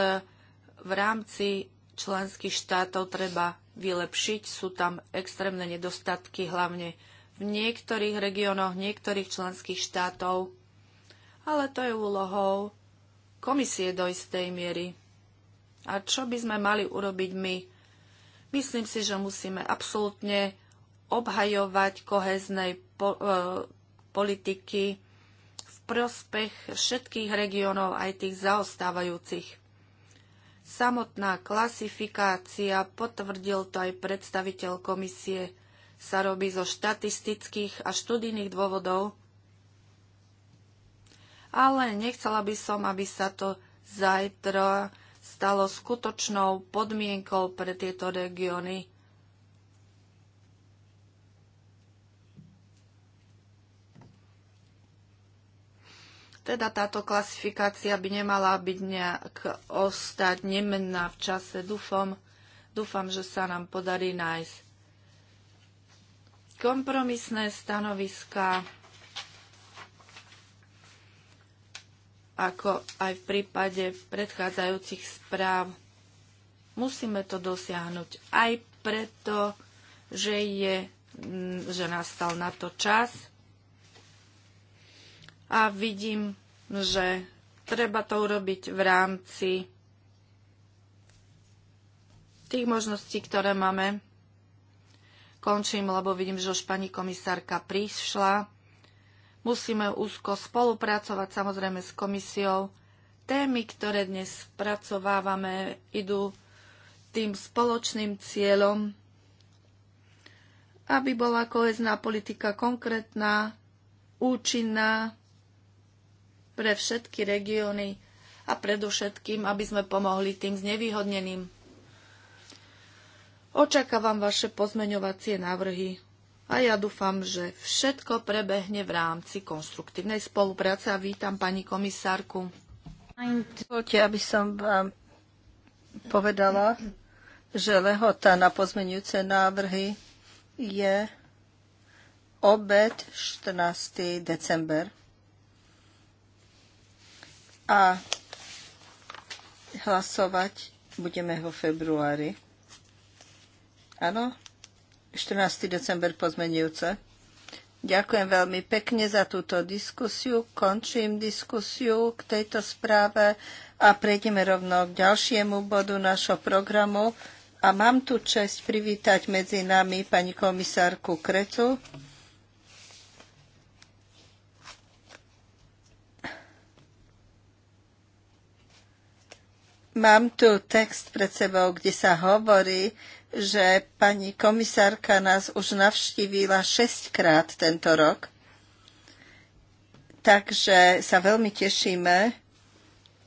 v rámci členských štátov treba vylepšiť. Sú tam extrémne nedostatky, hlavne v niektorých regiónoch, niektorých členských štátov. Ale to je úlohou komisie do istej miery. A čo by sme mali urobiť my? Myslím si, že musíme absolútne obhajovať kohéznej po, e, politiky prospech všetkých regiónov, aj tých zaostávajúcich. Samotná klasifikácia, potvrdil to aj predstaviteľ komisie, sa robí zo štatistických a študijných dôvodov, ale nechcela by som, aby sa to zajtra stalo skutočnou podmienkou pre tieto regióny Teda táto klasifikácia by nemala byť nejak ostať nemenná v čase. Dúfam, dúfam, že sa nám podarí nájsť kompromisné stanoviska, ako aj v prípade predchádzajúcich správ. Musíme to dosiahnuť aj preto, že, je, že nastal na to čas – a vidím, že treba to urobiť v rámci tých možností, ktoré máme. Končím, lebo vidím, že už pani komisárka prišla. Musíme úzko spolupracovať samozrejme s komisiou. Témy, ktoré dnes spracovávame, idú tým spoločným cieľom, aby bola kohezná politika konkrétna, účinná pre všetky regióny a predovšetkým, aby sme pomohli tým znevýhodneným. Očakávam vaše pozmeňovacie návrhy a ja dúfam, že všetko prebehne v rámci konstruktívnej spolupráce a vítam pani komisárku. Dovolte, aby som vám povedala, že lehota na pozmeňujúce návrhy je obed 14. december a hlasovať budeme vo februári. Áno? 14. december pozmenujúce. Ďakujem veľmi pekne za túto diskusiu. Končím diskusiu k tejto správe a prejdeme rovno k ďalšiemu bodu našho programu. A mám tu čest privítať medzi nami pani komisárku Kretu. Mám tu text pred sebou, kde sa hovorí, že pani komisárka nás už navštívila šestkrát tento rok. Takže sa veľmi tešíme,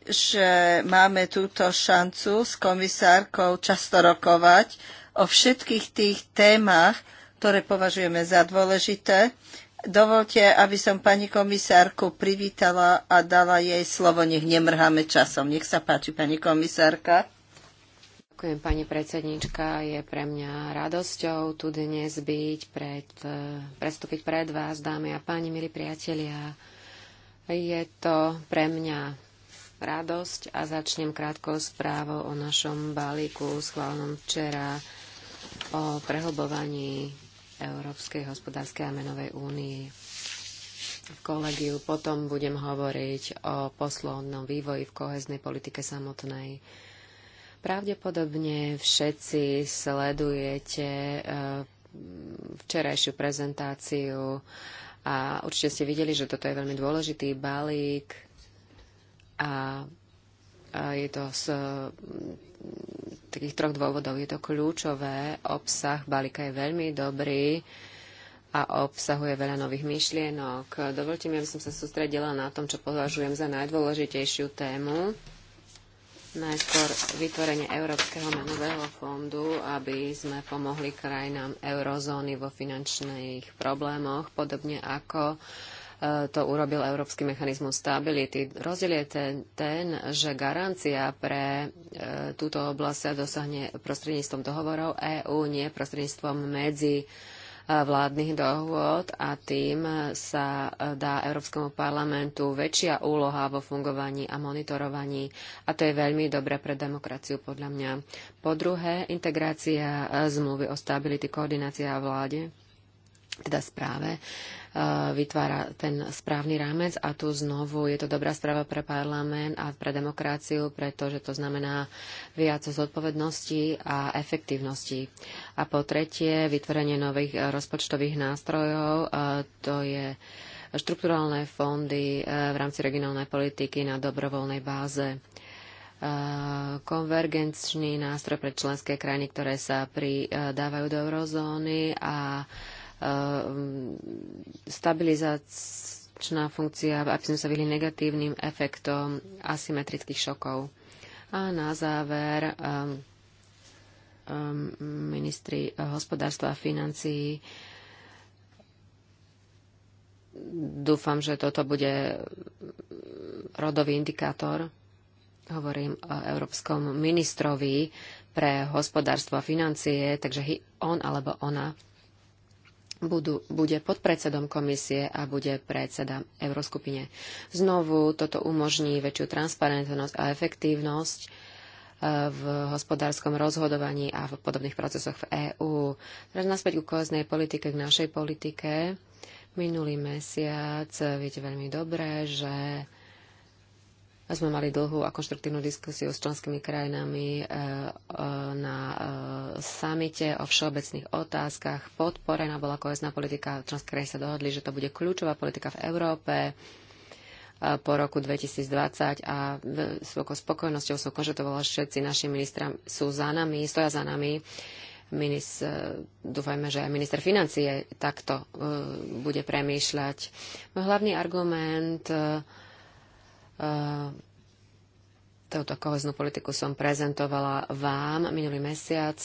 že máme túto šancu s komisárkou často rokovať o všetkých tých témach, ktoré považujeme za dôležité Dovolte, aby som pani komisárku privítala a dala jej slovo. Nech nemrháme časom. Nech sa páči, pani komisárka. Ďakujem, pani predsednička. Je pre mňa radosťou tu dnes byť, pred, predstúpiť pred vás, dámy a páni, milí priatelia. Je to pre mňa radosť a začnem krátkou správou o našom balíku schválnom včera o prehlbovaní Európskej hospodárskej a menovej únii. V kolegiu potom budem hovoriť o poslovnom vývoji v koheznej politike samotnej. Pravdepodobne všetci sledujete eh, včerajšiu prezentáciu a určite ste videli, že toto je veľmi dôležitý balík a je to takých troch dôvodov. Je to kľúčové, obsah balíka je veľmi dobrý a obsahuje veľa nových myšlienok. Dovolte mi, aby som sa sústredila na tom, čo považujem za najdôležitejšiu tému. Najskôr vytvorenie Európskeho menového fondu, aby sme pomohli krajinám eurozóny vo finančných problémoch, podobne ako uh, to urobil Európsky mechanizmus stability. Rozdiel je ten, ten že garancia pre e, túto oblasť sa dosahne prostredníctvom dohovorov EÚ, nie prostredníctvom medzi e, vládnych dohôd a tým sa e, dá Európskemu parlamentu väčšia úloha vo fungovaní a monitorovaní a to je veľmi dobré pre demokraciu podľa mňa. Po druhé, integrácia zmluvy o stability, koordinácia vláde teda správe Eh, vytvára ten správny rámec a tu znovu je to dobrá správa pre parlament a pre demokraciu, pretože to znamená viac zodpovednosti a efektívnosti. A po tretie, vytvorenie nových rozpočtových nástrojov, eh, to je štrukturálne fondy eh, v rámci regionálnej politiky na dobrovoľnej báze konvergenčný nástroj pre členské krajiny, ktoré sa pridávajú do eurozóny a Ehm, stabilizačná funkcia, aby sme sa vyhli negatívnym efektom asymetrických šokov. A na záver ehm, ehm, ministri hospodárstva a financií dúfam, že toto bude rodový indikátor. Hovorím o európskom ministrovi pre hospodárstvo a financie, takže on alebo ona budú, bude podpredsedom komisie a bude predseda Euroskupine. Znovu toto umožní väčšiu transparentnosť a efektívnosť e, v hospodárskom rozhodovaní a v podobných procesoch v EÚ. Teraz naspäť u koheznej politike, k našej politike. Minulý mesiac viete veľmi dobre, že sme mali dlhú a konštruktívnu diskusiu s členskými krajinami e, e, na e, samite o všeobecných otázkach. Podporená bola kohezná politika. Členské krajiny sa dohodli, že to bude kľúčová politika v Európe po roku 2020 a s spokojnosťou som konštatovala, že všetci naši ministri sú za nami, stoja za nami. Minis, dúfajme, že aj minister financie takto uh, bude premýšľať. Môj hlavný argument uh, Ehm, túto koheznú politiku som prezentovala vám minulý mesiac.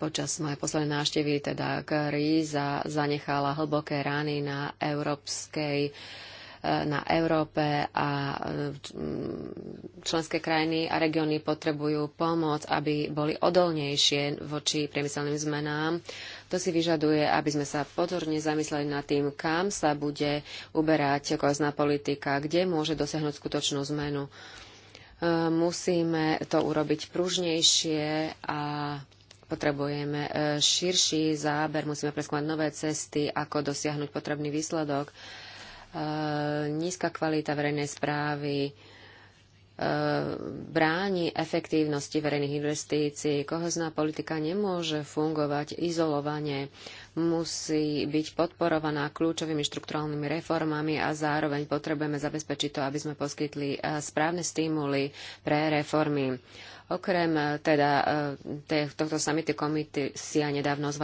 Počas mojej poslednej návštevy teda kríza zanechala hlboké rány na európskej uh, na Európe a mm, členské krajiny a regióny potrebujú pomoc, aby boli odolnejšie voči priemyselným zmenám. To si vyžaduje, aby sme sa pozorne zamysleli nad tým, kam sa bude uberať kozná politika, kde môže dosiahnuť skutočnú zmenu. E, musíme to urobiť pružnejšie a potrebujeme e, širší záber, musíme preskúmať nové cesty, ako dosiahnuť potrebný výsledok. Eh, nízka kvalita verejnej správy eh, bráni efektívnosti verejných investícií. Kohezná politika nemôže fungovať izolovane. Musí byť podporovaná kľúčovými štrukturálnymi reformami a zároveň potrebujeme zabezpečiť to, aby sme poskytli eh, správne stimuly pre reformy. Okrem e, teda e, tohto samitu komisia nedávno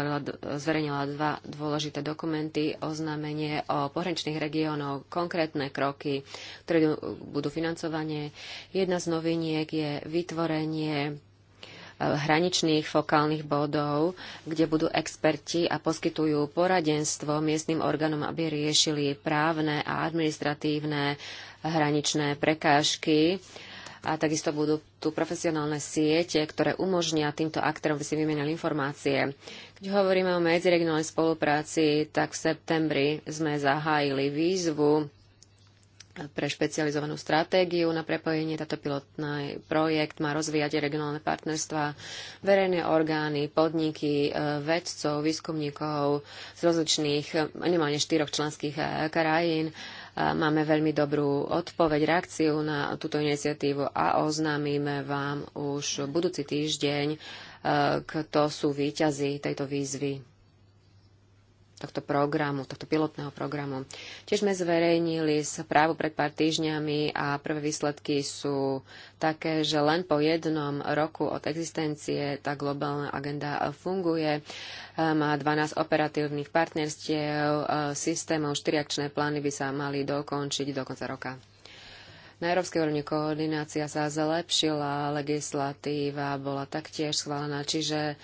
zverejnila dva dôležité dokumenty, oznámenie o pohraničných regiónoch, konkrétne kroky, ktoré budú financovanie. Jedna z noviniek je vytvorenie e, hraničných fokálnych bodov, kde budú experti a poskytujú poradenstvo miestnym orgánom, aby riešili právne a administratívne hraničné prekážky a takisto budú tu profesionálne siete, ktoré umožnia týmto aktérom, aby si vymenili informácie. Keď hovoríme o medziregionálnej spolupráci, tak v septembri sme zahájili výzvu pre špecializovanú stratégiu na prepojenie. Tato pilotný projekt má rozvíjať regionálne partnerstva, verejné orgány, podniky, e, vedcov, výskumníkov z rozličných e, minimálne štyroch členských e, krajín Máme veľmi dobrú odpoveď, reakciu na túto iniciatívu a oznámime vám už budúci týždeň, e, kto sú výťazí tejto výzvy tohto programu, tohto pilotného programu. Tiež sme zverejnili správu pred pár týždňami a prvé výsledky sú také, že len po jednom roku od existencie tá globálna agenda funguje. E, má 12 operatívnych partnerstiev, e, systémov, štyriakčné akčné plány by sa mali dokončiť do konca roka. Na európskej úrovni koordinácia sa zlepšila, legislatíva bola taktiež schválená, čiže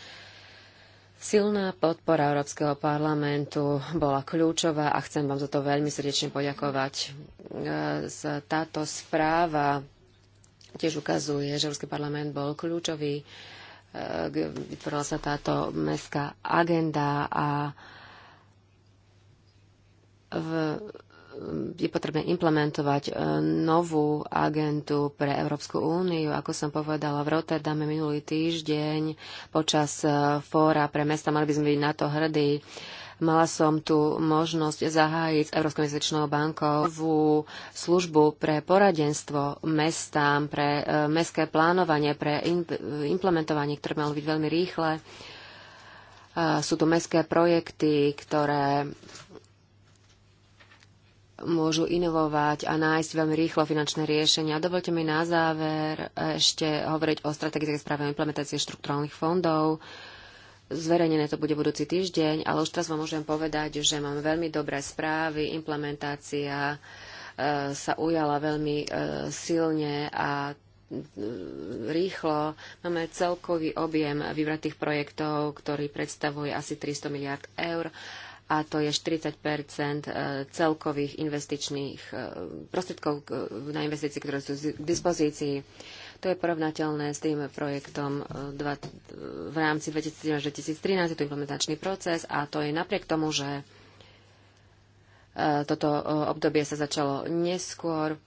Silná podpora Európskeho parlamentu bola kľúčová a chcem vám za to veľmi srdečne poďakovať. E, táto správa tiež ukazuje, že Európsky parlament bol kľúčový. E, vytvorila sa táto mestská agenda a v je potrebné implementovať e, novú agentu pre Európsku úniu. Ako som povedala, v Rotterdame minulý týždeň počas e, fóra pre mesta mali by sme byť na to hrdí. Mala som tu možnosť zahájiť s Európskou investičnou bankou službu pre poradenstvo mestám, pre e, mestské plánovanie, pre implementovanie, ktoré malo byť veľmi rýchle. Sú to mestské projekty, ktoré môžu inovovať a nájsť veľmi rýchlo finančné riešenia. Dovolte mi na záver ešte hovoriť o strategickej správe implementácie štruktúrálnych fondov. Zverejnené to bude budúci týždeň, ale už teraz vám môžem povedať, že mám veľmi dobré správy. Implementácia e, sa ujala veľmi e, silne a e, rýchlo. Máme celkový objem vybratých projektov, ktorý predstavuje asi 300 miliard eur a to je 40 e, celkových investičných e, prostriedkov e, na investície, ktoré sú k dispozícii. To je porovnateľné s tým projektom v rámci 2013 je to implementačný proces a to je napriek tomu, že toto obdobie sa začalo neskôr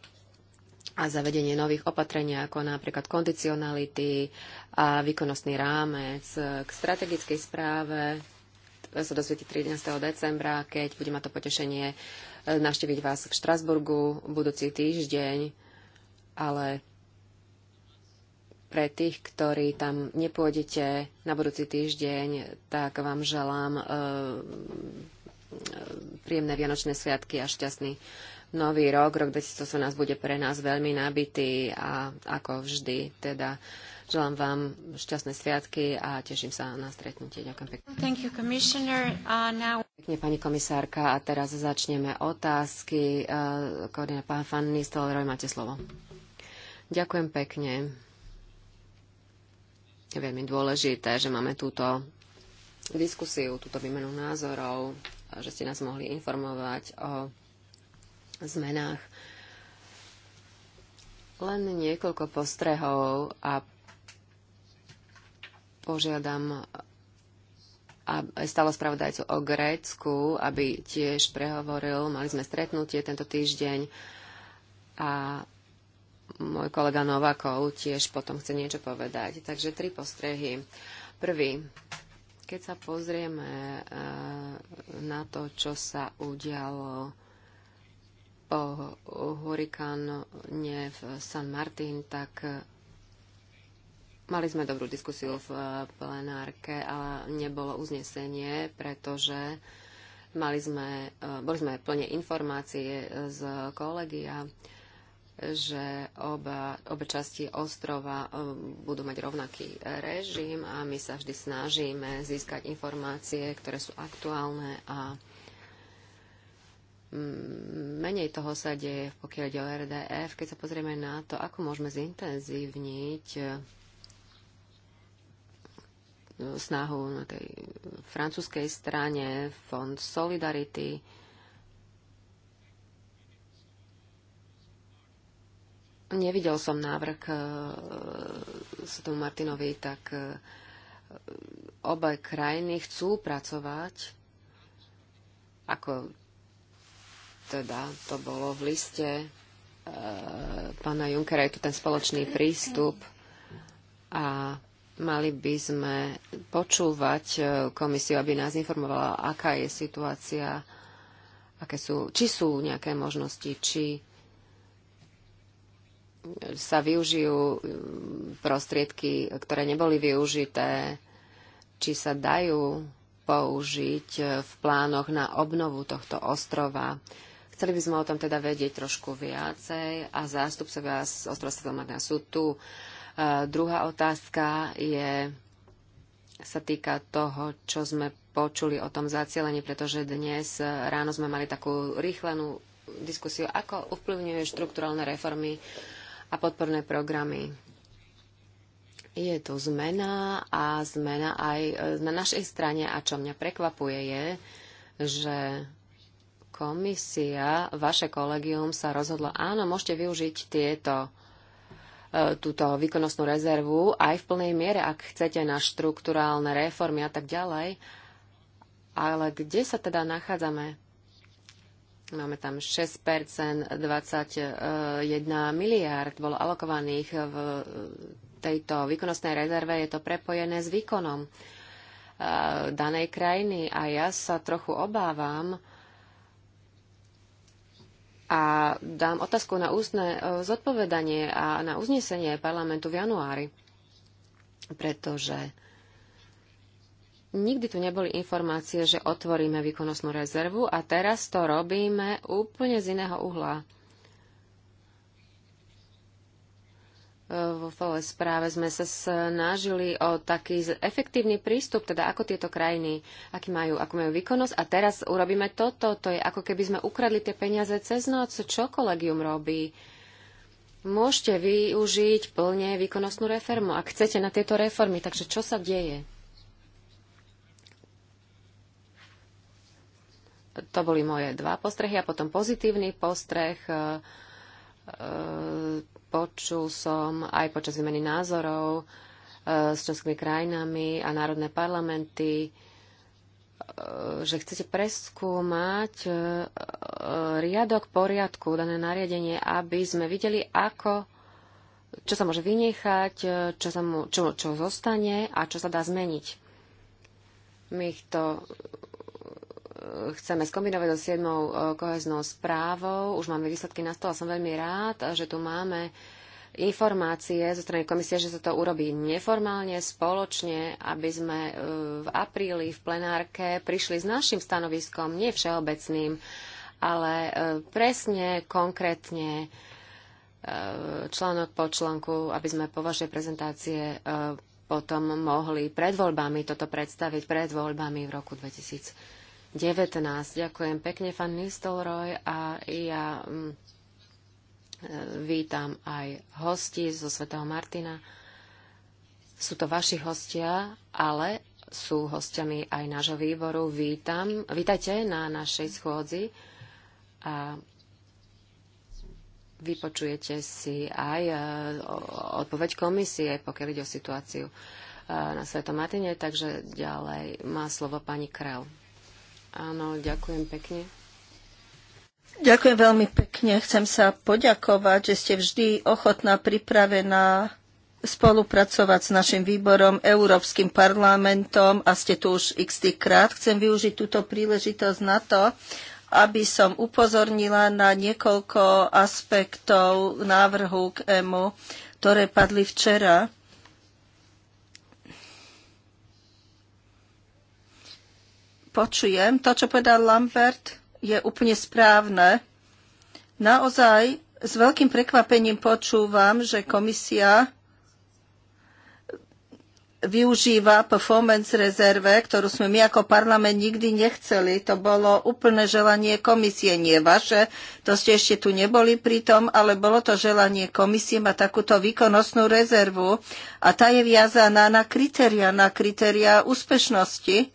a zavedenie nových opatrení, ako napríklad kondicionality a výkonnostný rámec k strategickej správe sa dozviete 13. decembra, keď budem mať to potešenie e, navštíviť vás v Štrasburgu budúci týždeň, ale pre tých, ktorí tam nepôjdete na budúci týždeň, tak vám želám e, e, príjemné Vianočné sviatky a šťastný nový rok. Rok 2018 bude pre nás veľmi nabitý a ako vždy, teda Želám vám šťastné sviatky a teším sa na stretnutie. Ďakujem pekne. Thank you, commissioner. Uh, now... Pekne, pani komisárka. A teraz začneme otázky. Uh, koordina pán Fan Nistelroj, máte slovo. Ďakujem pekne. Je veľmi dôležité, že máme túto diskusiu, túto výmenu názorov, že ste nás mohli informovať o zmenách. Len niekoľko postrehov a požiadam stále spravodajcu o Grécku, aby tiež prehovoril. Mali sme stretnutie tento týždeň a môj kolega Novakov tiež potom chce niečo povedať. Takže tri postrehy. Prvý, keď sa pozrieme eh, na to, čo sa udialo po hurikáne v San Martin, tak Mali sme dobrú diskusiu v eh, plenárke, ale nebolo uznesenie, pretože mali sme, eh, boli sme plne informácie eh, z kolegia, že oba, obe časti ostrova budú mať rovnaký režim a my sa vždy snažíme získať informácie, ktoré sú aktuálne a mm, menej toho sa deje, pokiaľ ide o RDF. Keď sa pozrieme na to, ako môžeme zintenzívniť snahu na tej francúzskej strane, fond Solidarity. Nevidel som návrh s e, tomu Martinovi, tak e, obe krajiny chcú pracovať ako teda to bolo v liste e, pána Junkera, je tu ten spoločný prístup a Mali by sme počúvať e, komisiu, aby nás informovala, aká je situácia, aké sú, či sú nejaké možnosti, či sa využijú e, prostriedky, ktoré neboli využité, či sa dajú použiť e, v plánoch na obnovu tohto ostrova. Chceli by sme o tom teda vedieť trošku viacej a zástupcovia z ostrova Stelmagna sú tu Druhá otázka je, sa týka toho, čo sme počuli o tom zacielení, pretože dnes ráno sme mali takú rýchlenú diskusiu, ako ovplyvňuje štrukturálne reformy a podporné programy. Je tu zmena a zmena aj na našej strane a čo mňa prekvapuje je, že komisia, vaše kolegium sa rozhodlo, áno, môžete využiť tieto túto výkonnostnú rezervu aj v plnej miere, ak chcete na štruktúrálne reformy a tak ďalej. Ale kde sa teda nachádzame? Máme tam 6 21 miliárd bolo alokovaných v tejto výkonnostnej rezerve. Je to prepojené s výkonom eh, danej krajiny a ja sa trochu obávam, a dám otázku na ústne e, zodpovedanie a na uznesenie parlamentu v januári, pretože nikdy tu neboli informácie, že otvoríme výkonnostnú rezervu a teraz to robíme úplne z iného uhla. vo falej správe sme sa snažili o taký efektívny prístup, teda ako tieto krajiny, aký majú, ako majú výkonnosť. A teraz urobíme toto, to je ako keby sme ukradli tie peniaze cez noc, čo kolegium robí. Môžete využiť plne výkonnostnú reformu, ak chcete na tieto reformy. Takže čo sa deje? To boli moje dva postrehy a potom pozitívny postreh e, e, Počul som aj počas výmeny názorov e, s členskými krajinami a národné parlamenty, e, že chcete preskúmať e, riadok poriadku, dané nariadenie, aby sme videli, ako, čo sa môže vynechať, čo, sa mu, čo, čo zostane a čo sa dá zmeniť. My to chceme skombinovať so 7. E, koheznou správou. Už máme výsledky na stole a som veľmi rád, že tu máme informácie zo strany komisie, že sa to urobí neformálne, spoločne, aby sme e, v apríli v plenárke prišli s našim stanoviskom, nie všeobecným, ale e, presne, konkrétne článok po článku, aby sme po vašej prezentácie potom mohli pred voľbami toto predstaviť, pred voľbami v roku 2000. 19. Ďakujem pekne, pán Nistelroj, a ja mm, e, vítam aj hosti zo svätého Martina. Sú to vaši hostia, ale sú hostiami aj nášho výboru. Vítam, vítajte na našej schôdzi a vypočujete si aj e, odpoveď komisie, pokiaľ ide o situáciu e, na Svetom Martine, takže ďalej má slovo pani Krell. Áno, ďakujem pekne. Ďakujem veľmi pekne. Chcem sa poďakovať, že ste vždy ochotná, pripravená spolupracovať s našim výborom, Európskym parlamentom a ste tu už x krát. Chcem využiť túto príležitosť na to, aby som upozornila na niekoľko aspektov návrhu k EMU, ktoré padli včera počujem. To, čo povedal Lambert, je úplne správne. Naozaj s veľkým prekvapením počúvam, že komisia využíva performance rezerve, ktorú sme my ako parlament nikdy nechceli. To bolo úplné želanie komisie, nie vaše. To ste ešte tu neboli pritom, ale bolo to želanie komisie mať takúto výkonnostnú rezervu a tá je viazaná na kritéria, na kritéria úspešnosti.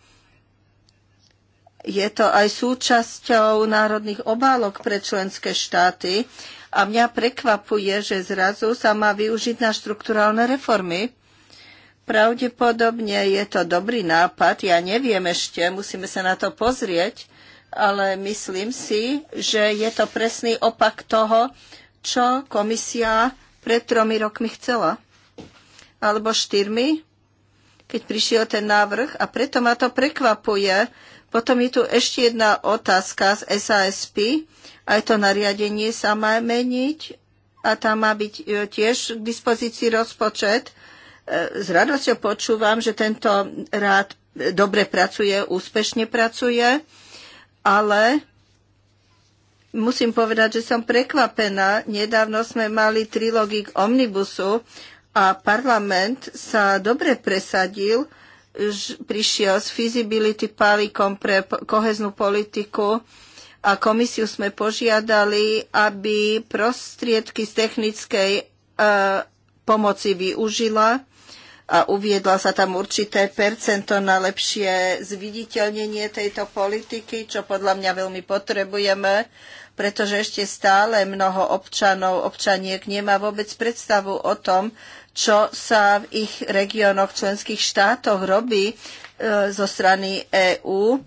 Je to aj súčasťou národných obálok pre členské štáty a mňa prekvapuje, že zrazu sa má využiť na štrukturálne reformy. Pravdepodobne je to dobrý nápad, ja neviem ešte, musíme sa na to pozrieť, ale myslím si, že je to presný opak toho, čo komisia pred tromi rokmi chcela. Alebo štyrmi keď prišiel ten návrh a preto ma to prekvapuje. Potom je tu ešte jedna otázka z SASP. Aj to nariadenie sa má meniť a tam má byť e, tiež k dispozícii rozpočet. E, s radosťou počúvam, že tento rád e, dobre pracuje, úspešne pracuje, ale musím povedať, že som prekvapená. Nedávno sme mali trilógik k omnibusu a parlament sa dobre presadil, prišiel s feasibility palikom pre koheznú politiku a komisiu sme požiadali, aby prostriedky z technickej e, pomoci využila a uviedla sa tam určité percento na lepšie zviditeľnenie tejto politiky, čo podľa mňa veľmi potrebujeme, pretože ešte stále mnoho občanov, občaniek nemá vôbec predstavu o tom, čo sa v ich regiónoch členských štátoch robí e, zo strany EÚ.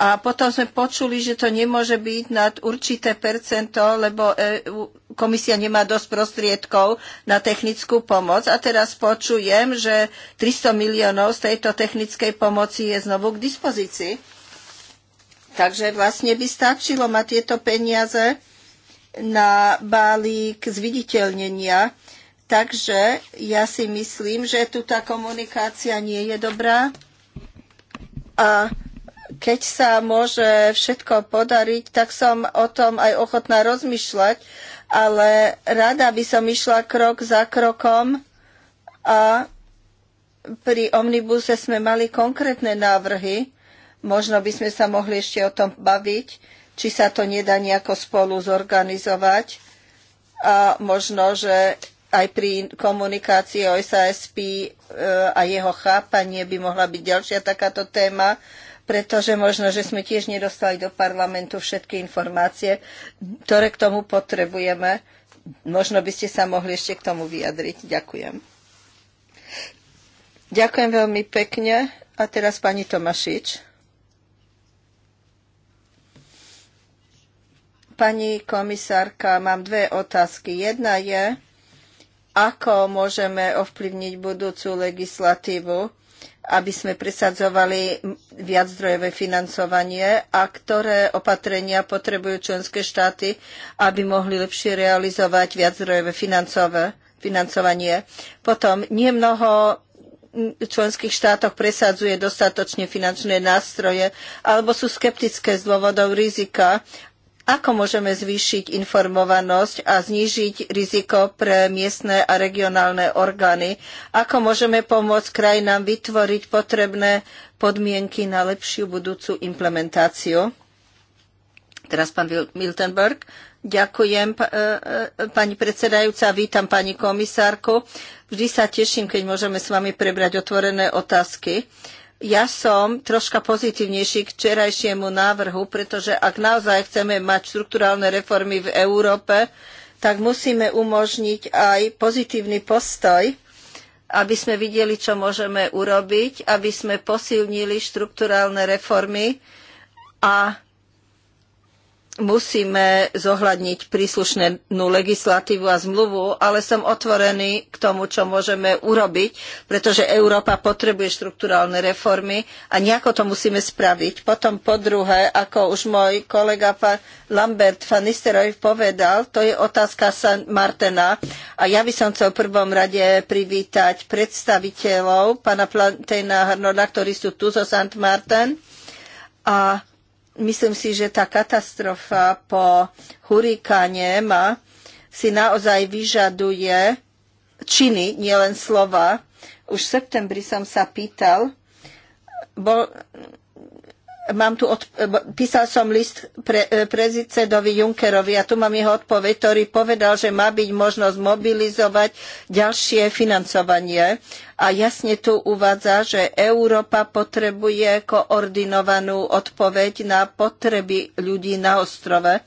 A potom sme počuli, že to nemôže byť nad určité percento, lebo e komisia nemá dosť prostriedkov na technickú pomoc. A teraz počujem, že 300 miliónov z tejto technickej pomoci je znovu k dispozícii. Takže vlastne by stačilo mať tieto peniaze na balík zviditeľnenia Takže ja si myslím, že tu tá komunikácia nie je dobrá. A keď sa môže všetko podariť, tak som o tom aj ochotná rozmýšľať, ale rada by som išla krok za krokom a pri omnibuse sme mali konkrétne návrhy. Možno by sme sa mohli ešte o tom baviť, či sa to nedá nejako spolu zorganizovať. A možno, že aj pri komunikácii o SASP e, a jeho chápanie by mohla byť ďalšia takáto téma, pretože možno, že sme tiež nedostali do parlamentu všetky informácie, ktoré k tomu potrebujeme. Možno by ste sa mohli ešte k tomu vyjadriť. Ďakujem. Ďakujem veľmi pekne. A teraz pani Tomašič. Pani komisárka, mám dve otázky. Jedna je, ako môžeme ovplyvniť budúcu legislatívu, aby sme presadzovali viaczdrojové financovanie a ktoré opatrenia potrebujú členské štáty, aby mohli lepšie realizovať viaczdrojové financovanie. Potom nemnoho členských štátoch presadzuje dostatočne finančné nástroje alebo sú skeptické z dôvodov rizika ako môžeme zvýšiť informovanosť a znížiť riziko pre miestne a regionálne orgány? Ako môžeme pomôcť krajinám vytvoriť potrebné podmienky na lepšiu budúcu implementáciu? Teraz pán Miltenberg. Ďakujem, e, e, pani predsedajúca, vítam pani komisárku. Vždy sa teším, keď môžeme s vami prebrať otvorené otázky. Ja som troška pozitívnejší k včerajšiemu návrhu, pretože ak naozaj chceme mať štrukturálne reformy v Európe, tak musíme umožniť aj pozitívny postoj, aby sme videli, čo môžeme urobiť, aby sme posilnili štrukturálne reformy a musíme zohľadniť príslušnú legislatívu a zmluvu, ale som otvorený k tomu, čo môžeme urobiť, pretože Európa potrebuje štrukturálne reformy a nejako to musíme spraviť. Potom po druhé, ako už môj kolega Lambert van Nistelrooy povedal, to je otázka San Martena a ja by som chcel v prvom rade privítať predstaviteľov pána Plantena Harnona, ktorí sú tu zo St Sant Martin a myslím si, že tá katastrofa po hurikáne ma si naozaj vyžaduje činy, nielen slova. Už v septembri som sa pýtal, bol, mám tu od, písal som list pre, e, prezidentovi Junckerovi a tu mám jeho odpoveď, ktorý povedal, že má byť možnosť mobilizovať ďalšie financovanie a jasne tu uvádza, že Európa potrebuje koordinovanú odpoveď na potreby ľudí na ostrove.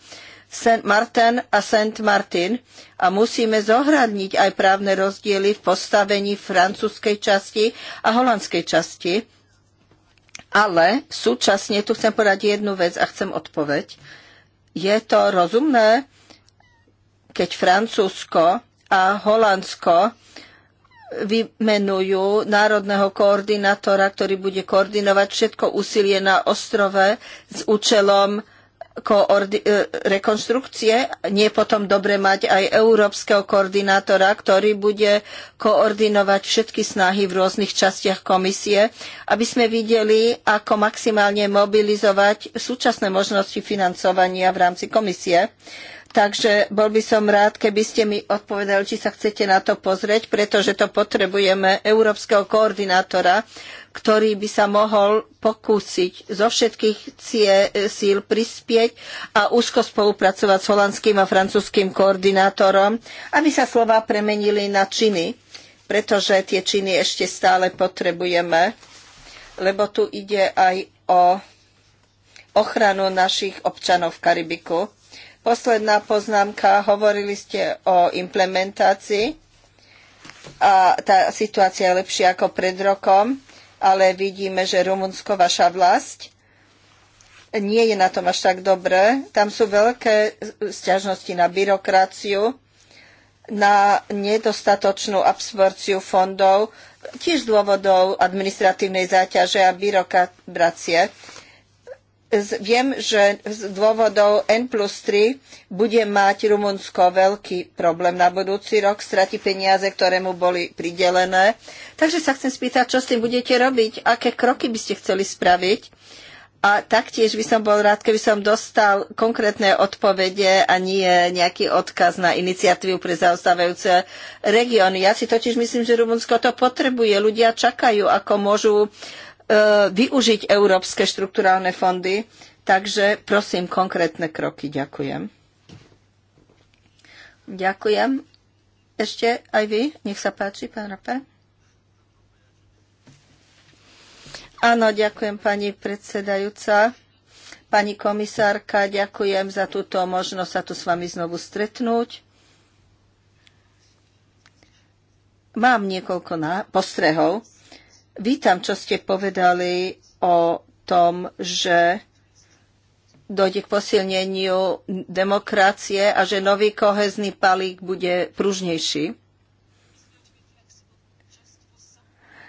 St. Martin a St. Martin a musíme zohradniť aj právne rozdiely v postavení francúzskej časti a holandskej časti ale súčasne tu chcem povedať jednu vec a chcem odpoveď. Je to rozumné, keď Francúzsko a Holandsko vymenujú národného koordinátora, ktorý bude koordinovať všetko úsilie na ostrove s účelom koordi- e, rekonštrukcie. Nie je potom dobre mať aj európskeho koordinátora, ktorý bude koordinovať všetky snahy v rôznych častiach komisie, aby sme videli, ako maximálne mobilizovať súčasné možnosti financovania v rámci komisie. Takže bol by som rád, keby ste mi odpovedali, či sa chcete na to pozrieť, pretože to potrebujeme európskeho koordinátora, ktorý by sa mohol pokúsiť zo všetkých e, síl prispieť a úzko spolupracovať s holandským a francúzským koordinátorom, aby sa slova premenili na činy, pretože tie činy ešte stále potrebujeme, lebo tu ide aj o ochranu našich občanov v Karibiku. Posledná poznámka, hovorili ste o implementácii a tá situácia je lepšia ako pred rokom ale vidíme, že Rumunsko, vaša vlast, nie je na tom až tak dobré. Tam sú veľké sťažnosti na byrokraciu, na nedostatočnú absorpciu fondov, tiež z dôvodov administratívnej záťaže a byrokracie. Viem, že z dôvodov N plus 3 bude mať Rumunsko veľký problém na budúci rok, strati peniaze, ktoré mu boli pridelené. Takže sa chcem spýtať, čo s tým budete robiť, aké kroky by ste chceli spraviť. A taktiež by som bol rád, keby som dostal konkrétne odpovede a nie nejaký odkaz na iniciatívu pre zaostávajúce regióny. Ja si totiž myslím, že Rumunsko to potrebuje. Ľudia čakajú, ako môžu E, využiť európske štrukturálne fondy. Takže prosím konkrétne kroky. Ďakujem. Ďakujem. Ešte aj vy. Nech sa páči, pán Rape. Áno, ďakujem pani predsedajúca. Pani komisárka, ďakujem za túto možnosť sa tu s vami znovu stretnúť. Mám niekoľko postrehov. Vítam, čo ste povedali o tom, že dojde k posilneniu demokracie a že nový kohezný palík bude pružnejší.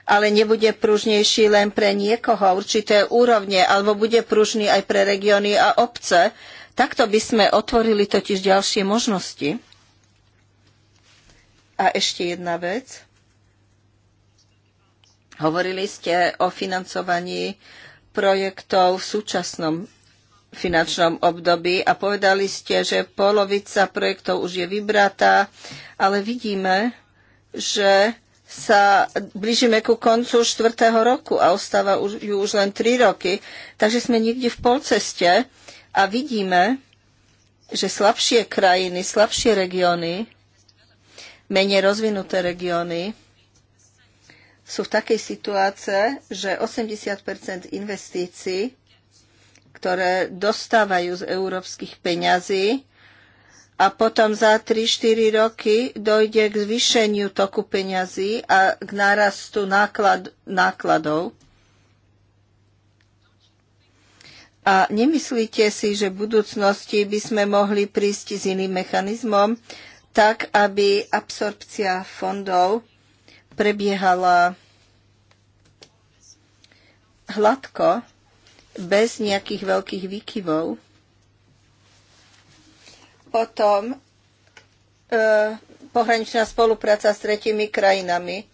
Ale nebude pružnejší len pre niekoho určité úrovne, alebo bude pružný aj pre regióny a obce. Takto by sme otvorili totiž ďalšie možnosti. A ešte jedna vec. Hovorili ste o financovaní projektov v súčasnom finančnom období a povedali ste, že polovica projektov už je vybratá, ale vidíme, že sa blížime ku koncu štvrtého roku a ostáva už, ju už len tri roky, takže sme niekde v polceste a vidíme, že slabšie krajiny, slabšie regióny, menej rozvinuté regióny sú v takej situácii, že 80 investícií, ktoré dostávajú z európskych peňazí, a potom za 3-4 roky dojde k zvýšeniu toku peňazí a k nárastu náklad, nákladov. A nemyslíte si, že v budúcnosti by sme mohli prísť s iným mechanizmom, tak aby absorpcia fondov prebiehala hladko, bez nejakých veľkých výkyvov. Potom e, pohraničná spolupráca s tretimi krajinami.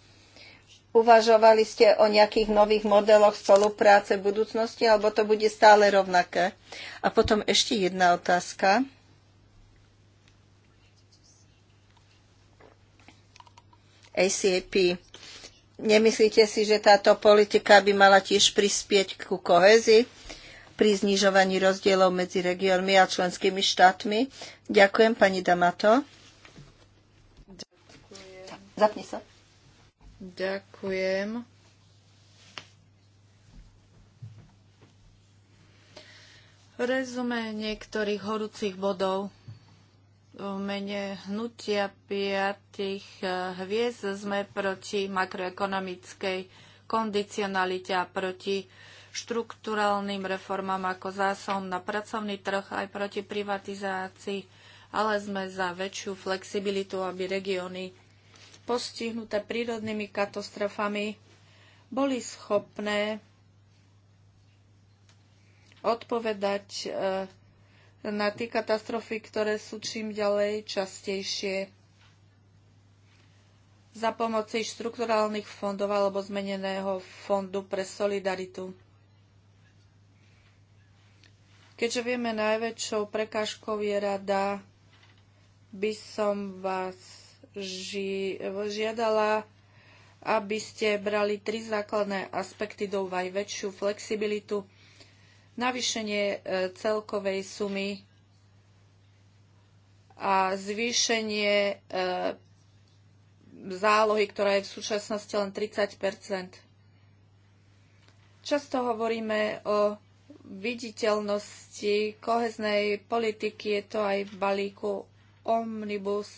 Uvažovali ste o nejakých nových modeloch spolupráce v budúcnosti, alebo to bude stále rovnaké? A potom ešte jedna otázka. ACP. Nemyslíte si, že táto politika by mala tiež prispieť ku kohezii pri znižovaní rozdielov medzi regiónmi a členskými štátmi? Ďakujem, pani Damato. Ďakujem. Zapni sa. Ďakujem. Rezume niektorých horúcich bodov mene hnutia piatich eh, hviezd sme proti makroekonomickej kondicionalite a proti štruktúralným reformám ako zásom na pracovný trh aj proti privatizácii, ale sme za väčšiu flexibilitu, aby regióny postihnuté prírodnými katastrofami boli schopné odpovedať eh, na tie katastrofy, ktoré sú čím ďalej častejšie za pomoci štrukturálnych fondov alebo zmeneného fondu pre solidaritu. Keďže vieme, najväčšou prekážkou je rada, by som vás ži- žiadala, aby ste brali tri základné aspekty do úvahy. Väčšiu flexibilitu, navýšenie e, celkovej sumy a zvýšenie e, zálohy, ktorá je v súčasnosti len 30 Často hovoríme o viditeľnosti koheznej politiky, je to aj v balíku Omnibus.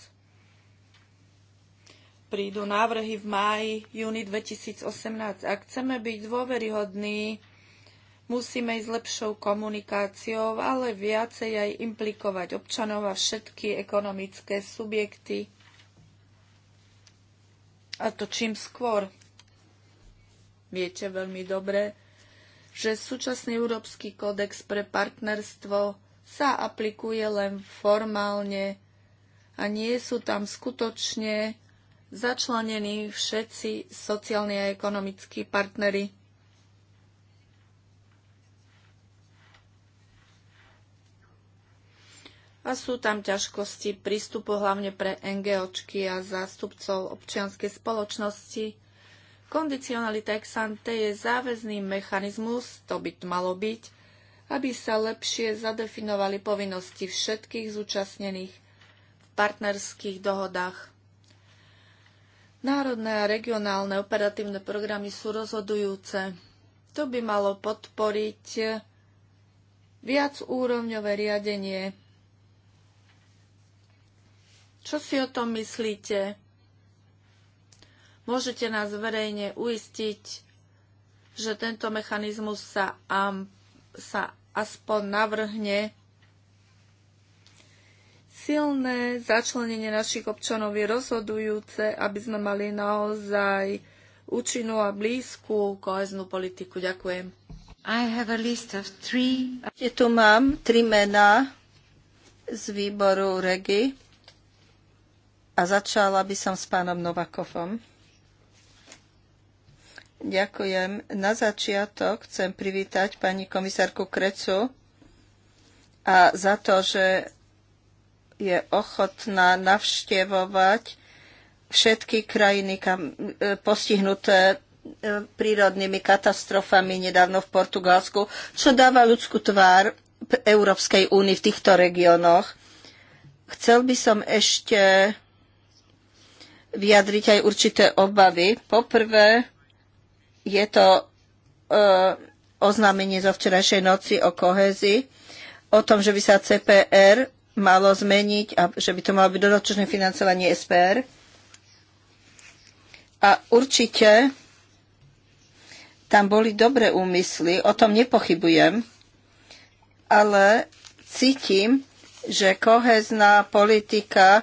Prídu návrhy v máji, júni 2018. Ak chceme byť dôveryhodní, Musíme ísť lepšou komunikáciou, ale viacej aj implikovať občanov a všetky ekonomické subjekty. A to čím skôr. Viete veľmi dobre, že súčasný Európsky kódex pre partnerstvo sa aplikuje len formálne a nie sú tam skutočne začlenení všetci sociálni a ekonomickí partnery. a sú tam ťažkosti prístupu hlavne pre NGOčky a zástupcov občianskej spoločnosti. Kondicionalita ex ante je záväzný mechanizmus, to by malo byť, aby sa lepšie zadefinovali povinnosti všetkých zúčastnených v partnerských dohodách. Národné a regionálne operatívne programy sú rozhodujúce. To by malo podporiť viacúrovňové riadenie čo si o tom myslíte? Môžete nás verejne uistiť, že tento mechanizmus sa, am, sa aspoň navrhne. Silné začlenenie našich občanov je rozhodujúce, aby sme mali naozaj účinnú a blízku koheznú politiku. Ďakujem. I have a list of three... Je tu mám tri mená z výboru REGI a začala by som s pánom Novakovom. Ďakujem. Na začiatok chcem privítať pani komisárku Krecu a za to, že je ochotná navštevovať všetky krajiny kam, e, postihnuté e, prírodnými katastrofami nedávno v Portugalsku, čo dáva ľudskú tvár Európskej únii v týchto regiónoch. Chcel by som ešte vyjadriť aj určité obavy. Poprvé je to e, oznámenie zo včerajšej noci o kohezi, o tom, že by sa CPR malo zmeniť a že by to malo byť dodatočné financovanie SPR. A určite tam boli dobré úmysly, o tom nepochybujem, ale cítim, že kohezná politika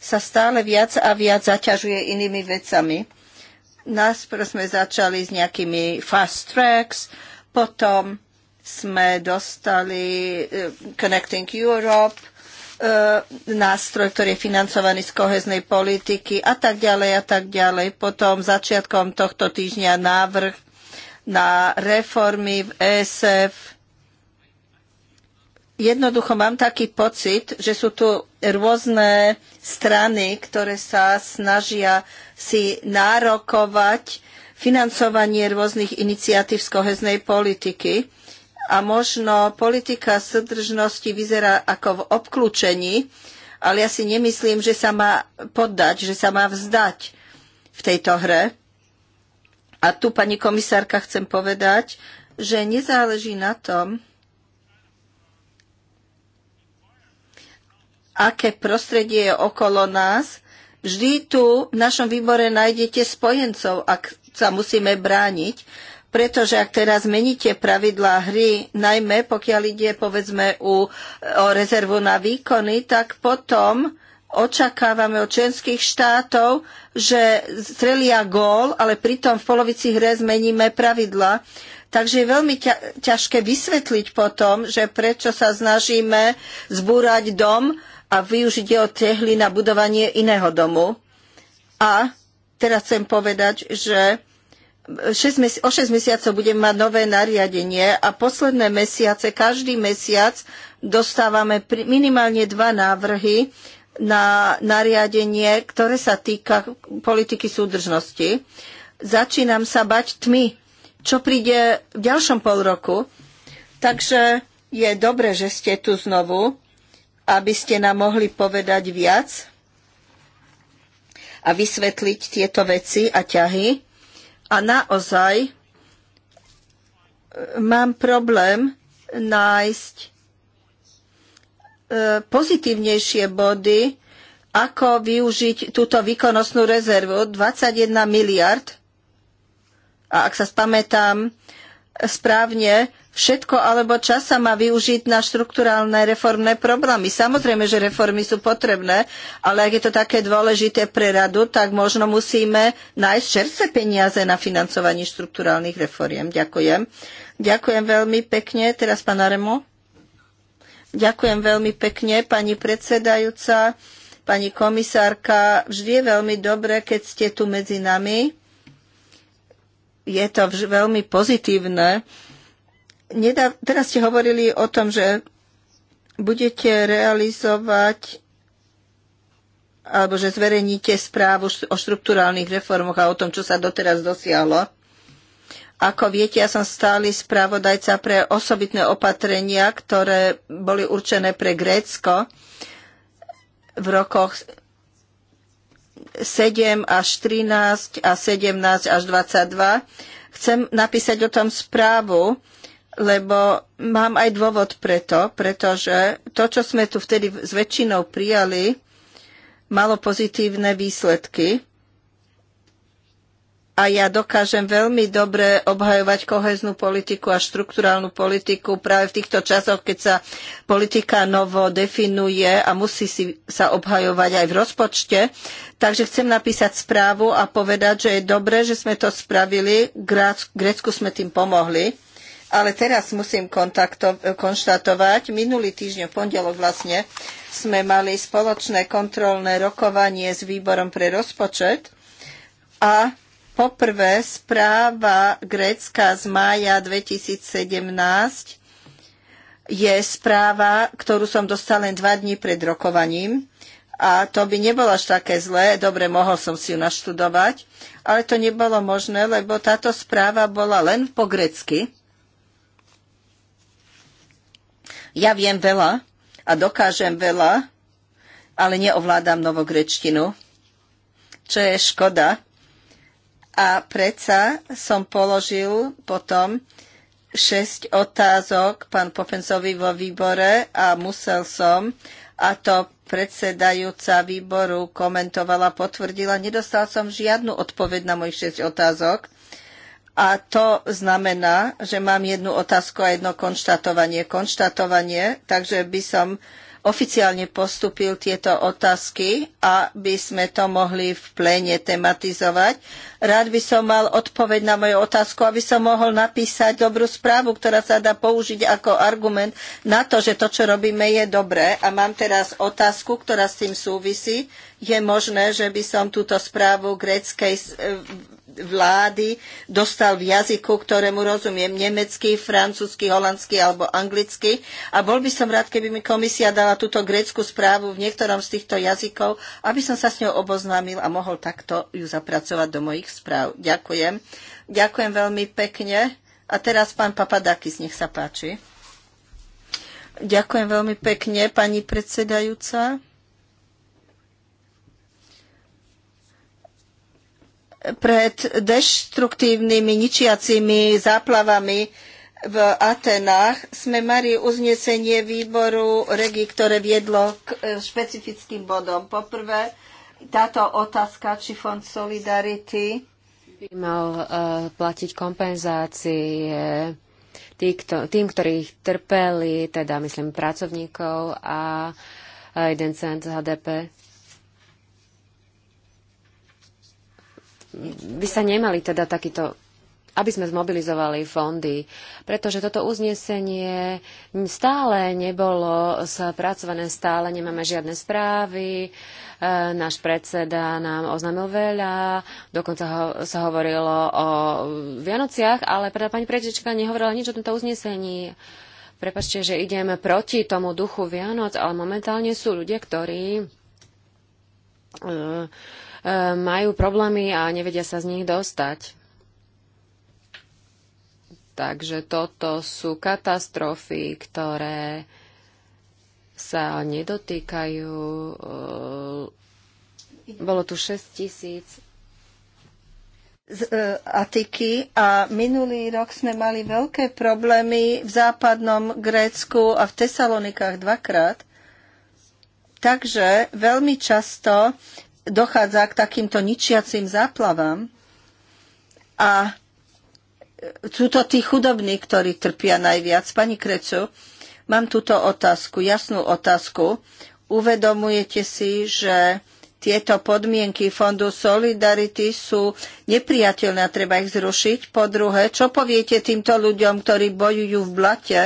sa stále viac a viac zaťažuje inými vecami. Nás sme začali s nejakými fast tracks, potom sme dostali eh, Connecting Europe, eh, nástroj, ktorý je financovaný z koheznej politiky a tak ďalej a tak ďalej. Potom začiatkom tohto týždňa návrh na reformy v ESF, jednoducho mám taký pocit, že sú tu rôzne strany, ktoré sa snažia si nárokovať financovanie rôznych iniciatív z koheznej politiky. A možno politika súdržnosti vyzerá ako v obklúčení, ale ja si nemyslím, že sa má poddať, že sa má vzdať v tejto hre. A tu, pani komisárka, chcem povedať, že nezáleží na tom, aké prostredie je okolo nás, vždy tu v našom výbore nájdete spojencov, ak sa musíme brániť, pretože ak teraz zmeníte pravidlá hry, najmä pokiaľ ide povedzme u, o rezervu na výkony, tak potom očakávame od členských štátov, že strelia gól, ale pritom v polovici hre zmeníme pravidla. Takže je veľmi ťažké vysvetliť potom, že prečo sa snažíme zbúrať dom, a využiť jeho tehly na budovanie iného domu. A teraz chcem povedať, že 6, o 6 mesiacov budem mať nové nariadenie a posledné mesiace, každý mesiac dostávame minimálne dva návrhy na nariadenie, ktoré sa týka politiky súdržnosti. Začínam sa bať tmy, čo príde v ďalšom pol roku. Takže je dobre, že ste tu znovu aby ste nám mohli povedať viac a vysvetliť tieto veci a ťahy. A naozaj e, mám problém nájsť e, pozitívnejšie body, ako využiť túto výkonnostnú rezervu 21 miliard. A ak sa spamätám správne, všetko alebo čas sa má využiť na štrukturálne reformné problémy. Samozrejme, že reformy sú potrebné, ale ak je to také dôležité pre radu, tak možno musíme nájsť čerstvé peniaze na financovanie štrukturálnych reforiem. Ďakujem. Ďakujem veľmi pekne. Teraz pán Remo. Ďakujem veľmi pekne, pani predsedajúca, pani komisárka. Vždy je veľmi dobré, keď ste tu medzi nami. Je to veľmi pozitívne, Nedav, teraz ste hovorili o tom, že budete realizovať alebo že zverejníte správu o štruktúrálnych reformoch a o tom, čo sa doteraz dosiahlo. Ako viete, ja som stály spravodajca pre osobitné opatrenia, ktoré boli určené pre Grécko v rokoch 7 až 13 a 17 až 22. Chcem napísať o tom správu lebo mám aj dôvod preto, pretože to, čo sme tu vtedy s väčšinou prijali, malo pozitívne výsledky. A ja dokážem veľmi dobre obhajovať koheznú politiku a štrukturálnu politiku práve v týchto časoch, keď sa politika novo definuje a musí si sa obhajovať aj v rozpočte. Takže chcem napísať správu a povedať, že je dobré, že sme to spravili. Grécku sme tým pomohli ale teraz musím konštatovať, minulý týždeň v pondelok vlastne sme mali spoločné kontrolné rokovanie s výborom pre rozpočet a poprvé správa Grécka z mája 2017 je správa, ktorú som dostal len dva dní pred rokovaním. A to by nebolo až také zlé, dobre, mohol som si ju naštudovať, ale to nebolo možné, lebo táto správa bola len po grecky Ja viem veľa a dokážem veľa, ale neovládam novogrečtinu, čo je škoda. A predsa som položil potom šesť otázok pán Popencovi vo výbore a musel som, a to predsedajúca výboru komentovala, potvrdila, nedostal som žiadnu odpoveď na mojich šesť otázok a to znamená, že mám jednu otázku a jedno konštatovanie. Konštatovanie, takže by som oficiálne postupil tieto otázky, aby sme to mohli v pléne tematizovať. Rád by som mal odpoveď na moju otázku, aby som mohol napísať dobrú správu, ktorá sa dá použiť ako argument na to, že to, čo robíme, je dobré. A mám teraz otázku, ktorá s tým súvisí. Je možné, že by som túto správu gréckej vlády dostal v jazyku, ktorému rozumiem, nemecký, francúzsky, holandsky alebo anglicky. A bol by som rád, keby mi komisia dala túto grécku správu v niektorom z týchto jazykov, aby som sa s ňou oboznámil a mohol takto ju zapracovať do mojich správ. Ďakujem. Ďakujem veľmi pekne. A teraz pán Papadakis, nech sa páči. Ďakujem veľmi pekne, pani predsedajúca. pred deštruktívnymi, ničiacimi záplavami v Atenách sme mali uznesenie výboru regi, ktoré viedlo k e, špecifickým bodom. Poprvé, táto otázka, či fond Solidarity by mal uh, platiť kompenzácie tý, kto, tým, ktorých trpeli, teda myslím pracovníkov a jeden cent HDP by sa nemali teda takýto aby sme zmobilizovali fondy, pretože toto uznesenie stále nebolo spracované, stále nemáme žiadne správy, e, náš predseda nám oznámil veľa, dokonca ho, sa hovorilo o Vianociach, ale pre pani predsedička nehovorila nič o tomto uznesení. Prepačte, že idem proti tomu duchu Vianoc, ale momentálne sú ľudia, ktorí Uh, Eh, majú problémy a nevedia sa z nich dostať. Takže toto sú katastrofy, ktoré sa nedotýkajú. Eh, bolo tu 6 tisíc z eh, Atiky a minulý rok sme mali veľké problémy v západnom Grécku a v Tesalonikách dvakrát. Takže veľmi často dochádza k takýmto ničiacim záplavám a sú to tí chudobní, ktorí trpia najviac. Pani Krecu, mám túto otázku, jasnú otázku. Uvedomujete si, že tieto podmienky Fondu Solidarity sú nepriateľné a treba ich zrušiť. Po druhé, čo poviete týmto ľuďom, ktorí bojujú v blate?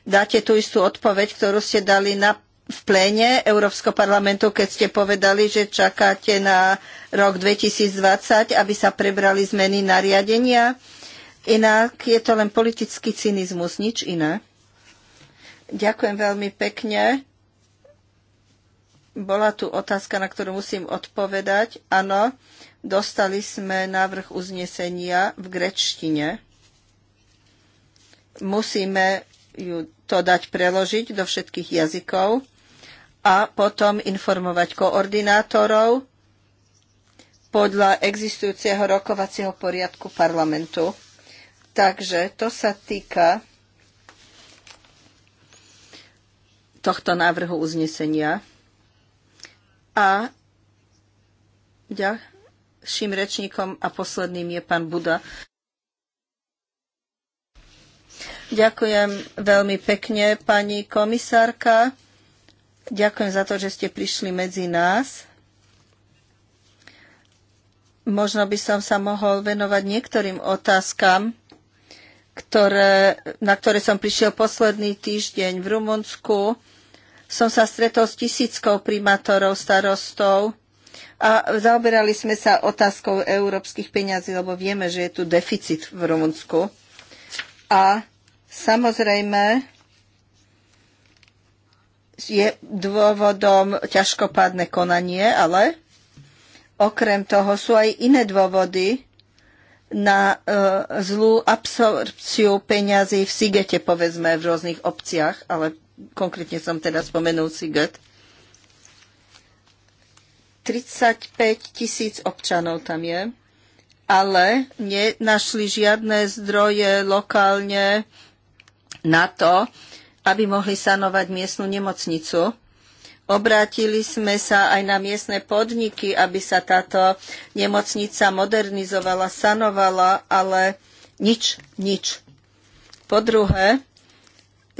Dáte tú istú odpoveď, ktorú ste dali na v pléne Európskeho parlamentu, keď ste povedali, že čakáte na rok 2020, aby sa prebrali zmeny nariadenia. Inak je to len politický cynizmus, nič iné. Ďakujem veľmi pekne. Bola tu otázka, na ktorú musím odpovedať. Áno, dostali sme návrh uznesenia v grečtine. Musíme ju to dať preložiť do všetkých jazykov a potom informovať koordinátorov podľa existujúceho rokovacieho poriadku parlamentu. Takže to sa týka tohto návrhu uznesenia. A ďalším rečníkom a posledným je pán Buda. Ďakujem veľmi pekne, pani komisárka. Ďakujem za to, že ste prišli medzi nás. Možno by som sa mohol venovať niektorým otázkam, ktoré, na ktoré som prišiel posledný týždeň v Rumunsku. Som sa stretol s tisíckou primátorov, starostov a zaoberali sme sa otázkou európskych peňazí, lebo vieme, že je tu deficit v Rumunsku. A samozrejme, je dôvodom ťažkopádne konanie, ale okrem toho sú aj iné dôvody na e, zlú absorpciu peňazí v Sigete, povedzme, v rôznych obciach, ale konkrétne som teda spomenul Siget. 35 tisíc občanov tam je, ale nenašli žiadne zdroje lokálne na to, aby mohli sanovať miestnu nemocnicu. Obrátili sme sa aj na miestne podniky, aby sa táto nemocnica modernizovala, sanovala, ale nič, nič. Po druhé,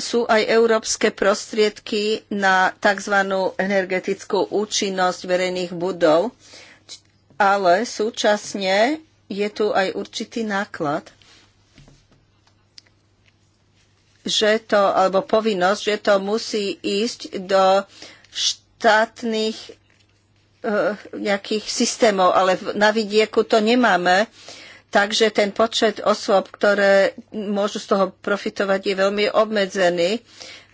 sú aj európske prostriedky na tzv. energetickú účinnosť verejných budov, ale súčasne je tu aj určitý náklad že to, alebo povinnosť, že to musí ísť do štátnych e, nejakých systémov, ale na vidieku to nemáme. Takže ten počet osôb, ktoré môžu z toho profitovať, je veľmi obmedzený.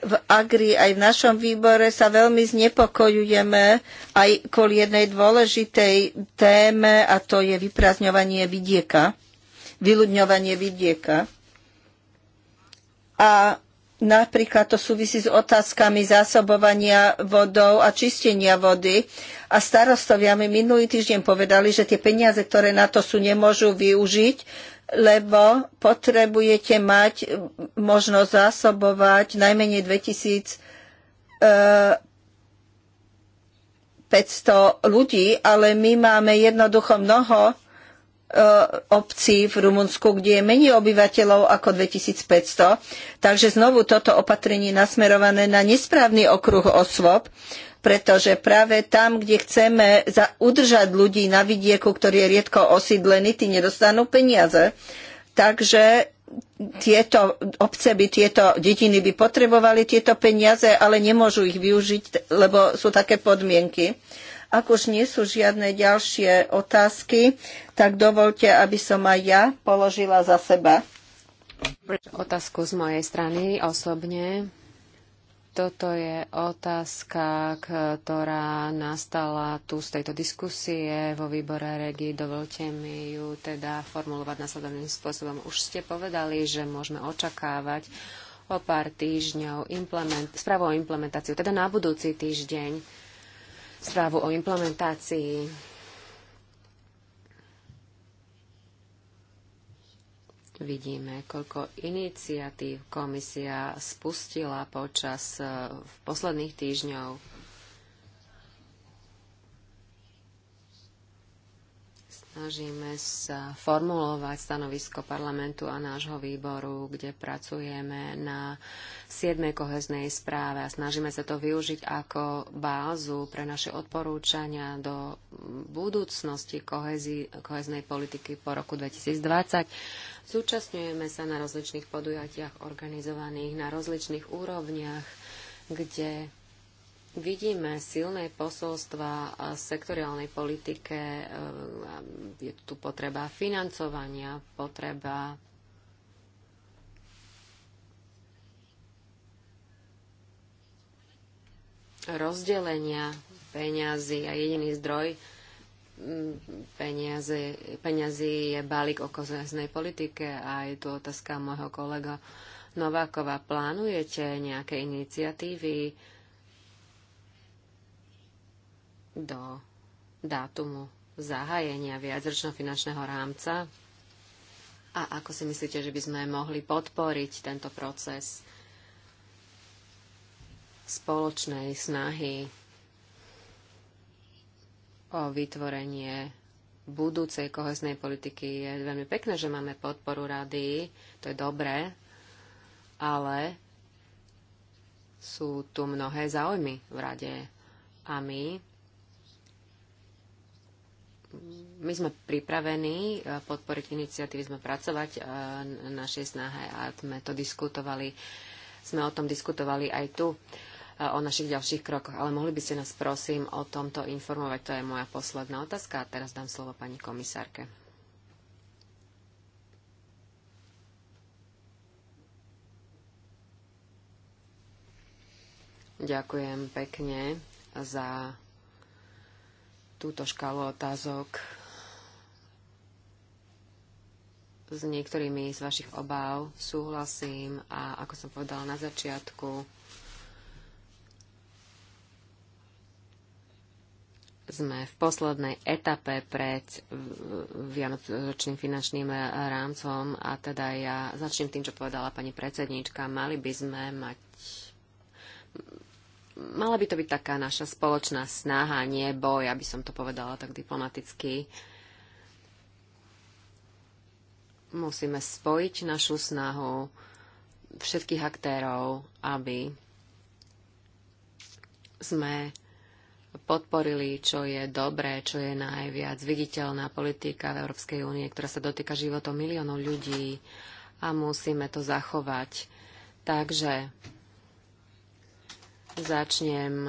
V Agri aj v našom výbore sa veľmi znepokojujeme aj kvôli jednej dôležitej téme, a to je vyprázdňovanie vidieka, vyľudňovanie vidieka. A Napríklad to súvisí s otázkami zásobovania vodou a čistenia vody. A starostovia mi minulý týždeň povedali, že tie peniaze, ktoré na to sú, nemôžu využiť, lebo potrebujete mať možnosť zásobovať najmenej 2000 500 e, ľudí, ale my máme jednoducho mnoho Eh, obcí v Rumunsku, kde je menej obyvateľov ako 2500. Takže znovu toto opatrenie nasmerované na nesprávny okruh osôb, pretože práve tam, kde chceme udržať ľudí na vidieku, ktorý je riedko osídlený, tí nedostanú peniaze. Takže tieto obce by, tieto dediny by potrebovali tieto peniaze, ale nemôžu ich využiť, lebo sú také podmienky. Ak už nie sú žiadne ďalšie otázky, tak dovolte, aby som aj ja položila za seba. Otázku z mojej strany osobne. Toto je otázka, ktorá nastala tu z tejto diskusie vo výbore regii. Dovolte mi ju teda formulovať nasledovným spôsobom. Už ste povedali, že môžeme očakávať o pár týždňov implement, správu o implementáciu, teda na budúci týždeň správu o implementácii. Vidíme, koľko iniciatív komisia spustila počas eh, v posledných týždňov Snažíme sa formulovať stanovisko parlamentu a nášho výboru, kde pracujeme na 7. koheznej správe a snažíme sa to využiť ako bázu pre naše odporúčania do budúcnosti kohezi, koheznej politiky po roku 2020. Zúčastňujeme sa na rozličných podujatiach organizovaných na rozličných úrovniach, kde Vidíme silné posolstva sektoriálnej politike, e, je tu potreba financovania, potreba rozdelenia peňazí a jediný zdroj peňazí je balík o kozeznej politike a je tu otázka môjho kolega Novákova. Plánujete nejaké iniciatívy? do dátumu zahájenia viacročno finančného rámca a ako si myslíte, že by sme mohli podporiť tento proces spoločnej snahy o vytvorenie budúcej kohesnej politiky. Je veľmi pekné, že máme podporu rady, to je dobré, ale sú tu mnohé záujmy v rade a my my sme pripravení e, podporiť iniciatívy, sme pracovať e, na našej snahe a sme to diskutovali, sme o tom diskutovali aj tu e, o našich ďalších krokoch, ale mohli by ste nás prosím o tomto informovať, to je moja posledná otázka a teraz dám slovo pani komisárke. Ďakujem pekne za túto škálu otázok s niektorými z vašich obáv súhlasím a ako som povedala na začiatku, sme v poslednej etape pred vianočným finančným rámcom a teda ja začnem tým, čo povedala pani predsedníčka. Mali by sme mať mala by to byť taká naša spoločná snaha, nie boj, aby som to povedala tak diplomaticky. Musíme spojiť našu snahu všetkých aktérov, aby sme podporili, čo je dobré, čo je najviac viditeľná politika v Európskej únie, ktorá sa dotýka životov miliónov ľudí a musíme to zachovať. Takže Začnem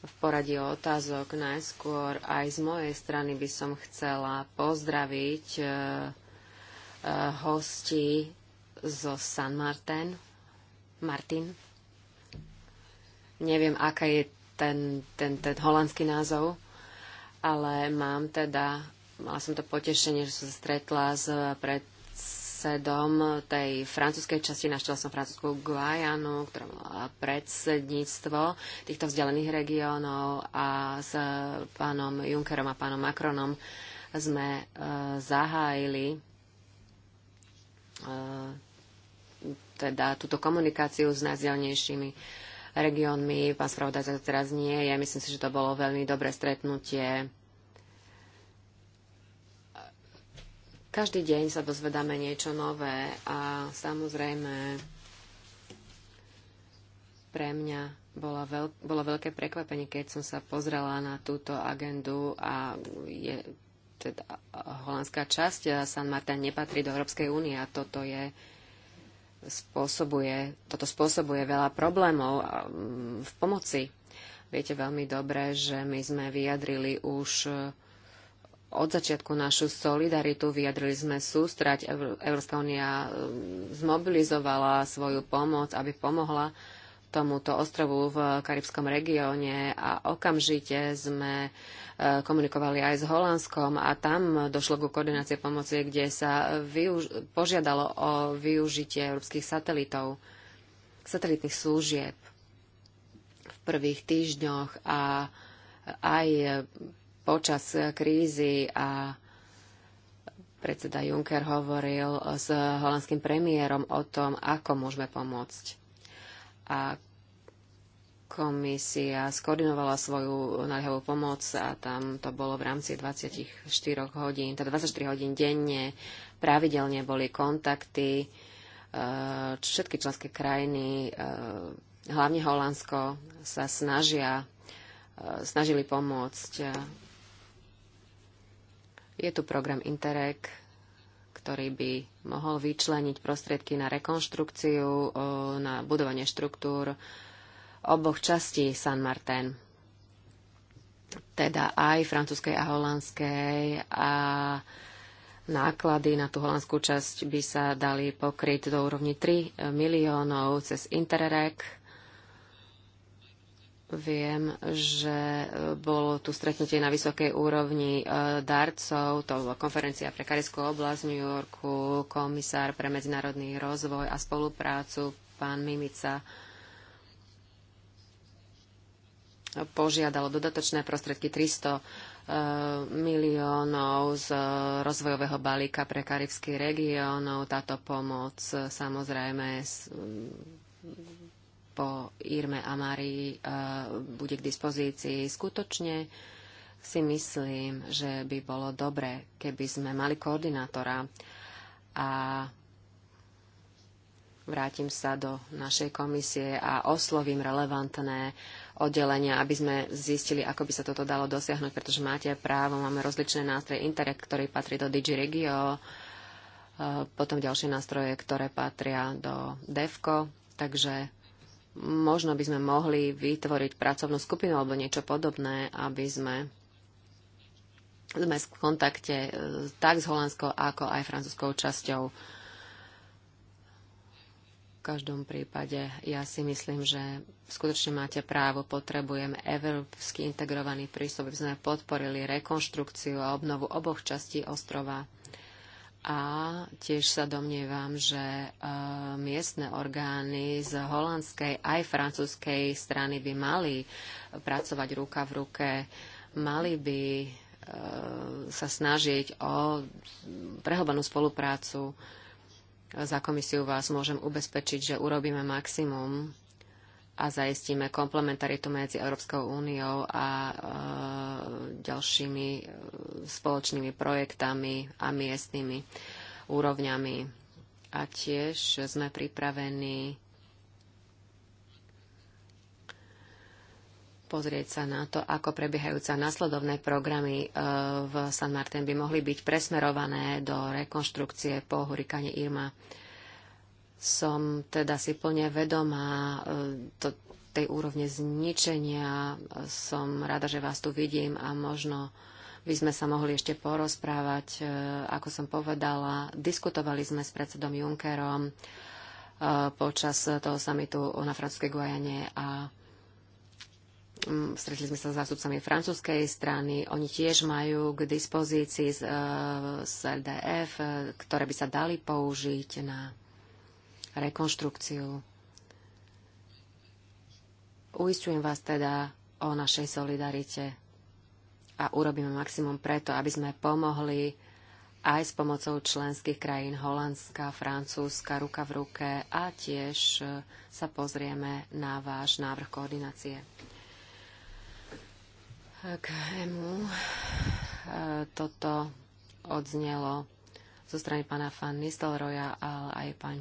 v poradí otázok. Najskôr aj z mojej strany by som chcela pozdraviť eh, eh, hosti zo San Martin. Martin. Neviem, aká je ten, ten, ten holandský názov, ale mám teda, mala som to potešenie, že som sa stretla s pred predsedom tej francúzskej časti. Naštila som francúzskú Guajanu, ktorá mala predsedníctvo týchto vzdialených regiónov a s pánom Junckerom a pánom Macronom sme e, zahájili e, teda túto komunikáciu s najzdialnejšími regiónmi. Pán spravodajca teraz nie je. Myslím si, že to bolo veľmi dobré stretnutie Každý deň sa dozvedáme niečo nové a samozrejme pre mňa bola veľ, bolo veľké prekvapenie, keď som sa pozrela na túto agendu a je teda holandská časť San Martin nepatrí do Európskej únie a toto je spôsobuje, toto spôsobuje veľa problémov mm, v pomoci. Viete veľmi dobre, že my sme vyjadrili už od začiatku našu solidaritu, vyjadrili sme sústrať. Európska únia um, zmobilizovala svoju pomoc, aby pomohla tomuto ostrovu v karibskom regióne a okamžite sme e, komunikovali aj s Holandskom a tam došlo ku koordinácie pomoci, kde sa požiadalo o využitie európskych satelitov, satelitných služieb v prvých týždňoch a aj počas krízy a predseda Juncker hovoril s holandským premiérom o tom, ako môžeme pomôcť. A komisia skoordinovala svoju naliehavú pomoc a tam to bolo v rámci 24 hodín, teda 24 hodín denne. Pravidelne boli kontakty e, všetky členské krajiny, e, hlavne Holandsko, sa snažia, e, snažili pomôcť je tu program Interreg, ktorý by mohol vyčleniť prostriedky na rekonštrukciu, na budovanie štruktúr oboch častí San Martin. Teda aj francúzskej a holandskej a náklady na tú holandskú časť by sa dali pokryť do úrovni 3 miliónov cez Interreg Viem, že e, bolo tu stretnutie na vysokej úrovni e, darcov, to bola konferencia pre Karibskú oblasť v New Yorku, komisár pre medzinárodný rozvoj a spoluprácu, pán Mimica, požiadalo dodatočné prostredky 300 e, miliónov z rozvojového balíka pre karibský regiónov. Táto pomoc samozrejme po Irme a Marii e, bude k dispozícii. Skutočne si myslím, že by bolo dobre, keby sme mali koordinátora a vrátim sa do našej komisie a oslovím relevantné oddelenia, aby sme zistili, ako by sa toto dalo dosiahnuť, pretože máte právo, máme rozličné nástroje Interreg, ktorý patrí do DigiRegio, e, potom ďalšie nástroje, ktoré patria do DEVCO, takže možno by sme mohli vytvoriť pracovnú skupinu alebo niečo podobné, aby sme sme v kontakte e, tak s holandskou, ako aj francúzskou časťou. V každom prípade ja si myslím, že skutočne máte právo, potrebujeme európsky integrovaný prístup, aby sme podporili rekonštrukciu a obnovu oboch častí ostrova a tiež sa domnievam, že e, miestne orgány z holandskej aj francúzskej strany by mali pracovať ruka v ruke, mali by e, sa snažiť o prehlbanú spoluprácu. Za komisiu vás môžem ubezpečiť, že urobíme maximum a zaistíme komplementaritu medzi Európskou úniou a e, ďalšími e, spoločnými projektami a miestnymi úrovňami. A tiež sme pripravení pozrieť sa na to, ako prebiehajúce nasledovné programy e, v San Martin by mohli byť presmerované do rekonštrukcie po hurikáne Irma som teda si plne vedomá e, to, tej úrovne zničenia. Som rada, že vás tu vidím a možno by sme sa mohli ešte porozprávať. E, ako som povedala, diskutovali sme s predsedom Junckerom e, počas toho samitu na francúzskej Guajane a mm, stretli sme sa s zástupcami francúzskej strany. Oni tiež majú k dispozícii z, z LDF, ktoré by sa dali použiť na rekonštrukciu. Uistujem vás teda o našej solidarite a urobíme maximum preto, aby sme pomohli aj s pomocou členských krajín Holandska, Francúzska, ruka v ruke a tiež e, sa pozrieme na váš návrh koordinácie. K EMU e, toto odznelo zo strany pána Fan Nistelroja, ale aj pán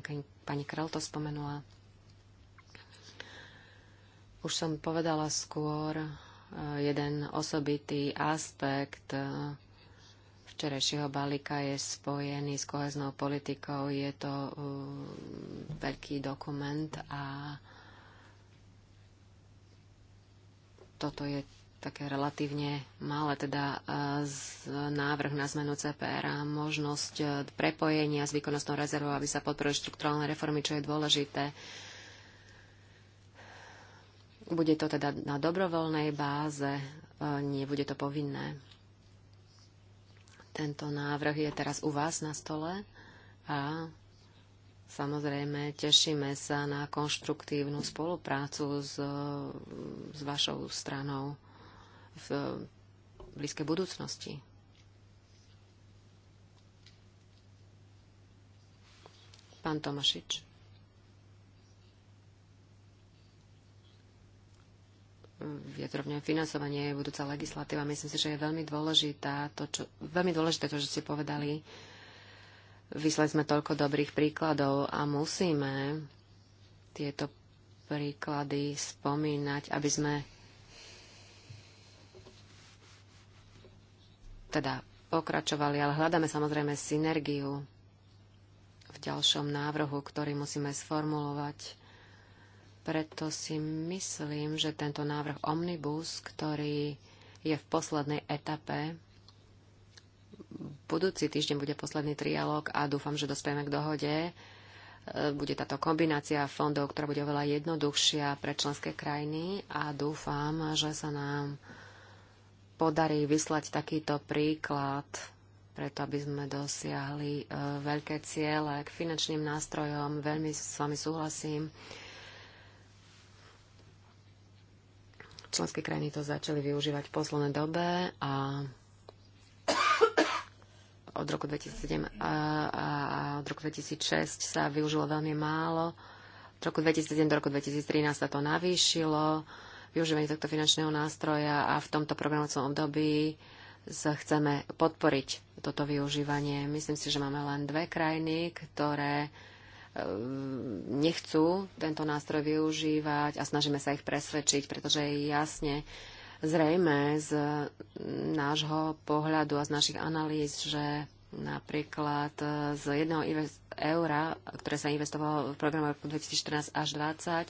pani Krel to spomenula. Už som povedala skôr e, jeden osobitý aspekt e, včerajšieho balíka je spojený s koheznou politikou. Je to uh, veľký dokument a toto je také relatívne malé, teda e, z návrh na zmenu CPR a možnosť e, prepojenia s výkonnostnou rezervou, aby sa podporili štruktúrálne reformy, čo je dôležité. Bude to teda na dobrovoľnej báze, e, nebude to povinné. Tento návrh je teraz u vás na stole a Samozrejme, tešíme sa na konštruktívnu spoluprácu s, s vašou stranou v blízkej budúcnosti. Pán Tomašič. rovne financovanie, budúca legislatíva. Myslím si, že je veľmi dôležitá to, čo, veľmi dôležité to, čo ste povedali. Vyslali sme toľko dobrých príkladov a musíme tieto príklady spomínať, aby sme teda pokračovali, ale hľadáme samozrejme synergiu v ďalšom návrhu, ktorý musíme sformulovať. Preto si myslím, že tento návrh Omnibus, ktorý je v poslednej etape, budúci týždeň bude posledný trialog a dúfam, že dospieme k dohode. E, bude táto kombinácia fondov, ktorá bude oveľa jednoduchšia pre členské krajiny a dúfam, že sa nám podarí vyslať takýto príklad, preto aby sme dosiahli e, veľké ciele k finančným nástrojom. Veľmi s vami súhlasím. Členské krajiny to začali využívať v poslednej dobe a od roku 2007 a, a, od roku 2006 sa využilo veľmi málo. Od roku 2007 do roku 2013 sa to navýšilo využívanie tohto finančného nástroja a v tomto programovacom období sa chceme podporiť toto využívanie. Myslím si, že máme len dve krajiny, ktoré e, nechcú tento nástroj využívať a snažíme sa ich presvedčiť, pretože je jasne zrejme z nášho pohľadu a z našich analýz, že napríklad e, z jedného eura, ktoré sa investovalo v programu roku 2014 až 2020,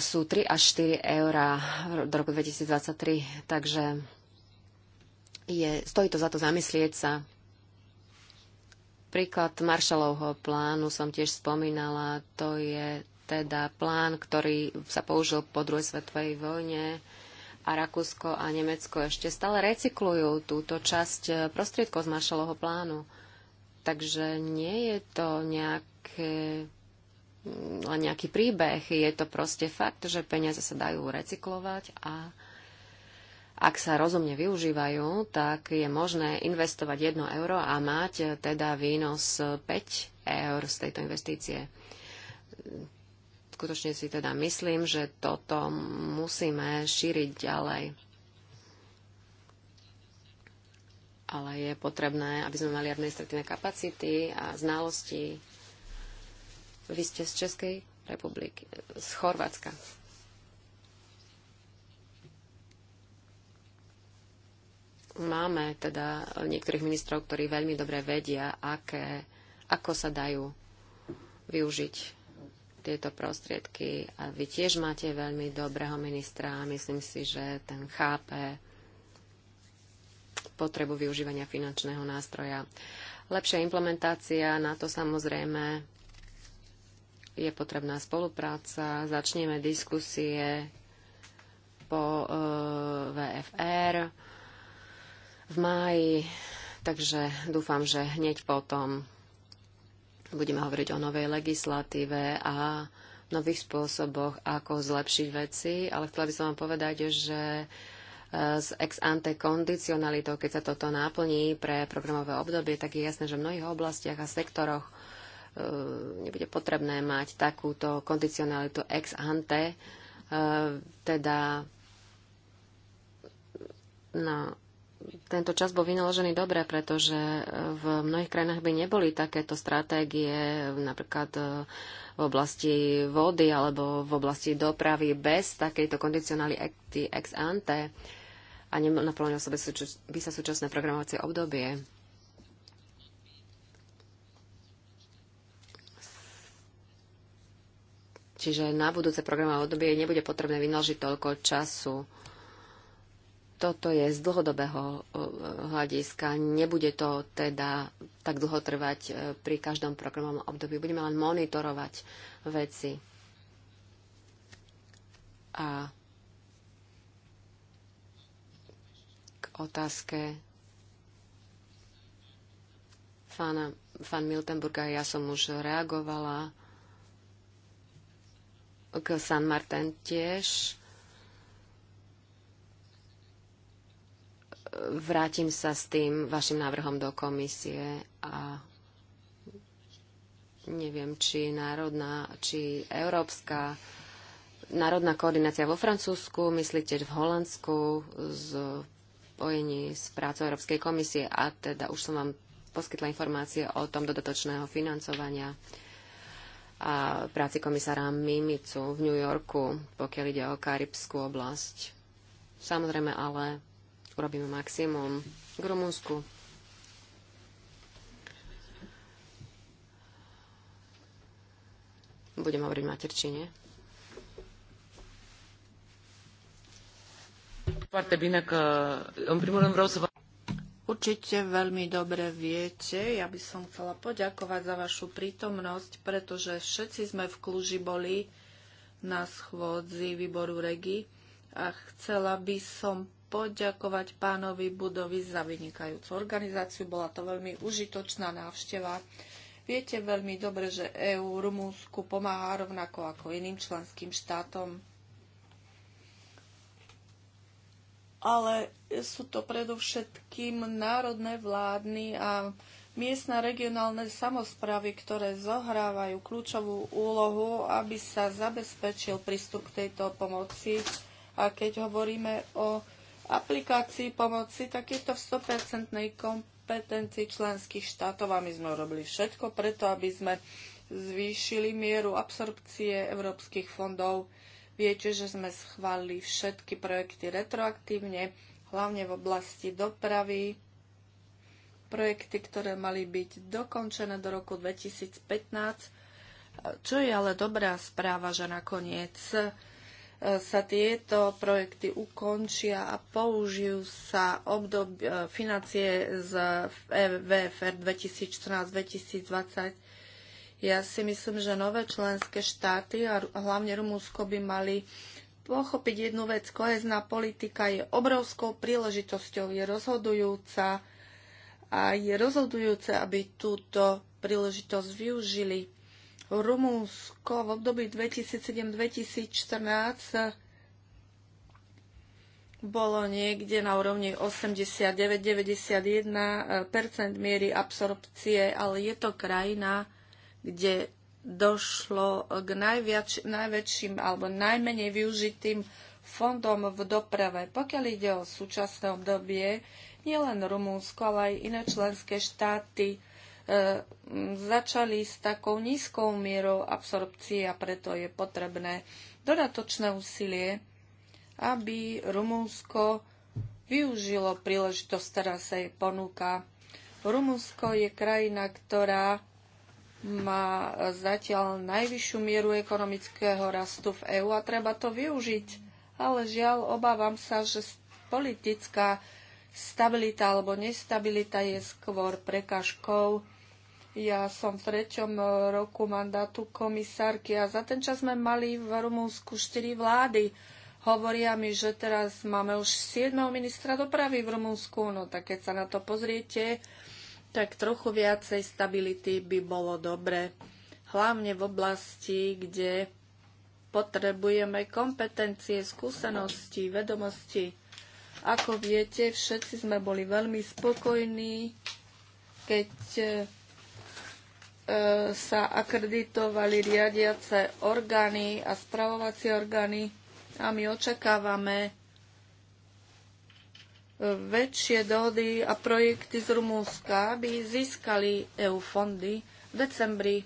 sú 3 až 4 eurá do roku 2023, takže je, stojí to za to zamyslieť sa. Príklad Marshallovho plánu som tiež spomínala, to je teda plán, ktorý sa použil po druhej svetovej vojne a Rakúsko a Nemecko ešte stále recyklujú túto časť prostriedkov z Marshallovho plánu. Takže nie je to nejaké len nejaký príbeh. Je to proste fakt, že peniaze sa dajú recyklovať a ak sa rozumne využívajú, tak je možné investovať 1 euro a mať teda výnos 5 eur z tejto investície. Skutočne si teda myslím, že toto musíme šíriť ďalej. Ale je potrebné, aby sme mali administratívne kapacity a znalosti vy ste z Českej republiky, z Chorvátska. Máme teda niektorých ministrov, ktorí veľmi dobre vedia, aké, ako sa dajú využiť tieto prostriedky. A vy tiež máte veľmi dobrého ministra a myslím si, že ten chápe potrebu využívania finančného nástroja. Lepšia implementácia, na to samozrejme je potrebná spolupráca, začneme diskusie po e, VFR v máji, takže dúfam, že hneď potom budeme hovoriť o novej legislatíve a nových spôsoboch, ako zlepšiť veci, ale chcela by som vám povedať, že s e, ex ante kondicionalitou, keď sa toto náplní pre programové obdobie, tak je jasné, že v mnohých oblastiach a sektoroch E, nebude potrebné mať takúto kondicionalitu ex ante, e, teda na tento čas bol vynaložený dobre, pretože e, v mnohých krajinách by neboli takéto stratégie, napríklad v oblasti vody alebo v oblasti dopravy bez takejto kondicionály ex ante a nenaplnilo by sa súčasné programovacie obdobie. Čiže na budúce programové obdobie nebude potrebné vynaložiť toľko času. Toto je z dlhodobého eh, hľadiska. Nebude to teda tak dlho trvať eh, pri každom programovom období. Budeme len monitorovať veci. A k otázke pána, pán Miltenburga, ja som už reagovala k San Martin tiež. Vrátim sa s tým vašim návrhom do komisie a neviem, či národná, či európska národná koordinácia vo Francúzsku, myslíte v Holandsku, z spojení s prácou Európskej komisie a teda už som vám poskytla informácie o tom dodatočného financovania a práci komisára Mimicu v New Yorku, pokiaľ ide o karibskú oblasť. Samozrejme, ale urobíme maximum k Rumunsku. Budem hovoriť materčine. Foarte bine că, în primul rând, vreau să vă Určite veľmi dobre viete, ja by som chcela poďakovať za vašu prítomnosť, pretože všetci sme v Kluži boli na schôdzi výboru REGI a chcela by som poďakovať pánovi Budovi za vynikajúcu organizáciu. Bola to veľmi užitočná návšteva. Viete veľmi dobre, že EÚ Rumúnsku pomáha rovnako ako iným členským štátom ale sú to predovšetkým národné vládny a miestne regionálne samozprávy, ktoré zohrávajú kľúčovú úlohu, aby sa zabezpečil prístup k tejto pomoci. A keď hovoríme o aplikácii pomoci, tak je to v 100% kompetencii členských štátov a my sme robili všetko preto, aby sme zvýšili mieru absorpcie európskych fondov Viete, že sme schválili všetky projekty retroaktívne, hlavne v oblasti dopravy. Projekty, ktoré mali byť dokončené do roku 2015. Čo je ale dobrá správa, že nakoniec e, sa tieto projekty ukončia a použijú sa obdob, e, financie z e-, VFR 2014-2020 ja si myslím, že nové členské štáty a hlavne Rumúnsko by mali pochopiť jednu vec. Kohezná politika je obrovskou príležitosťou, je rozhodujúca a je rozhodujúce, aby túto príležitosť využili. Rumúnsko v období 2007-2014 bolo niekde na úrovni 89-91 miery absorpcie, ale je to krajina, kde došlo k najviac, najväčším alebo najmenej využitým fondom v doprave. Pokiaľ ide o súčasné obdobie, nielen Rumúnsko, ale aj iné členské štáty e, začali s takou nízkou mierou absorpcie a preto je potrebné dodatočné úsilie, aby Rumúnsko využilo príležitosť, ktorá sa jej ponúka. Rumunsko je krajina, ktorá má zatiaľ najvyššiu mieru ekonomického rastu v EÚ a treba to využiť. Ale žiaľ, obávam sa, že politická stabilita alebo nestabilita je skôr prekažkou. Ja som v treťom roku mandátu komisárky a za ten čas sme mali v Rumúnsku štyri vlády. Hovoria mi, že teraz máme už siedmeho ministra dopravy v Rumúnsku. No tak keď sa na to pozriete, tak trochu viacej stability by bolo dobre, hlavne v oblasti, kde potrebujeme kompetencie, skúsenosti, vedomosti. Ako viete, všetci sme boli veľmi spokojní, keď e, e, sa akreditovali riadiace orgány a spravovacie orgány a my očakávame, väčšie dohody a projekty z Rumúnska, by získali EU fondy v decembri.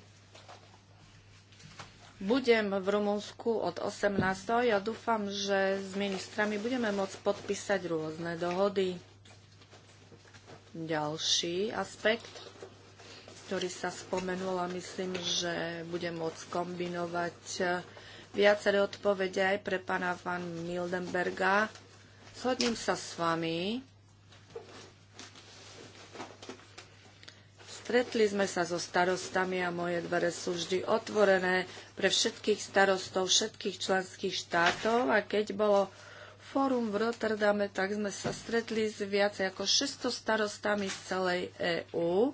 Budem v Rumunsku od 18. Ja dúfam, že s ministrami budeme môcť podpísať rôzne dohody. Ďalší aspekt, ktorý sa spomenul a myslím, že budem môcť kombinovať eh, viaceré odpovede aj pre pána Van Mildenberga Zhodnem sa s vami. Stretli sme sa so starostami a moje dvere sú vždy otvorené pre všetkých starostov všetkých členských štátov a keď bolo fórum v Rotterdame, tak sme sa stretli s viac ako 600 starostami z celej EÚ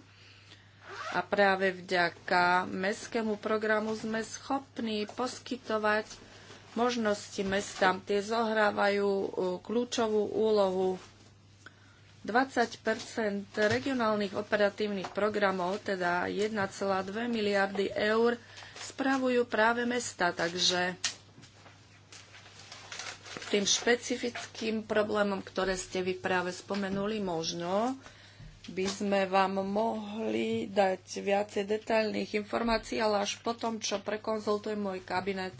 a práve vďaka mestskému programu sme schopní poskytovať možnosti mesta. Tie zohrávajú e, kľúčovú úlohu. 20 regionálnych operatívnych programov, teda 1,2 miliardy eur, spravujú práve mesta, takže tým špecifickým problémom, ktoré ste vy práve spomenuli, možno by sme vám mohli dať viacej detailných informácií, ale až potom, čo prekonzultuje môj kabinet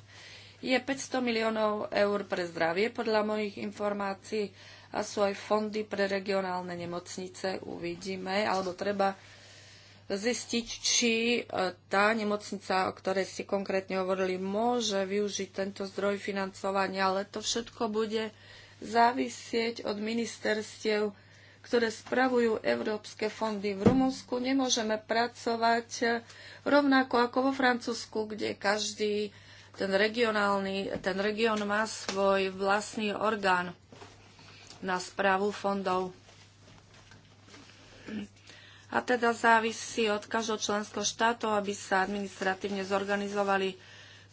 je 500 miliónov eur pre zdravie, podľa mojich informácií, a sú aj fondy pre regionálne nemocnice. Uvidíme, alebo treba zistiť, či e, tá nemocnica, o ktorej ste konkrétne hovorili, môže využiť tento zdroj financovania, ale to všetko bude závisieť od ministerstiev, ktoré spravujú európske fondy. V Rumunsku nemôžeme pracovať e, rovnako ako vo Francúzsku, kde každý ten, regionálny, ten region má svoj vlastný orgán na správu fondov. A teda závisí od každého členského štátu, aby sa administratívne zorganizovali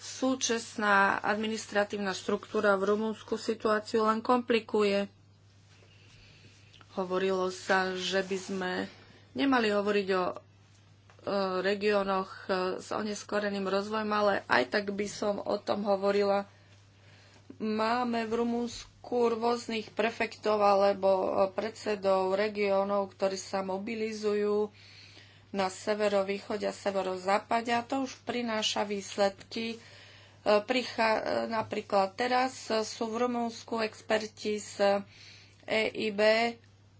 súčasná administratívna štruktúra v Rumunsku situáciu len komplikuje. Hovorilo sa, že by sme nemali hovoriť o Eh, regiónoch eh, s oneskoreným rozvojom, ale aj tak by som o tom hovorila. Máme v Rumunsku rôznych prefektov alebo eh, predsedov regiónov, ktorí sa mobilizujú na severovýchode a severozápade a to už prináša výsledky. Prichá, napríklad teraz sú v Rumunsku experti z EIB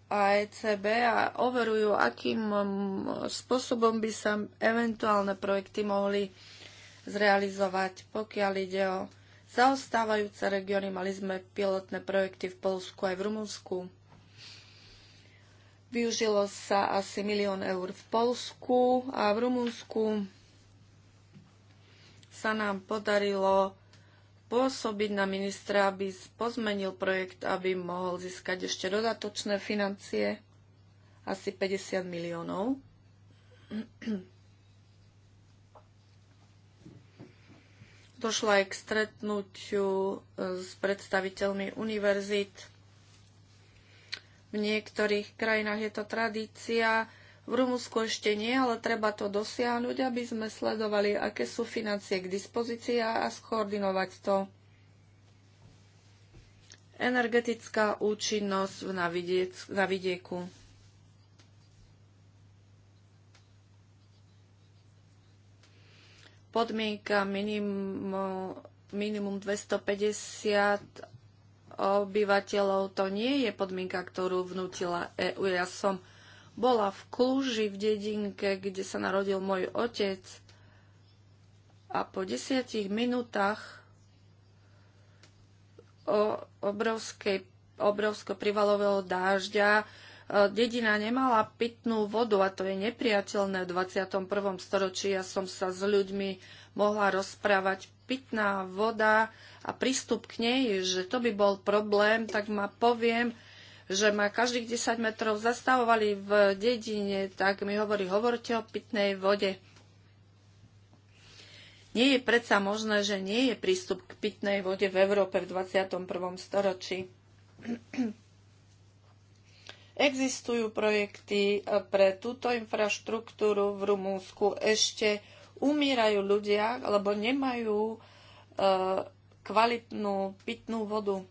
a ECB a overujú, akým mm, spôsobom by sa eventuálne projekty mohli zrealizovať. Pokiaľ ide o zaostávajúce regióny, mali sme pilotné projekty v Polsku aj v Rumunsku. Využilo sa asi milión eur v Polsku a v Rumunsku sa nám podarilo pôsobiť na ministra, aby pozmenil projekt, aby mohol získať ešte dodatočné financie, asi 50 miliónov. Došlo aj k stretnutiu eh, s predstaviteľmi univerzit. V niektorých krajinách je to tradícia v Rumúnsku ešte nie, ale treba to dosiahnuť, aby sme sledovali, aké sú financie k dispozícii a skoordinovať to. Energetická účinnosť na, vidiec, na vidieku. Podmienka minimum, minimum 250 obyvateľov to nie je podmienka, ktorú vnútila EU. Ja som bola v Kluži, v dedinke, kde sa narodil môj otec. A po desiatich minútach o obrovskej, obrovsko privalového dážďa e, dedina nemala pitnú vodu a to je nepriateľné v 21. storočí. Ja som sa s ľuďmi mohla rozprávať pitná voda a prístup k nej, že to by bol problém, tak ma poviem, že ma každých 10 metrov zastavovali v dedine, tak mi hovorí, hovorte o pitnej vode. Nie je predsa možné, že nie je prístup k pitnej vode v Európe v 21. storočí. Existujú projekty e, pre túto infraštruktúru v Rumúnsku. Ešte umírajú ľudia, lebo nemajú e, kvalitnú pitnú vodu.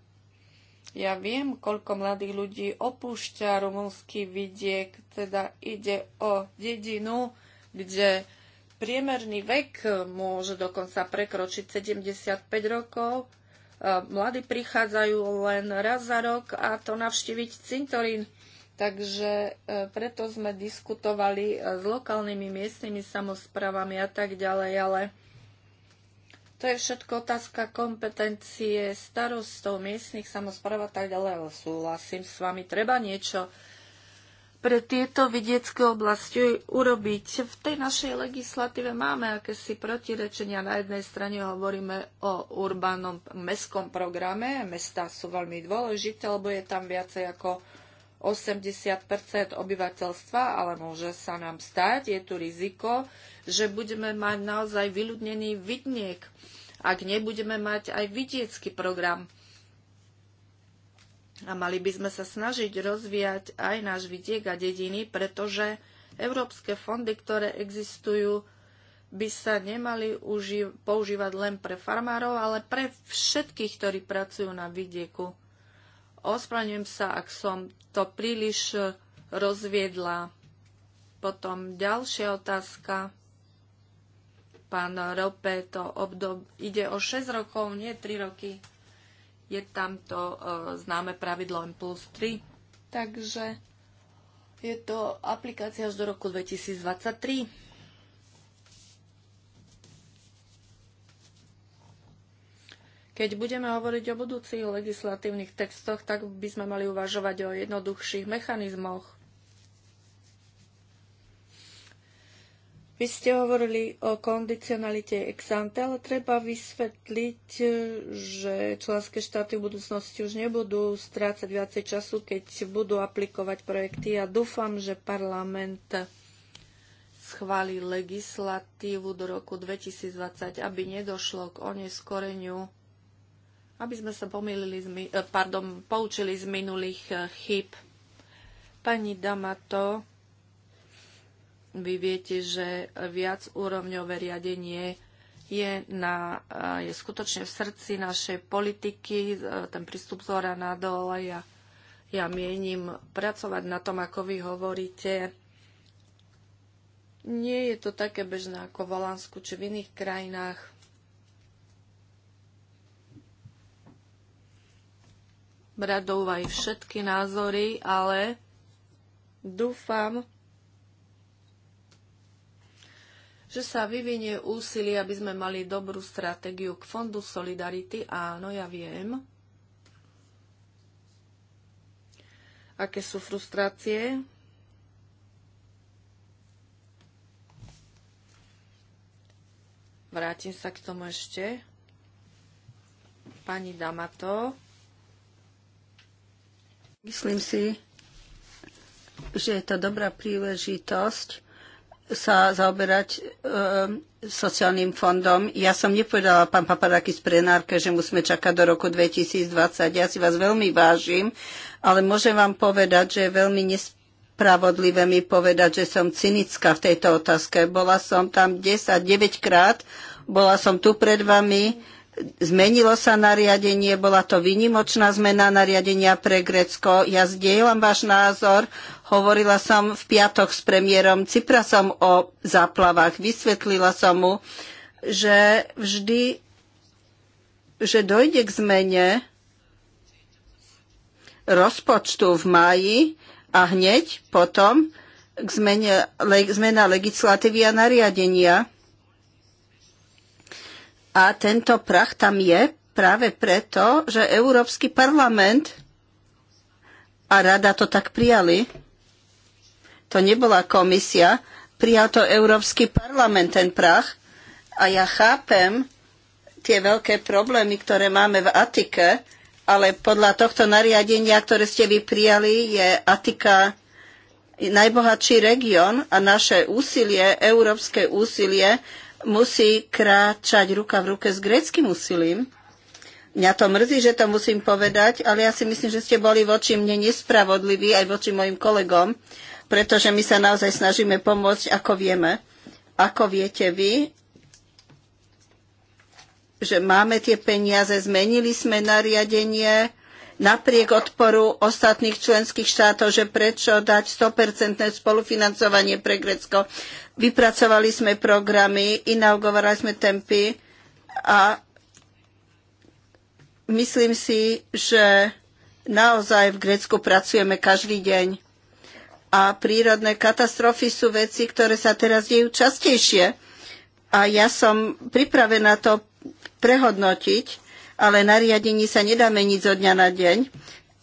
Ja viem, koľko mladých ľudí opúšťa rumúnsky vidiek, teda ide o dedinu, kde priemerný vek môže dokonca prekročiť 75 rokov. Mladí prichádzajú len raz za rok a to navštíviť cintorín. Takže e, preto sme diskutovali e, s lokálnymi miestnymi samozprávami a tak ďalej, ale to je všetko otázka kompetencie starostov, miestnych samozpráv a tak ďalej, ale súhlasím s vami, treba niečo pre tieto vidiecké oblasti urobiť. V tej našej legislatíve máme akési protirečenia. Na jednej strane hovoríme o urbánom mestskom programe. Mesta sú veľmi dôležité, lebo je tam viacej ako 80 obyvateľstva, ale môže sa nám stať, je tu riziko, že budeme mať naozaj vyľudnený vidniek, ak nebudeme mať aj vidiecký program. A mali by sme sa snažiť rozvíjať aj náš vidiek a dediny, pretože európske fondy, ktoré existujú, by sa nemali používať len pre farmárov, ale pre všetkých, ktorí pracujú na vidieku ospravedlňujem sa, ak som to príliš e, rozviedla. Potom ďalšia otázka. Pán Rope, to obdob... ide o 6 rokov, nie 3 roky. Je tam to e, známe pravidlo M plus 3. Takže je to aplikácia až do roku 2023. Keď budeme hovoriť o budúcich legislatívnych textoch, tak by sme mali uvažovať o jednoduchších mechanizmoch. Vy ste hovorili o kondicionalite ex ante, ale treba vysvetliť, e, že členské štáty v budúcnosti už nebudú strácať viacej času, keď budú aplikovať projekty. Ja dúfam, že parlament schváli legislatívu do roku 2020, aby nedošlo k oneskoreniu aby sme sa pomýlili, z, eh, pardon, poučili z minulých eh, chyb. Pani Damato, vy viete, že viac úrovňové riadenie je, na, eh, je skutočne v srdci našej politiky, ten prístup z hora na dole. Ja, ja mienim pracovať na tom, ako vy hovoríte. Nie je to také bežné ako v Holandsku či v iných krajinách brať do úvahy všetky názory, ale dúfam, že sa vyvinie úsilie, aby sme mali dobrú stratégiu k Fondu Solidarity. Áno, ja viem, aké sú frustrácie. Vrátim sa k tomu ešte. Pani Damato. Myslím si, že je to dobrá príležitosť sa zaoberať e, sociálnym fondom. Ja som nepovedala, pán Papadakis Prenárke, že musíme čakať do roku 2020. Ja si vás veľmi vážim, ale môžem vám povedať, že je veľmi nespravodlivé mi povedať, že som cynická v tejto otázke. Bola som tam 10, 9 krát, bola som tu pred vami Zmenilo sa nariadenie, bola to výnimočná zmena nariadenia pre Grécko. Ja zdieľam váš názor. Hovorila som v piatok s premiérom Ciprasom o záplavách. Vysvetlila som mu, že vždy, že dojde k zmene rozpočtu v máji a hneď potom k zmene, le, zmena legislatívy a nariadenia a tento prach tam je práve preto, že Európsky parlament a rada to tak prijali. To nebola komisia, prijal to Európsky parlament ten prach. A ja chápem tie veľké problémy, ktoré máme v Atike, ale podľa tohto nariadenia, ktoré ste vy prijali, je Atika najbohatší región a naše úsilie, európske úsilie, musí kráčať ruka v ruke s gréckým úsilím. Mňa to mrzí, že to musím povedať, ale ja si myslím, že ste boli voči mne nespravodliví aj voči mojim kolegom, pretože my sa naozaj snažíme pomôcť, ako vieme. Ako viete vy, že máme tie peniaze, zmenili sme nariadenie napriek odporu ostatných členských štátov, že prečo dať 100% spolufinancovanie pre Grecko. Vypracovali sme programy, inaugovali sme tempy a myslím si, že naozaj v Grécku pracujeme každý deň. A prírodné katastrofy sú veci, ktoré sa teraz dejú častejšie. A ja som pripravená to prehodnotiť, ale nariadení sa nedá meniť zo dňa na deň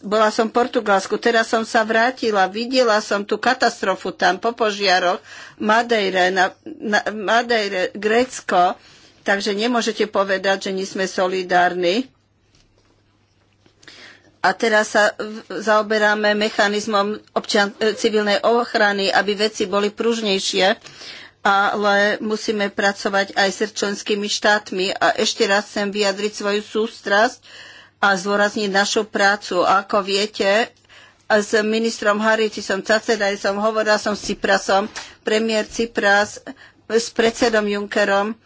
bola som v Portugalsku, teraz som sa vrátila, videla som tú katastrofu tam po požiaroch, Madeire, na, na, Madeire Grécko, takže nemôžete povedať, že nie sme solidárni. A teraz sa zaoberáme mechanizmom občan, e, civilnej ochrany, aby veci boli pružnejšie, ale musíme pracovať aj s členskými štátmi. A ešte raz chcem vyjadriť svoju sústrasť a zdôrazniť našu prácu. A ako viete, s ministrom Haricisom Cacedajsom, hovorila som s Ciprasom, premiér Cipras s predsedom Junckerom.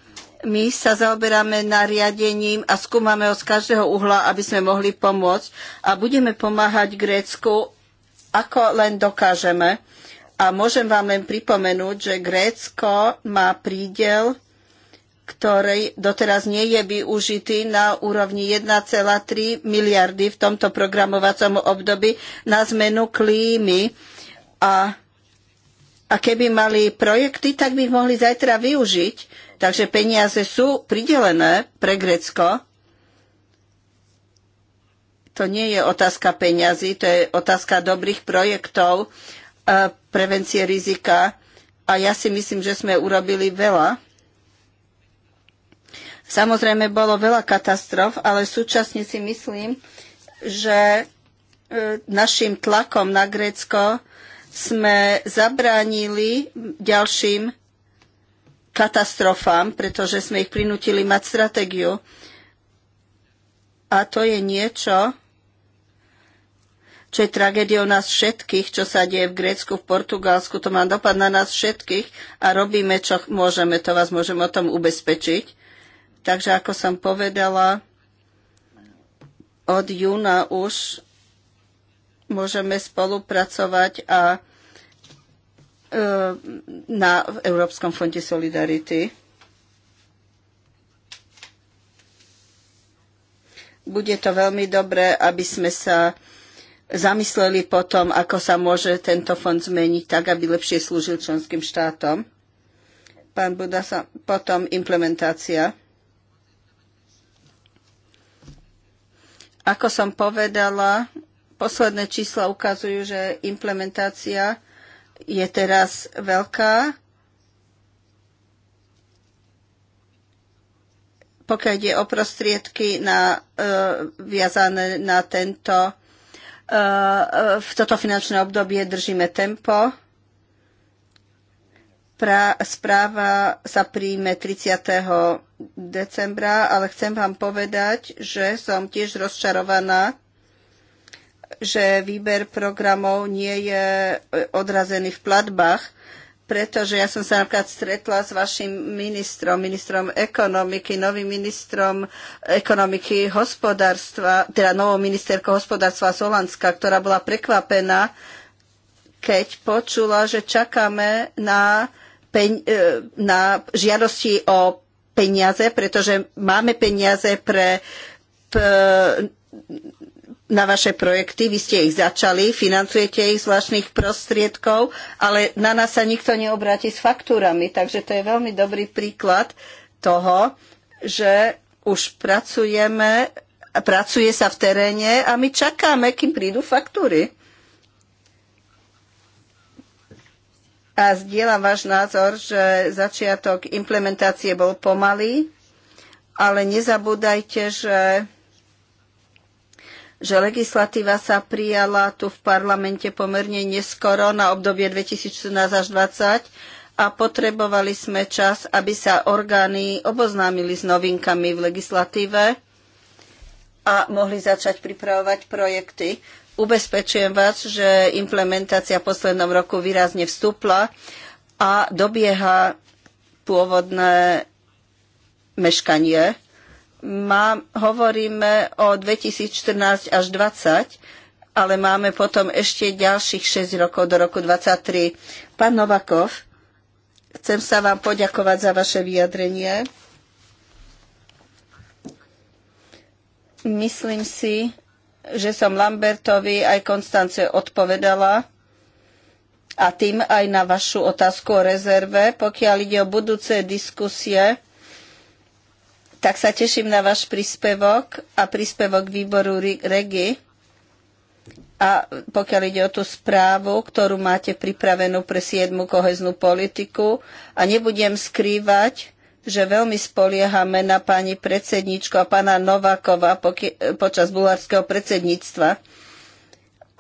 My sa zaoberáme nariadením a skúmame ho z každého uhla, aby sme mohli pomôcť a budeme pomáhať Grécku, ako len dokážeme. A môžem vám len pripomenúť, že Grécko má prídel ktorý doteraz nie je využitý na úrovni 1,3 miliardy v tomto programovacom období na zmenu klímy. A, a keby mali projekty, tak by mohli zajtra využiť. Takže peniaze sú pridelené pre Grécko. To nie je otázka peňazí, to je otázka dobrých projektov, e, prevencie rizika. A ja si myslím, že sme urobili veľa Samozrejme, bolo veľa katastrof, ale súčasne si myslím, že e, našim tlakom na Grécko sme zabránili ďalším katastrofám, pretože sme ich prinútili mať stratégiu. A to je niečo, čo je tragédiou nás všetkých, čo sa deje v Grécku, v Portugalsku. To má dopad na nás všetkých a robíme, čo môžeme. To vás môžeme o tom ubezpečiť. Takže ako som povedala, od júna už môžeme spolupracovať a e, na Európskom fonde Solidarity. Bude to veľmi dobré, aby sme sa zamysleli potom, ako sa môže tento fond zmeniť tak, aby lepšie slúžil členským štátom. Pán Buda sa potom implementácia. Ako som povedala, posledné čísla ukazujú, že implementácia je teraz veľká. Pokiaľ ide o prostriedky na, uh, viazané na tento, uh, v toto finančné obdobie držíme tempo Pra, správa sa príjme 30. decembra, ale chcem vám povedať, že som tiež rozčarovaná, že výber programov nie je e, odrazený v platbách, pretože ja som sa napríklad stretla s vašim ministrom, ministrom ekonomiky, novým ministrom ekonomiky hospodárstva, teda novou ministerkou hospodárstva z Holandska, ktorá bola prekvapená, keď počula, že čakáme na peň, e, na žiadosti o peniaze, pretože máme peniaze pre, pre na vaše projekty, vy ste ich začali, financujete ich z vlastných prostriedkov, ale na nás sa nikto neobráti s faktúrami, takže to je veľmi dobrý príklad toho, že už pracujeme, pracuje sa v teréne a my čakáme, kým prídu faktúry. a zdieľam váš názor, že začiatok implementácie bol pomalý, ale nezabúdajte, že, že legislatíva sa prijala tu v parlamente pomerne neskoro na obdobie 2014 až 2020 a potrebovali sme čas, aby sa orgány oboznámili s novinkami v legislatíve a mohli začať pripravovať projekty. Ubezpečujem vás, že implementácia v poslednom roku výrazne vstúpla a dobieha pôvodné meškanie. Má, hovoríme o 2014 až 2020, ale máme potom ešte ďalších 6 rokov do roku 2023. Pán Novakov, chcem sa vám poďakovať za vaše vyjadrenie. Myslím si, že som Lambertovi aj Konstance odpovedala a tým aj na vašu otázku o rezerve. Pokiaľ ide o budúce diskusie, tak sa teším na váš príspevok a príspevok výboru REGI. A pokiaľ ide o tú správu, ktorú máte pripravenú pre 7. koheznú politiku, a nebudem skrývať, že veľmi spoliehame na pani predsedničku a pána Novákova počas bulharského predsedníctva.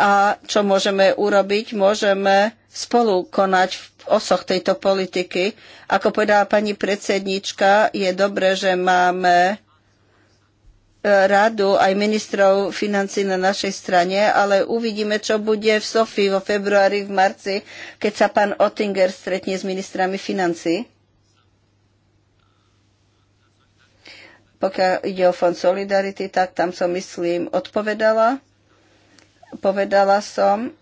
A čo môžeme urobiť? Môžeme spolu konať v osoch tejto politiky. Ako povedala pani predsednička, je dobré, že máme e, radu aj ministrov financí na našej strane, ale uvidíme, čo bude v Sofii vo februári, v marci, keď sa pán Ottinger stretne s ministrami financí. Pokiaľ ide o Fond Solidarity, tak tam som, myslím, odpovedala. Povedala som,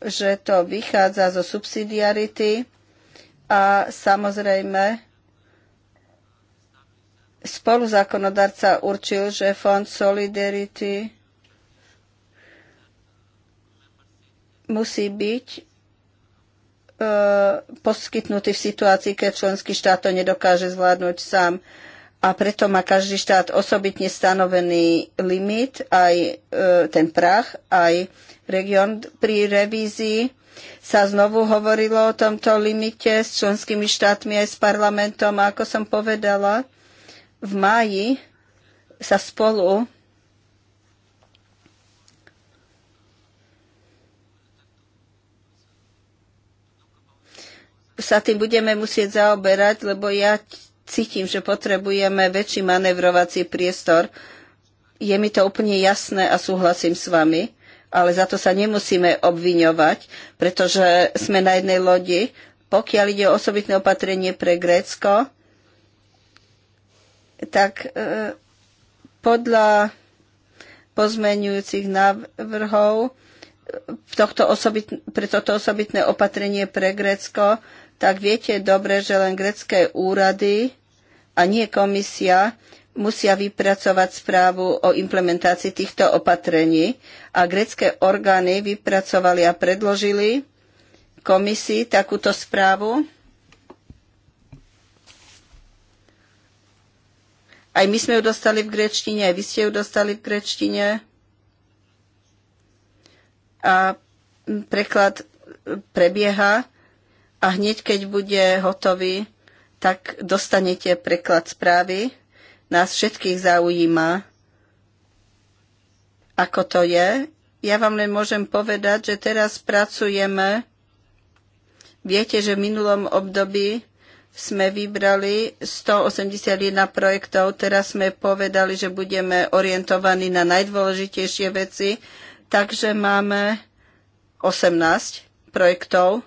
že to vychádza zo subsidiarity a samozrejme spoluzákonodarca určil, že Fond Solidarity musí byť e, poskytnutý v situácii, keď členský štát to nedokáže zvládnuť sám a preto má každý štát osobitne stanovený limit, aj e, ten prach, aj region. Pri revízii sa znovu hovorilo o tomto limite s členskými štátmi aj s parlamentom. A ako som povedala, v máji sa spolu sa tým budeme musieť zaoberať, lebo ja cítim, že potrebujeme väčší manevrovací priestor. Je mi to úplne jasné a súhlasím s vami, ale za to sa nemusíme obviňovať, pretože sme na jednej lodi. Pokiaľ ide o osobitné opatrenie pre Grécko, tak e, podľa pozmenujúcich návrhov e, tohto osobit, pre toto osobitné opatrenie pre Grécko tak viete dobre, že len grecké úrady a nie komisia musia vypracovať správu o implementácii týchto opatrení a grecké orgány vypracovali a predložili komisii takúto správu. Aj my sme ju dostali v grečtine, aj vy ste ju dostali v grečtine. A preklad prebieha a hneď keď bude hotový, tak dostanete preklad správy. Nás všetkých zaujíma, ako to je. Ja vám len môžem povedať, že teraz pracujeme. Viete, že v minulom období sme vybrali 181 projektov, teraz sme povedali, že budeme orientovaní na najdôležitejšie veci, takže máme 18 projektov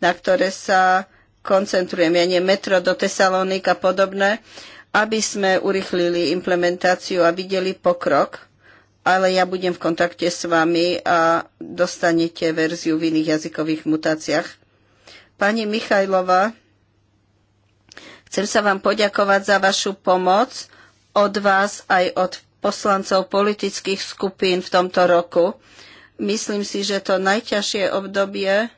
na ktoré sa koncentrujem, ja nie metro do Tesalónik a podobné, aby sme urychlili implementáciu a videli pokrok. Ale ja budem v kontakte s vami a dostanete verziu v iných jazykových mutáciách. Pani Michajlova, chcem sa vám poďakovať za vašu pomoc od vás aj od poslancov politických skupín v tomto roku. Myslím si, že to najťažšie obdobie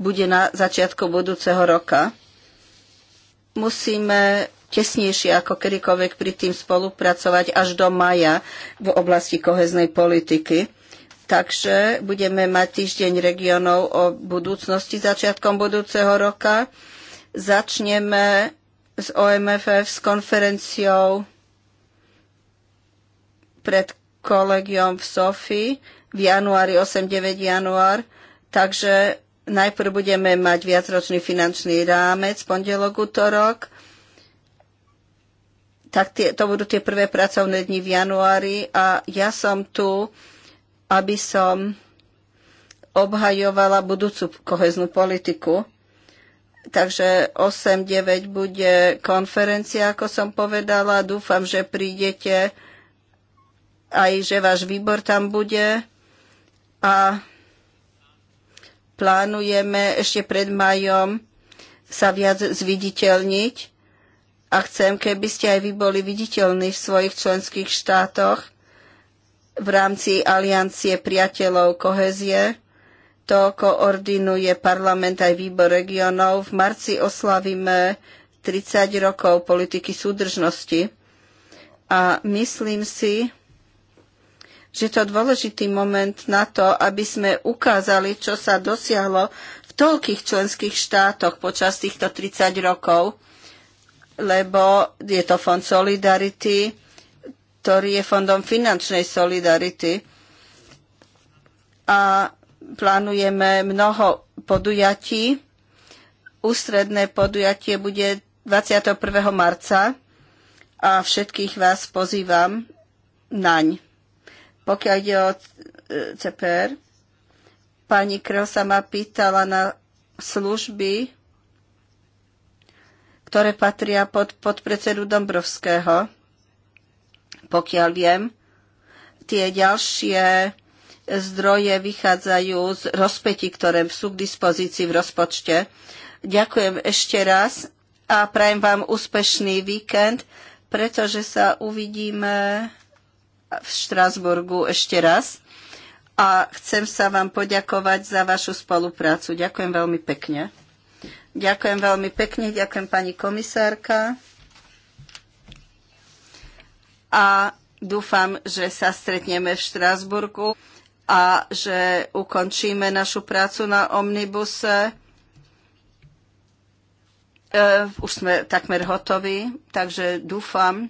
bude na začiatku budúceho roka. Musíme tesnejšie ako kedykoľvek pri tým spolupracovať až do maja v oblasti koheznej politiky. Takže budeme mať týždeň regionov o budúcnosti začiatkom budúceho roka. Začneme s OMFF, s konferenciou pred kolegiom v Sofii v januári, 8-9 január. Takže Najprv budeme mať viacročný finančný rámec pondelok, útorok. Tak tie, to budú tie prvé pracovné dni v januári a ja som tu, aby som obhajovala budúcu koheznú politiku. Takže 8-9 bude konferencia, ako som povedala. Dúfam, že prídete aj, že váš výbor tam bude. A plánujeme ešte pred majom sa viac zviditeľniť a chcem, keby ste aj vy boli viditeľní v svojich členských štátoch v rámci Aliancie priateľov kohezie. To koordinuje parlament aj výbor regionov. V marci oslavíme 30 rokov politiky súdržnosti a myslím si, že je to dôležitý moment na to, aby sme ukázali, čo sa dosiahlo v toľkých členských štátoch počas týchto 30 rokov, lebo je to fond Solidarity, ktorý je fondom finančnej solidarity a plánujeme mnoho podujatí. Ústredné podujatie bude 21. marca a všetkých vás pozývam naň. Pokiaľ ide o e, CPR, pani Krel sa ma pýtala na služby, ktoré patria pod, pod predsedu Dombrovského. Pokiaľ viem, tie ďalšie zdroje vychádzajú z rozpetí, ktoré sú k dispozícii v rozpočte. Ďakujem ešte raz a prajem vám úspešný víkend, pretože sa uvidíme v Štrásburgu ešte raz a chcem sa vám poďakovať za vašu spoluprácu. Ďakujem veľmi pekne. Ďakujem veľmi pekne, ďakujem pani komisárka. A dúfam, že sa stretneme v Štrásburgu a že ukončíme našu prácu na omnibuse. E, už sme takmer hotoví, takže dúfam,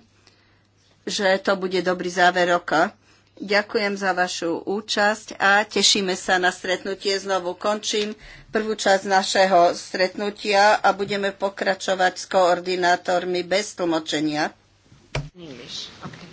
že to bude dobrý záver roka. Ďakujem za vašu účasť a tešíme sa na stretnutie. Znovu končím prvú časť našeho stretnutia a budeme pokračovať s koordinátormi bez tlmočenia. English. Okay.